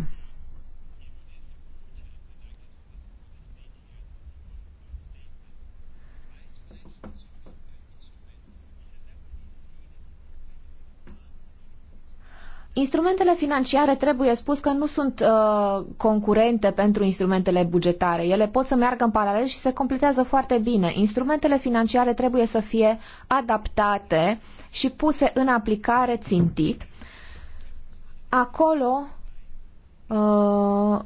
Instrumentele financiare, trebuie spus că nu sunt uh, concurente pentru instrumentele bugetare. Ele pot să meargă în paralel și se completează foarte bine. Instrumentele financiare trebuie să fie adaptate și puse în aplicare țintit. Acolo uh,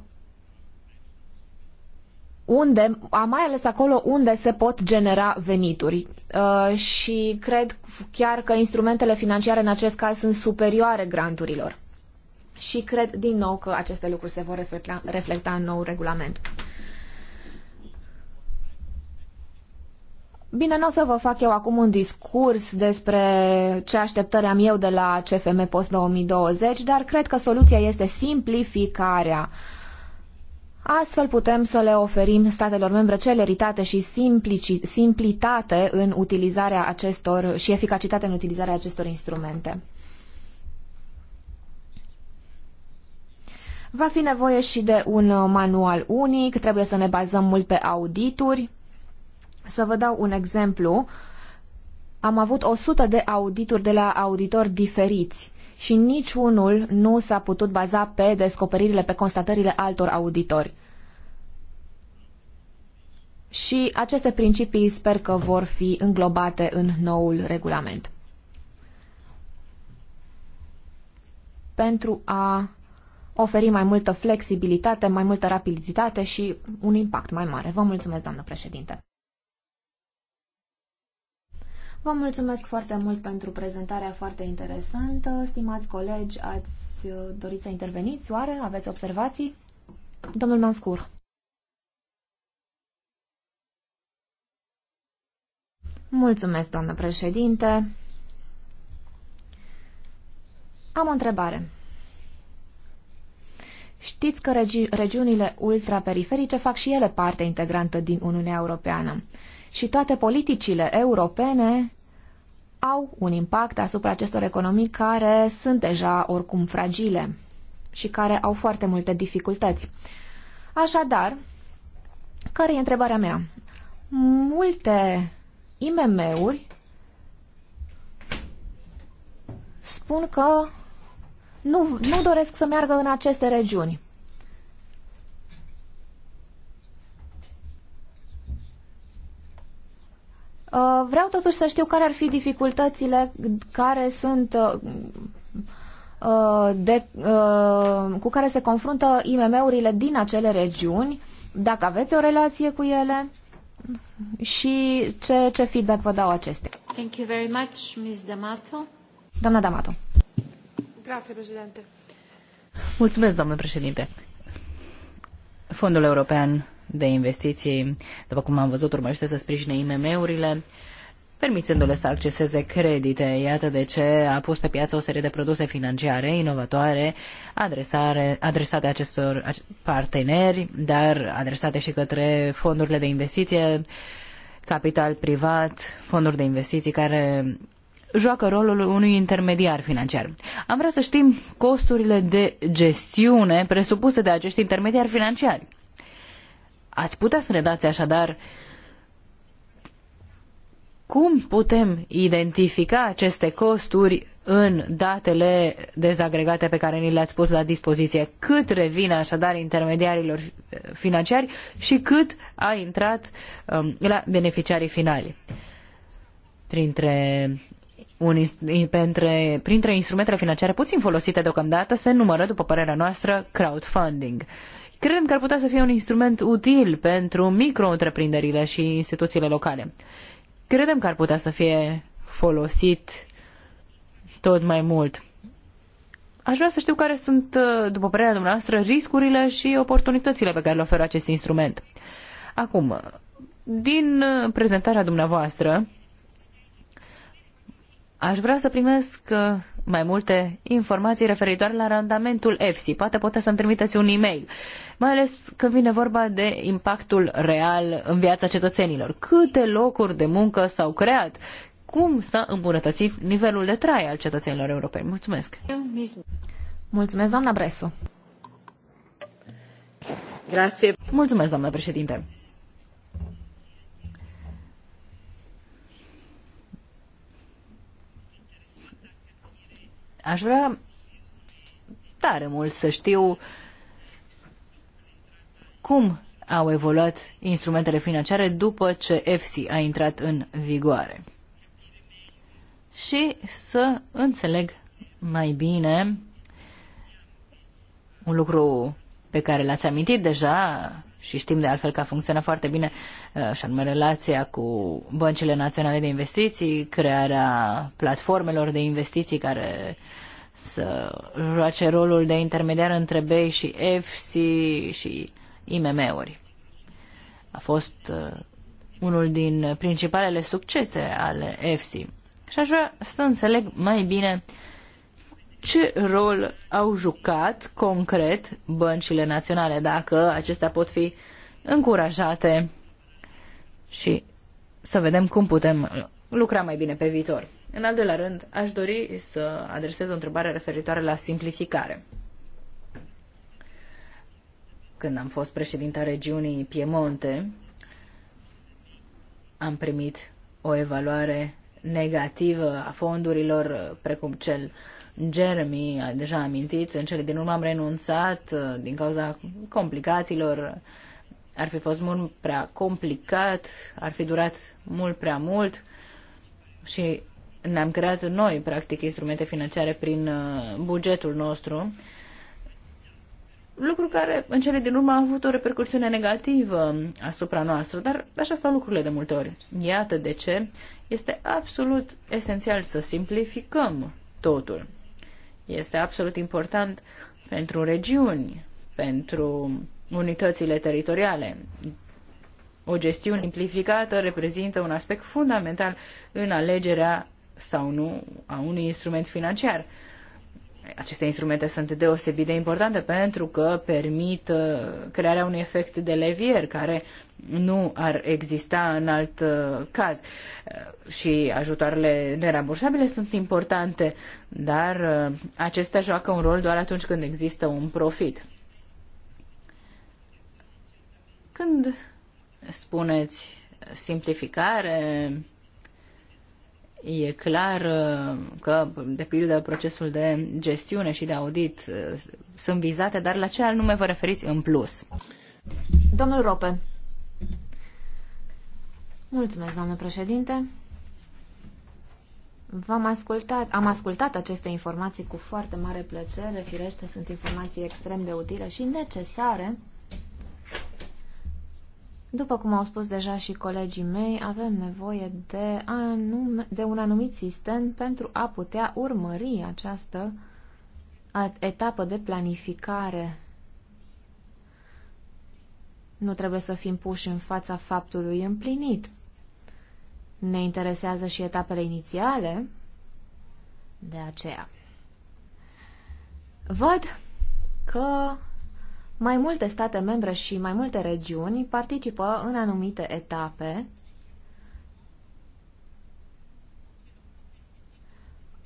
unde, mai ales acolo unde se pot genera venituri. Uh, și cred chiar că instrumentele financiare în acest caz sunt superioare granturilor. Și cred din nou că aceste lucruri se vor reflecta, reflecta în nou regulament. Bine, nu o să vă fac eu acum un discurs despre ce așteptări am eu de la CFM Post 2020, dar cred că soluția este simplificarea uh, Astfel putem să le oferim statelor membre celeritate și simplici, simplitate în utilizarea acestor și eficacitate în utilizarea acestor instrumente. Va fi nevoie și de un manual unic, trebuie să ne bazăm mult pe audituri. Să vă dau un exemplu. Am avut 100 de audituri de la auditori diferiți și niciunul nu s-a putut baza pe descoperirile, pe constatările altor auditori. Și aceste principii sper că vor fi înglobate în noul regulament. Pentru a oferi mai multă flexibilitate, mai multă rapiditate și un impact mai mare. Vă mulțumesc, doamnă președinte. Vă mulțumesc foarte mult pentru prezentarea foarte interesantă. Stimați colegi, ați uh, dorit să interveniți? Oare aveți observații? Domnul Manscur. Mulțumesc, doamnă președinte. Am o întrebare. Știți că regi- regiunile ultraperiferice fac și ele parte integrantă din Uniunea Europeană și toate politicile europene au un impact asupra acestor economii care sunt deja oricum fragile și care au foarte multe dificultăți. Așadar, care e întrebarea mea? Multe IMM-uri spun că nu, nu doresc să meargă în aceste regiuni. Uh, vreau totuși să știu care ar fi dificultățile care sunt uh, uh, de, cu care se confruntă IMM-urile din acele regiuni, dacă aveți o relație cu ele și ce, ce feedback vă dau acestea. Thank you very much, Ms. D'Amato. Doamna D'Amato. Grazie, președinte. Mulțumesc, domnule președinte. Fondul European de investiții, după cum am văzut, urmărește să sprijine IMM-urile, permițându-le să acceseze credite. Iată de ce a pus pe piață o serie de produse financiare inovatoare adresare, adresate acestor parteneri, dar adresate și către fondurile de investiție, capital privat, fonduri de investiții care joacă rolul unui intermediar financiar. Am vrea să știm costurile de gestiune presupuse de acești intermediari financiari. Ați putea să ne dați așadar cum putem identifica aceste costuri în datele dezagregate pe care ni le-ați pus la dispoziție? Cât revine așadar intermediarilor financiari și cât a intrat um, la beneficiarii finali? Printre un, printre, printre instrumentele financiare puțin folosite deocamdată se numără, după părerea noastră, crowdfunding credem că ar putea să fie un instrument util pentru micro-întreprinderile și instituțiile locale. Credem că ar putea să fie folosit tot mai mult. Aș vrea să știu care sunt, după părerea dumneavoastră, riscurile și oportunitățile pe care le oferă acest instrument. Acum, din prezentarea dumneavoastră, aș vrea să primesc mai multe informații referitoare la randamentul EFSI. Poate puteți să-mi trimiteți un e-mail mai ales când vine vorba de impactul real în viața cetățenilor. Câte locuri de muncă s-au creat? Cum s-a îmbunătățit nivelul de trai al cetățenilor europeni? Mulțumesc! Mulțumesc, doamna Bresu! Grație! Mulțumesc, doamna președinte! Aș vrea tare mult să știu cum au evoluat instrumentele financiare după ce EFSI a intrat în vigoare. Și să înțeleg mai bine un lucru pe care l-ați amintit deja și știm de altfel că a funcționat foarte bine, uh, și anume relația cu băncile naționale de investiții, crearea platformelor de investiții care să joace rolul de intermediar între BEI și EFSI și IMM-uri. A fost uh, unul din principalele succese ale EFSI. Și aș vrea să înțeleg mai bine ce rol au jucat concret băncile naționale, dacă acestea pot fi încurajate și să vedem cum putem lucra mai bine pe viitor. În al doilea rând, aș dori să adresez o întrebare referitoare la simplificare când am fost președinta regiunii Piemonte, am primit o evaluare negativă a fondurilor, precum cel Jeremy a deja amintit. În cele din urmă am renunțat uh, din cauza complicațiilor. Ar fi fost mult prea complicat, ar fi durat mult prea mult și ne-am creat noi, practic, instrumente financiare prin uh, bugetul nostru lucru care în cele din urmă a avut o repercursiune negativă asupra noastră, dar așa stau lucrurile de multe ori. Iată de ce este absolut esențial să simplificăm totul. Este absolut important pentru regiuni, pentru unitățile teritoriale. O gestiune simplificată reprezintă un aspect fundamental în alegerea sau nu a unui instrument financiar. Aceste instrumente sunt deosebit de importante pentru că permit uh, crearea unui efect de levier care nu ar exista în alt uh, caz. Uh, și ajutoarele nerambursabile sunt importante, dar acestea joacă un rol doar atunci când există un profit. Când spuneți simplificare, E clar uh, că, de pildă, procesul de gestiune și de audit uh, sunt vizate, dar la ce anume vă referiți în plus? Domnul Rope. Mulțumesc, domnule președinte. V-am ascultat, am ascultat aceste informații cu foarte mare plăcere. Firește, sunt informații extrem de utile și necesare după cum au spus deja și colegii mei, avem nevoie de, anume, de un anumit sistem pentru a putea urmări această etapă de planificare. Nu trebuie să fim puși în fața faptului împlinit. Ne interesează și etapele inițiale, de aceea. Văd că mai multe state membre și mai multe regiuni participă în anumite etape.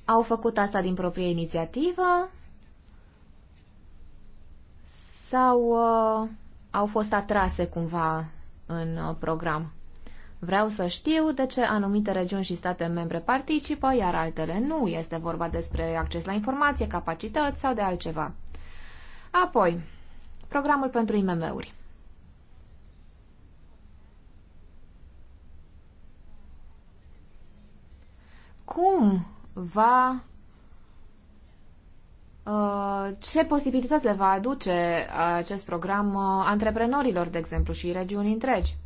Au făcut asta din proprie inițiativă sau uh, au fost atrase cumva în uh, program. Vreau să știu de ce anumite regiuni și state membre participă, iar altele nu. Este vorba despre acces la informație, capacități sau de altceva. Apoi, Programul pentru IMM-uri. Cum va uh, ce posibilități le va aduce acest program uh, antreprenorilor, de exemplu, și regiuni întregi?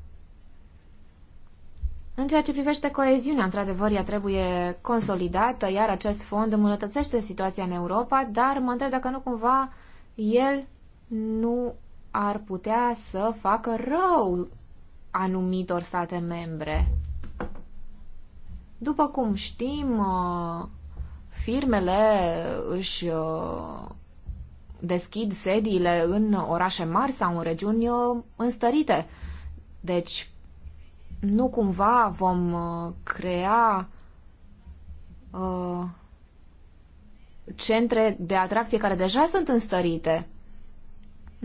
În ceea ce privește coeziunea, într-adevăr, ea trebuie consolidată, iar acest fond îmbunătățește situația în Europa, dar mă întreb dacă nu cumva el nu ar putea să facă rău anumitor state membre. După cum știm, uh, firmele își uh, deschid sediile în orașe mari sau în regiuni uh, înstărite. Deci, nu cumva vom crea centre de atracție care deja sunt înstărite.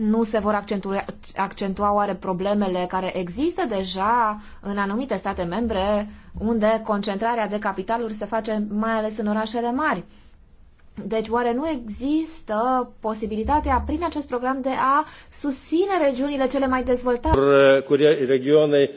Nu se vor accentua, accentua oare problemele care există deja în anumite state membre, unde concentrarea de capitaluri se face mai ales în orașele mari? Deci, oare nu există posibilitatea prin acest program de a susține regiunile cele mai dezvoltate? Kurie eh, regionai,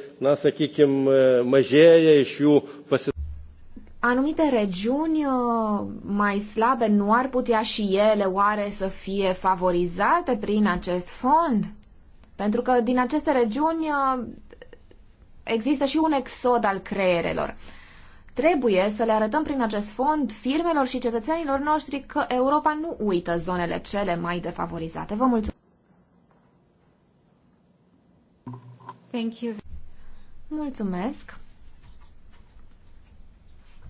anumite regiuni uh, mai slabe nu ar putea și ele oare să fie favorizate prin acest fond? Pentru că din aceste regiuni uh, există și un exod al creierelor. Trebuie să le arătăm prin acest fond firmelor și cetățenilor noștri că Europa nu uită zonele cele mai defavorizate. Vă mulțumesc! Thank you. Mulțumesc!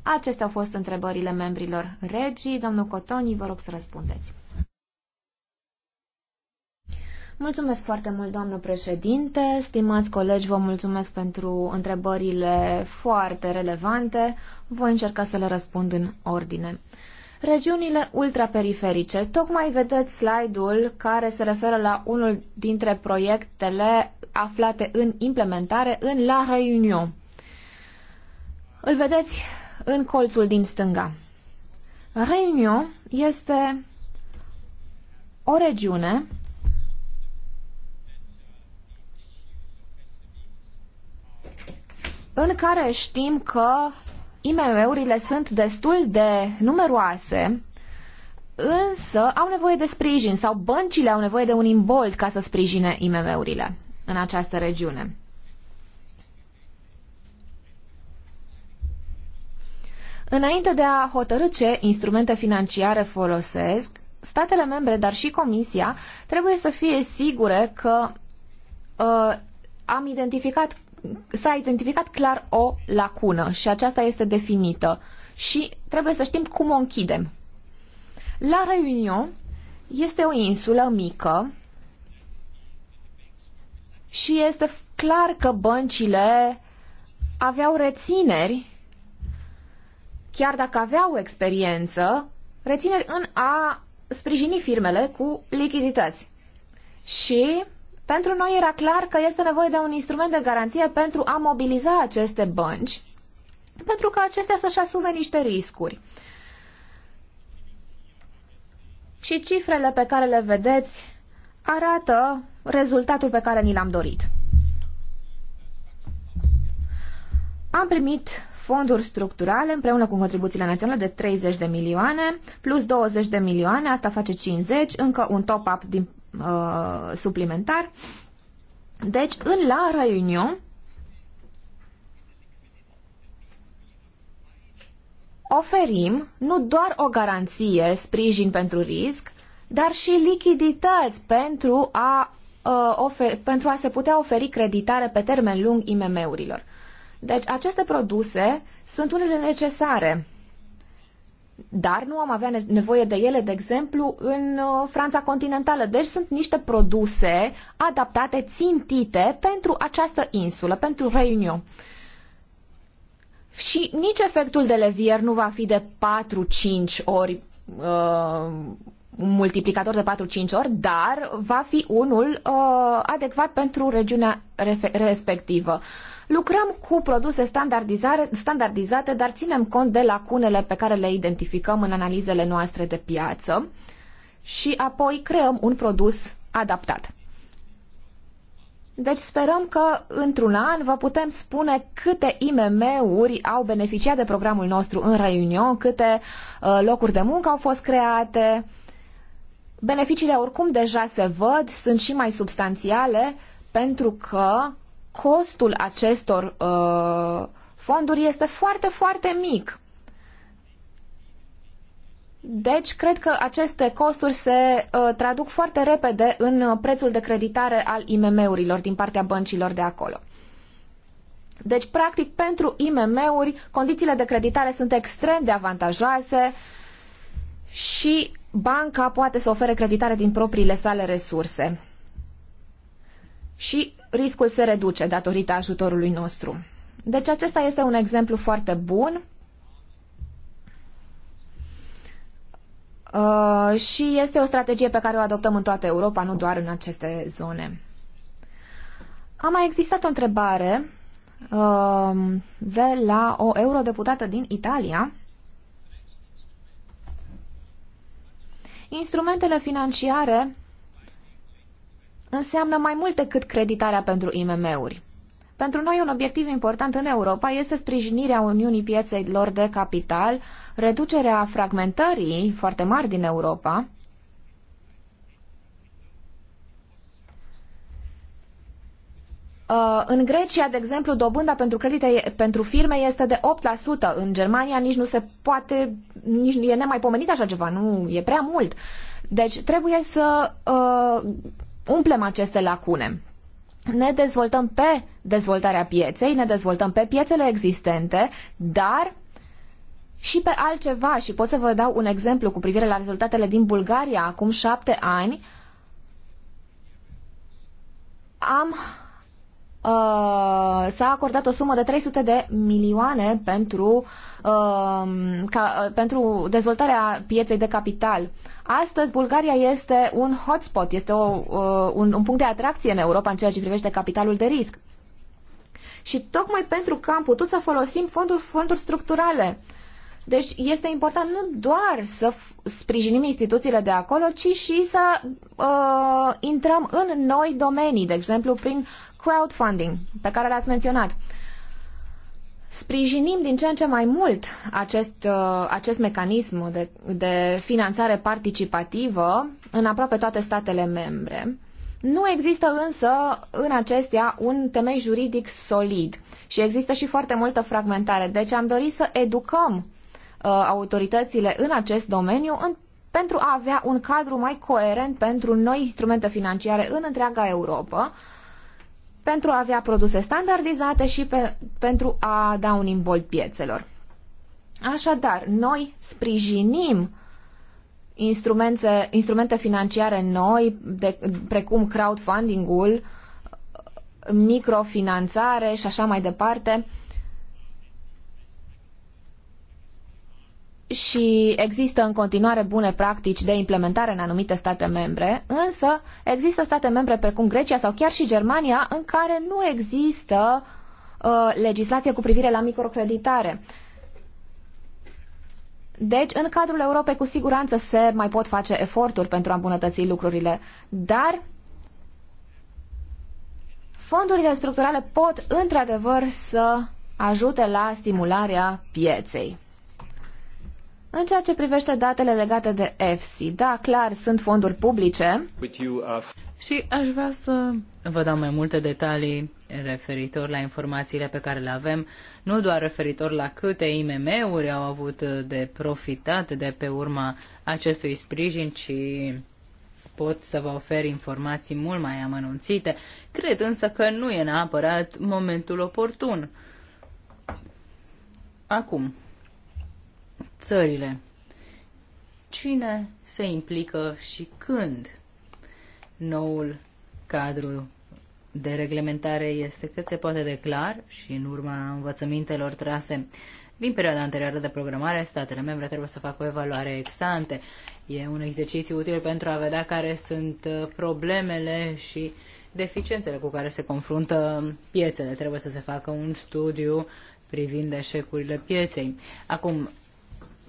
Acestea au fost întrebările membrilor regii. Domnul Cotoni, vă rog să răspundeți. Mulțumesc foarte mult, doamnă președinte. Stimați colegi, vă mulțumesc pentru întrebările foarte relevante. Voi încerca să le răspund în ordine. Regiunile ultraperiferice. Tocmai vedeți slide-ul care se referă la unul dintre proiectele aflate în implementare în La Réunion. Îl vedeți în colțul din stânga. Réunion este o regiune în care știm că IMM-urile sunt destul de numeroase, însă au nevoie de sprijin sau băncile au nevoie de un imbold ca să sprijine IMM-urile în această regiune. Înainte de a hotărâ ce instrumente financiare folosesc, statele membre, dar și Comisia, trebuie să fie sigure că uh, am identificat, s-a identificat clar o lacună și aceasta este definită și trebuie să știm cum o închidem. La Reunion este o insulă mică și este clar că băncile aveau rețineri chiar dacă aveau experiență, rețineri în a sprijini firmele cu lichidități. Și pentru noi era clar că este nevoie de un instrument de garanție pentru a mobiliza aceste bănci, pentru că acestea să-și asume niște riscuri. Și cifrele pe care le vedeți arată rezultatul pe care ni l-am dorit. Am primit fonduri structurale împreună cu contribuțiile naționale de 30 de milioane plus 20 de milioane, asta face 50, încă un top-up din, uh, suplimentar. Deci, în La Reunion, oferim nu doar o garanție, sprijin pentru risc, dar și lichidități pentru a, uh, ofer- pentru a se putea oferi creditare pe termen lung IMM-urilor. Deci aceste produse sunt unele necesare, dar nu am avea nevoie de ele, de exemplu, în uh, Franța continentală. Deci sunt niște produse adaptate, țintite pentru această insulă, pentru Reunion. Și nici efectul de levier nu va fi de 4-5 ori uh, un multiplicator de 4-5 ori, dar va fi unul uh, adecvat pentru regiunea respectivă. Lucrăm cu produse standardizate, dar ținem cont de lacunele pe care le identificăm în analizele noastre de piață și apoi creăm un produs adaptat. Deci sperăm că într-un an vă putem spune câte IMM-uri au beneficiat de programul nostru în Reunion, câte uh, locuri de muncă au fost create, uh, Beneficiile oricum deja se văd, sunt și mai substanțiale, pentru că costul acestor uh, fonduri este foarte, foarte mic. Deci, cred că aceste costuri se uh, traduc foarte repede în uh, prețul de creditare al IMM-urilor din partea băncilor de acolo. Deci, practic, pentru IMM-uri, condițiile de creditare sunt extrem de avantajoase și banca poate să ofere creditare din propriile sale resurse. Și riscul se reduce datorită ajutorului nostru. Deci acesta este un exemplu foarte bun uh, și este o strategie pe care o adoptăm în toată Europa, nu doar în aceste zone. A mai existat o întrebare uh, de la o eurodeputată din Italia Instrumentele financiare înseamnă mai mult decât creditarea pentru IMM-uri. Pentru noi un obiectiv important în Europa este sprijinirea Uniunii pieței lor de capital, reducerea fragmentării foarte mari din Europa Uh, în Grecia, de exemplu, dobânda pentru credite pentru firme este de 8%. În Germania nici nu se poate, nici e nemaipomenit așa ceva, nu e prea mult. Deci trebuie să uh, umplem aceste lacune. Ne dezvoltăm pe dezvoltarea pieței, ne dezvoltăm pe piețele existente, dar și pe altceva. Și pot să vă dau un exemplu cu privire la rezultatele din Bulgaria acum șapte ani. Am uh, s-a acordat o sumă de 300 de milioane pentru, uh, ca, uh, pentru dezvoltarea pieței de capital. Astăzi, Bulgaria este un hotspot, este o, uh, un, un punct de atracție în Europa în ceea ce privește capitalul de risc. Și tocmai pentru că am putut să folosim fonduri, fonduri structurale deci este important nu doar să sprijinim instituțiile de acolo, ci și să uh, intrăm în noi domenii, de exemplu prin crowdfunding, pe care l-ați menționat. Sprijinim din ce în ce mai mult acest, uh, acest mecanism de, de finanțare participativă în aproape toate statele membre. Nu există însă în acestea un temei juridic solid și există și foarte multă fragmentare. Deci am dorit să educăm Uh, autoritățile în acest domeniu în, pentru a avea un cadru mai coerent pentru noi instrumente financiare în întreaga Europa, pentru a avea produse standardizate și pe, pentru a da un imbold piețelor. Așadar, noi sprijinim instrumente, instrumente financiare noi, de, precum crowdfunding-ul, microfinanțare și așa mai departe, și există în continuare bune practici de implementare în anumite state membre, însă există state membre precum Grecia sau chiar și Germania în care nu există uh, legislație cu privire la microcreditare. Deci, în cadrul Europei, cu siguranță se mai pot face eforturi pentru a îmbunătăți lucrurile, dar fondurile structurale pot, într-adevăr, să ajute la stimularea pieței. În ceea ce privește datele legate de EFSI, da, clar, sunt fonduri publice. Uh, Și aș vrea să vă dau mai multe detalii referitor la informațiile pe care le avem, nu doar referitor la câte IMM-uri au avut de profitat de pe urma acestui sprijin, ci pot să vă ofer informații mult mai amănunțite. Cred însă că nu e neapărat momentul oportun. Acum, țările. Cine se implică și când? Noul cadru de reglementare este cât se poate de clar și în urma învățămintelor trase din perioada anterioară de programare, statele membre trebuie să facă o evaluare exante. E un exercițiu util pentru a vedea care sunt uh, problemele și deficiențele cu care se confruntă piețele. Trebuie să se facă un studiu privind eșecurile pieței. Acum,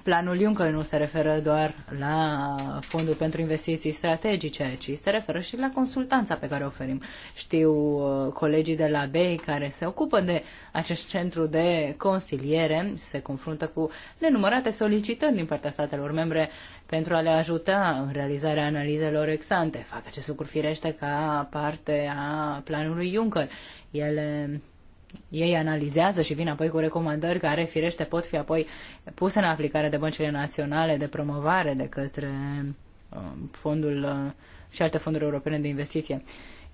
Planul Juncker nu se referă doar la fondul pentru investiții strategice, ci se referă și la consultanța pe care o oferim. Știu uh, colegii de la BEI care se ocupă de acest centru de consiliere, se confruntă cu nenumărate solicitări din partea statelor membre pentru a le ajuta în realizarea analizelor exante. Fac acest lucru firește ca parte a planului Juncker. Ele ei analizează și vin apoi cu recomandări care, firește, pot fi apoi puse în aplicare de băncile naționale de promovare de către um, fondul uh, și alte fonduri europene de investiție.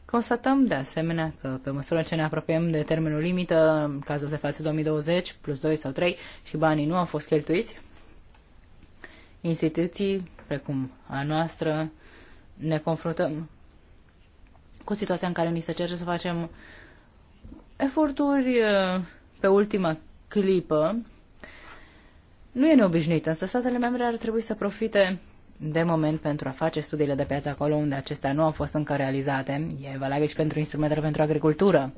Constatăm de asemenea că pe măsură ce ne apropiem de termenul limită, în cazul de față 2020, plus 2 sau 3, și banii nu au fost cheltuiți, instituții precum a noastră ne confruntăm cu situația în care ni se cerce să facem Eforturi uh, pe ultima clipă nu e neobișnuit, însă statele membre ar trebui să profite de moment pentru a face studiile de piață acolo unde acestea nu au fost încă realizate. E valabil și pentru instrumentele pentru agricultură.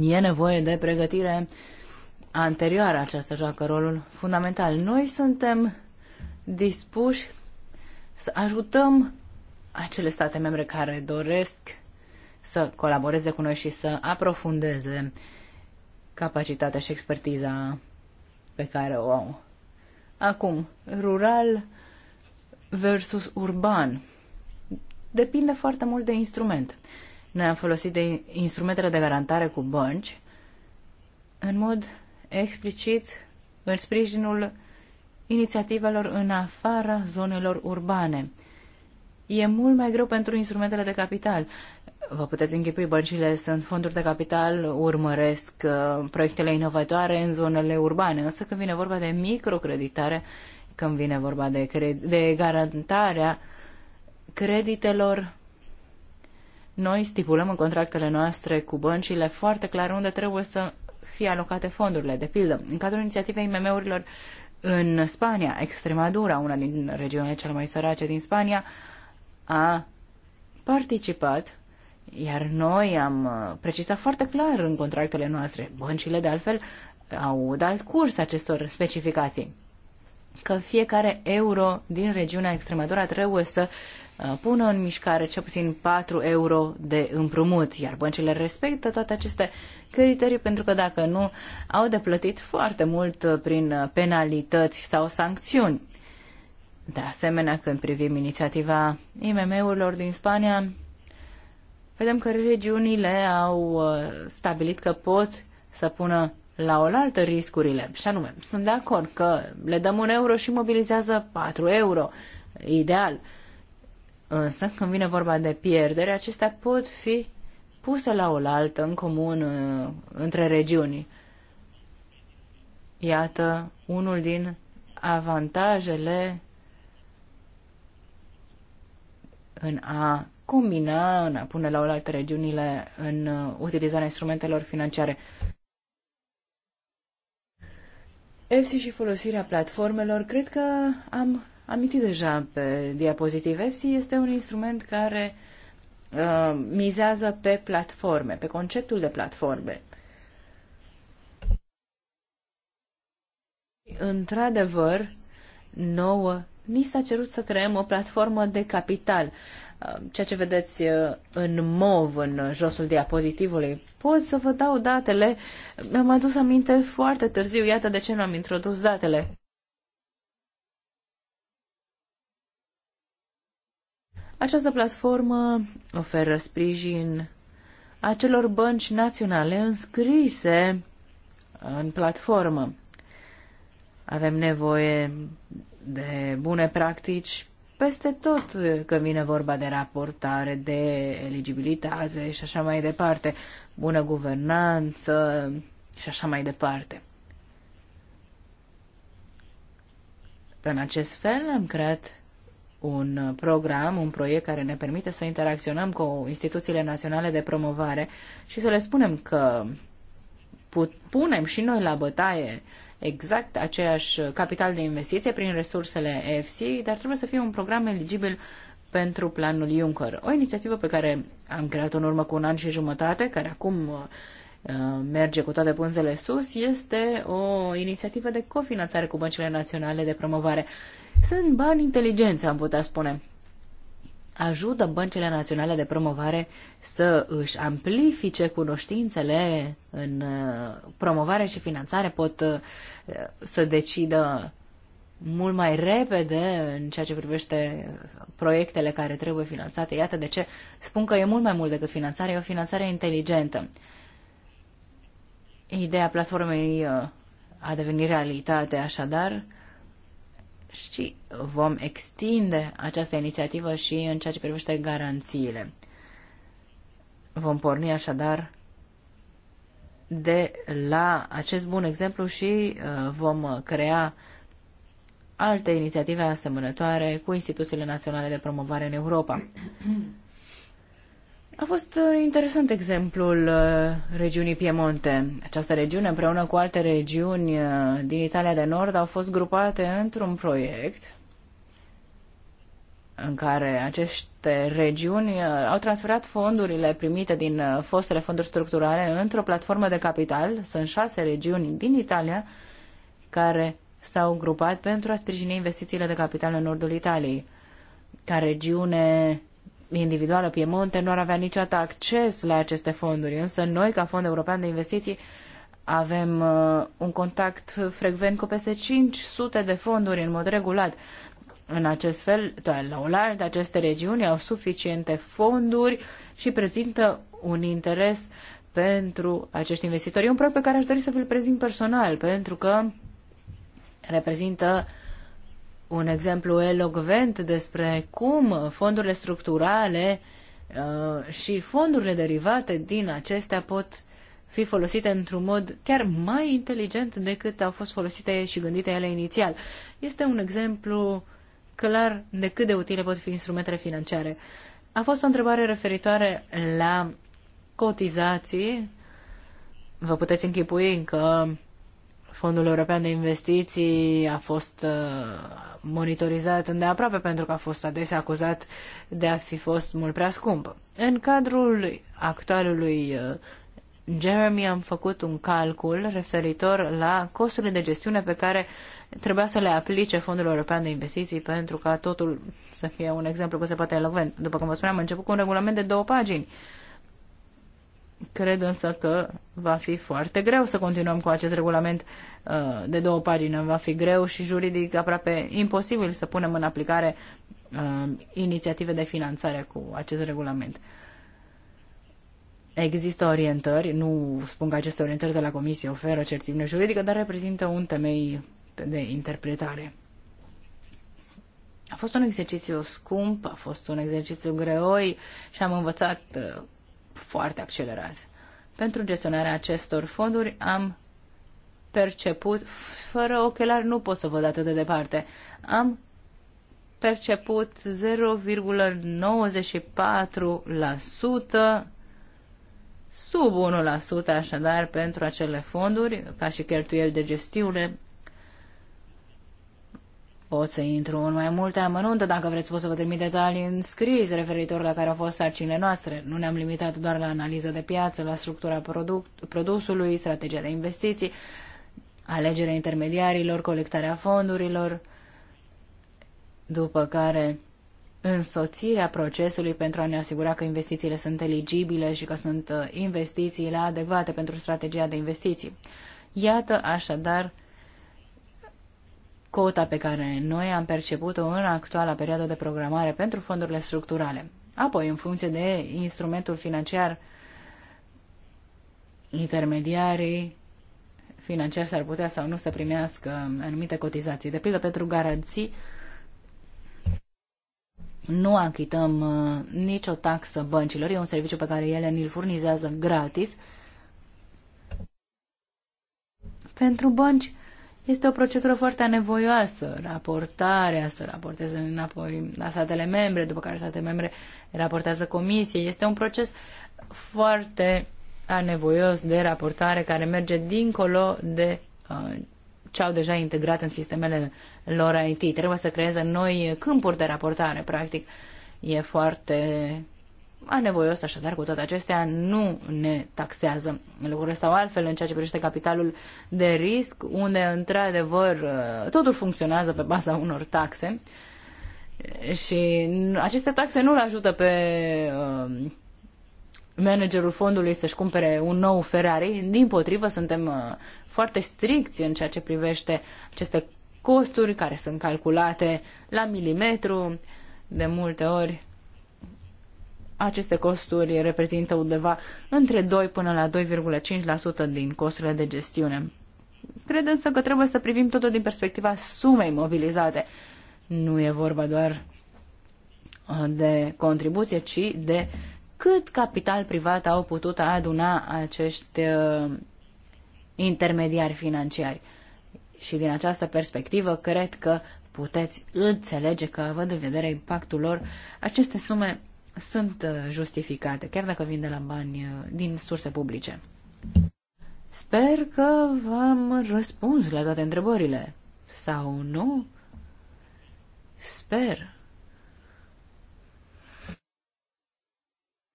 E nevoie de pregătire anterioară. Aceasta joacă rolul fundamental. Noi suntem dispuși să ajutăm acele state membre care doresc să colaboreze cu noi și să aprofundeze capacitatea și expertiza pe care o au. Acum, rural versus urban. Depinde foarte mult de instrument. Noi am folosit de instrumentele de garantare cu bănci în mod explicit în sprijinul inițiativelor în afara zonelor urbane. E mult mai greu pentru instrumentele de capital. Vă puteți închipui, băncile sunt fonduri de capital, urmăresc uh, proiectele inovatoare în zonele urbane, însă când vine vorba de microcreditare, când vine vorba de, cred- de garantarea creditelor, noi stipulăm în contractele noastre cu băncile foarte clar unde trebuie să fie alocate fondurile. De pildă, în cadrul inițiativei MM-urilor în Spania, Extremadura, una din regiunile cele mai sărace din Spania, a participat iar noi am uh, precizat foarte clar în contractele noastre, băncile de altfel au dat curs acestor specificații, că fiecare euro din regiunea Extremadura trebuie să uh, pună în mișcare cel puțin 4 euro de împrumut, iar băncile respectă toate aceste criterii pentru că dacă nu, au de plătit foarte mult uh, prin penalități sau sancțiuni. De asemenea, când privim inițiativa IMM-urilor din Spania, vedem că regiunile au uh, stabilit că pot să pună la oaltă riscurile. Și anume, sunt de acord că le dăm un euro și mobilizează 4 euro. Ideal. Însă, când vine vorba de pierdere, acestea pot fi puse la oaltă în comun uh, între regiuni. Iată unul din avantajele în a combină până la oaltă regiunile în uh, utilizarea instrumentelor financiare. EFSI și folosirea platformelor, cred că am amintit deja pe diapozitiv. EFSI este un instrument care uh, mizează pe platforme, pe conceptul de platforme. Într-adevăr, nouă ni s-a cerut să creăm o platformă de capital. Um, ceea ce vedeți uh, în mov, în josul diapozitivului. Pot să vă dau datele. Mi-am adus aminte foarte târziu. Iată de ce nu am introdus datele. Această platformă oferă sprijin acelor bănci naționale înscrise în platformă. Avem nevoie de bune practici peste tot când vine vorba de raportare, de eligibilitate și așa mai departe, bună guvernanță și așa mai departe. În acest fel am creat un program, un proiect care ne permite să interacționăm cu instituțiile naționale de promovare și să le spunem că punem și noi la bătaie exact aceeași capital de investiție prin resursele EFC, dar trebuie să fie un program eligibil pentru planul Juncker. O inițiativă pe care am creat-o în urmă cu un an și jumătate, care acum uh, merge cu toate pânzele sus, este o inițiativă de cofinanțare cu băncile naționale de promovare. Sunt bani inteligenți, am putea spune ajută băncile naționale de promovare să își amplifice cunoștințele în uh, promovare și finanțare, pot uh, să decidă mult mai repede în ceea ce privește proiectele care trebuie finanțate. Iată de ce spun că e mult mai mult decât finanțare, e o finanțare inteligentă. Ideea platformei uh, a devenit realitate, așadar, și vom extinde această inițiativă și în ceea ce privește garanțiile. Vom porni așadar de la acest bun exemplu și uh, vom crea alte inițiative asemănătoare cu instituțiile naționale de promovare în Europa. A fost uh, interesant exemplul uh, regiunii Piemonte. Această regiune, împreună cu alte regiuni uh, din Italia de Nord, au fost grupate într-un proiect în care aceste regiuni au transferat fondurile primite din fostele fonduri structurale într-o platformă de capital. Sunt șase regiuni din Italia care s-au grupat pentru a sprijini investițiile de capital în nordul Italiei. Ca regiune individuală Piemonte nu ar avea niciodată acces la aceste fonduri, însă noi, ca Fond European de Investiții, avem uh, un contact frecvent cu peste 500 de fonduri în mod regulat. În acest fel, da, la oaltă, aceste regiuni au suficiente fonduri și prezintă un interes pentru acești investitori. E un proiect pe care aș dori să vi-l prezint personal, pentru că reprezintă uh, un exemplu elogvent despre cum fondurile structurale uh, și fondurile derivate din acestea pot fi folosite într-un mod chiar mai inteligent decât au fost folosite și gândite ele inițial. Este un exemplu clar de cât de utile pot fi instrumentele financiare. A fost o întrebare referitoare la cotizații. Vă puteți închipui că Fondul European de Investiții a fost uh, monitorizat îndeaproape pentru că a fost adesea acuzat de a fi fost mult prea scump. În cadrul actualului uh, Jeremy am făcut un calcul referitor la costurile de gestiune pe care trebuia să le aplice Fondul European de Investiții pentru ca totul să fie un exemplu cât se poate elocvent. După cum vă spuneam, am început cu un regulament de două pagini. Uh, Cred însă că va fi foarte greu să continuăm cu acest regulament uh, de două pagini. Va fi greu și juridic aproape imposibil să punem în aplicare uh, inițiative de finanțare cu acest regulament. Există orientări, nu spun că aceste orientări de la Comisie oferă certitudine juridică, dar reprezintă un temei de interpretare. A fost un exercițiu scump, a fost un exercițiu greoi și am învățat uh, foarte accelerat. Pentru gestionarea acestor fonduri am perceput, fără ochelari nu pot să văd atât de departe, am perceput 0,94% sub 1% așadar pentru acele fonduri ca și cheltuieli de gestiune pot să intru în mai multe amănunte, dacă vreți pot să vă trimit detalii în scris referitor la care au fost sarcinile noastre. Nu ne-am limitat doar la analiză de piață, la structura produsului, strategia de investiții, alegerea intermediarilor, colectarea fondurilor, după care însoțirea procesului pentru a ne asigura că investițiile sunt eligibile și că sunt uh, investițiile adecvate pentru strategia de investiții. Iată așadar cota pe care noi am perceput-o în actuala perioadă de programare pentru fondurile structurale. Apoi, în funcție de instrumentul financiar, intermediarii financiar, s-ar putea sau nu să primească anumite cotizații. De pildă, pentru garanții, nu achităm uh, nicio taxă băncilor. E un serviciu pe care ele ni-l furnizează gratis. Pentru bănci, este o procedură foarte anevoioasă, raportarea să raporteze înapoi la statele membre, după care statele membre raportează comisie. Este un proces foarte anevoios de raportare care merge dincolo de uh, ce au deja integrat în sistemele lor IT. Trebuie să creeze noi câmpuri de raportare, practic. E foarte anevoios, așadar, cu toate acestea, nu ne taxează. Lucrurile sau altfel în ceea ce privește capitalul de risc, unde, într-adevăr, totul funcționează pe baza unor taxe și aceste taxe nu-l ajută pe um, managerul fondului să-și cumpere un nou Ferrari. Din potrivă, suntem uh, foarte stricți în ceea ce privește aceste costuri care sunt calculate la milimetru de multe ori aceste costuri reprezintă undeva între 2 până la 2,5% din costurile de gestiune. Cred însă că trebuie să privim totul din perspectiva sumei mobilizate. Nu e vorba doar uh, de contribuție, ci de cât capital privat au putut aduna acești uh, intermediari financiari. Și din această perspectivă, cred că puteți înțelege că, având în vedere impactul lor, aceste sume sunt uh, justificate, chiar dacă vin de la bani uh, din surse publice. Sper că v-am răspuns la toate întrebările. Sau nu? Sper.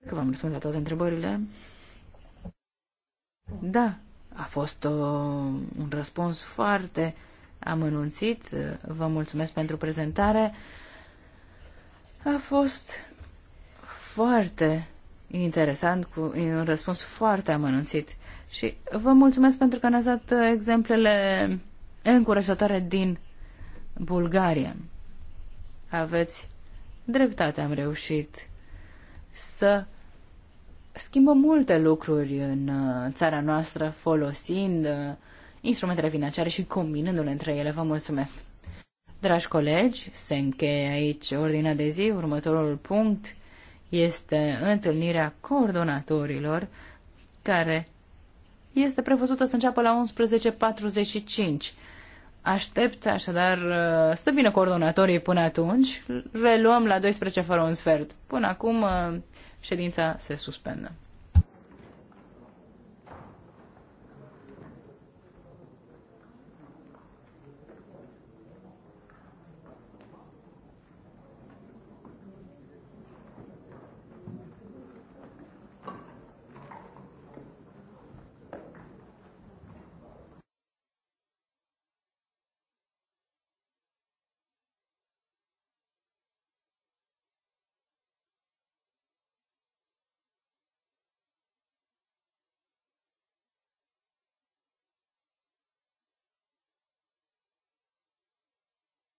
Că v-am răspuns la toate întrebările. Da, a fost o, uh, un răspuns foarte amănunțit. Vă mulțumesc pentru prezentare. A fost foarte interesant, cu un răspuns foarte amănunțit. Și vă mulțumesc pentru că ne-ați dat uh, exemplele încurajatoare din Bulgaria. Aveți dreptate, am reușit să schimbă multe lucruri în uh, țara noastră folosind uh, instrumentele financiare și combinându-le între ele. Vă mulțumesc! Dragi colegi, se încheie aici ordinea de zi, următorul punct este întâlnirea coordonatorilor care este prevăzută să înceapă la 11.45. Aștept așadar uh, să vină coordonatorii până atunci. Reluăm la 12 fără un sfert. Până acum uh, ședința se suspendă.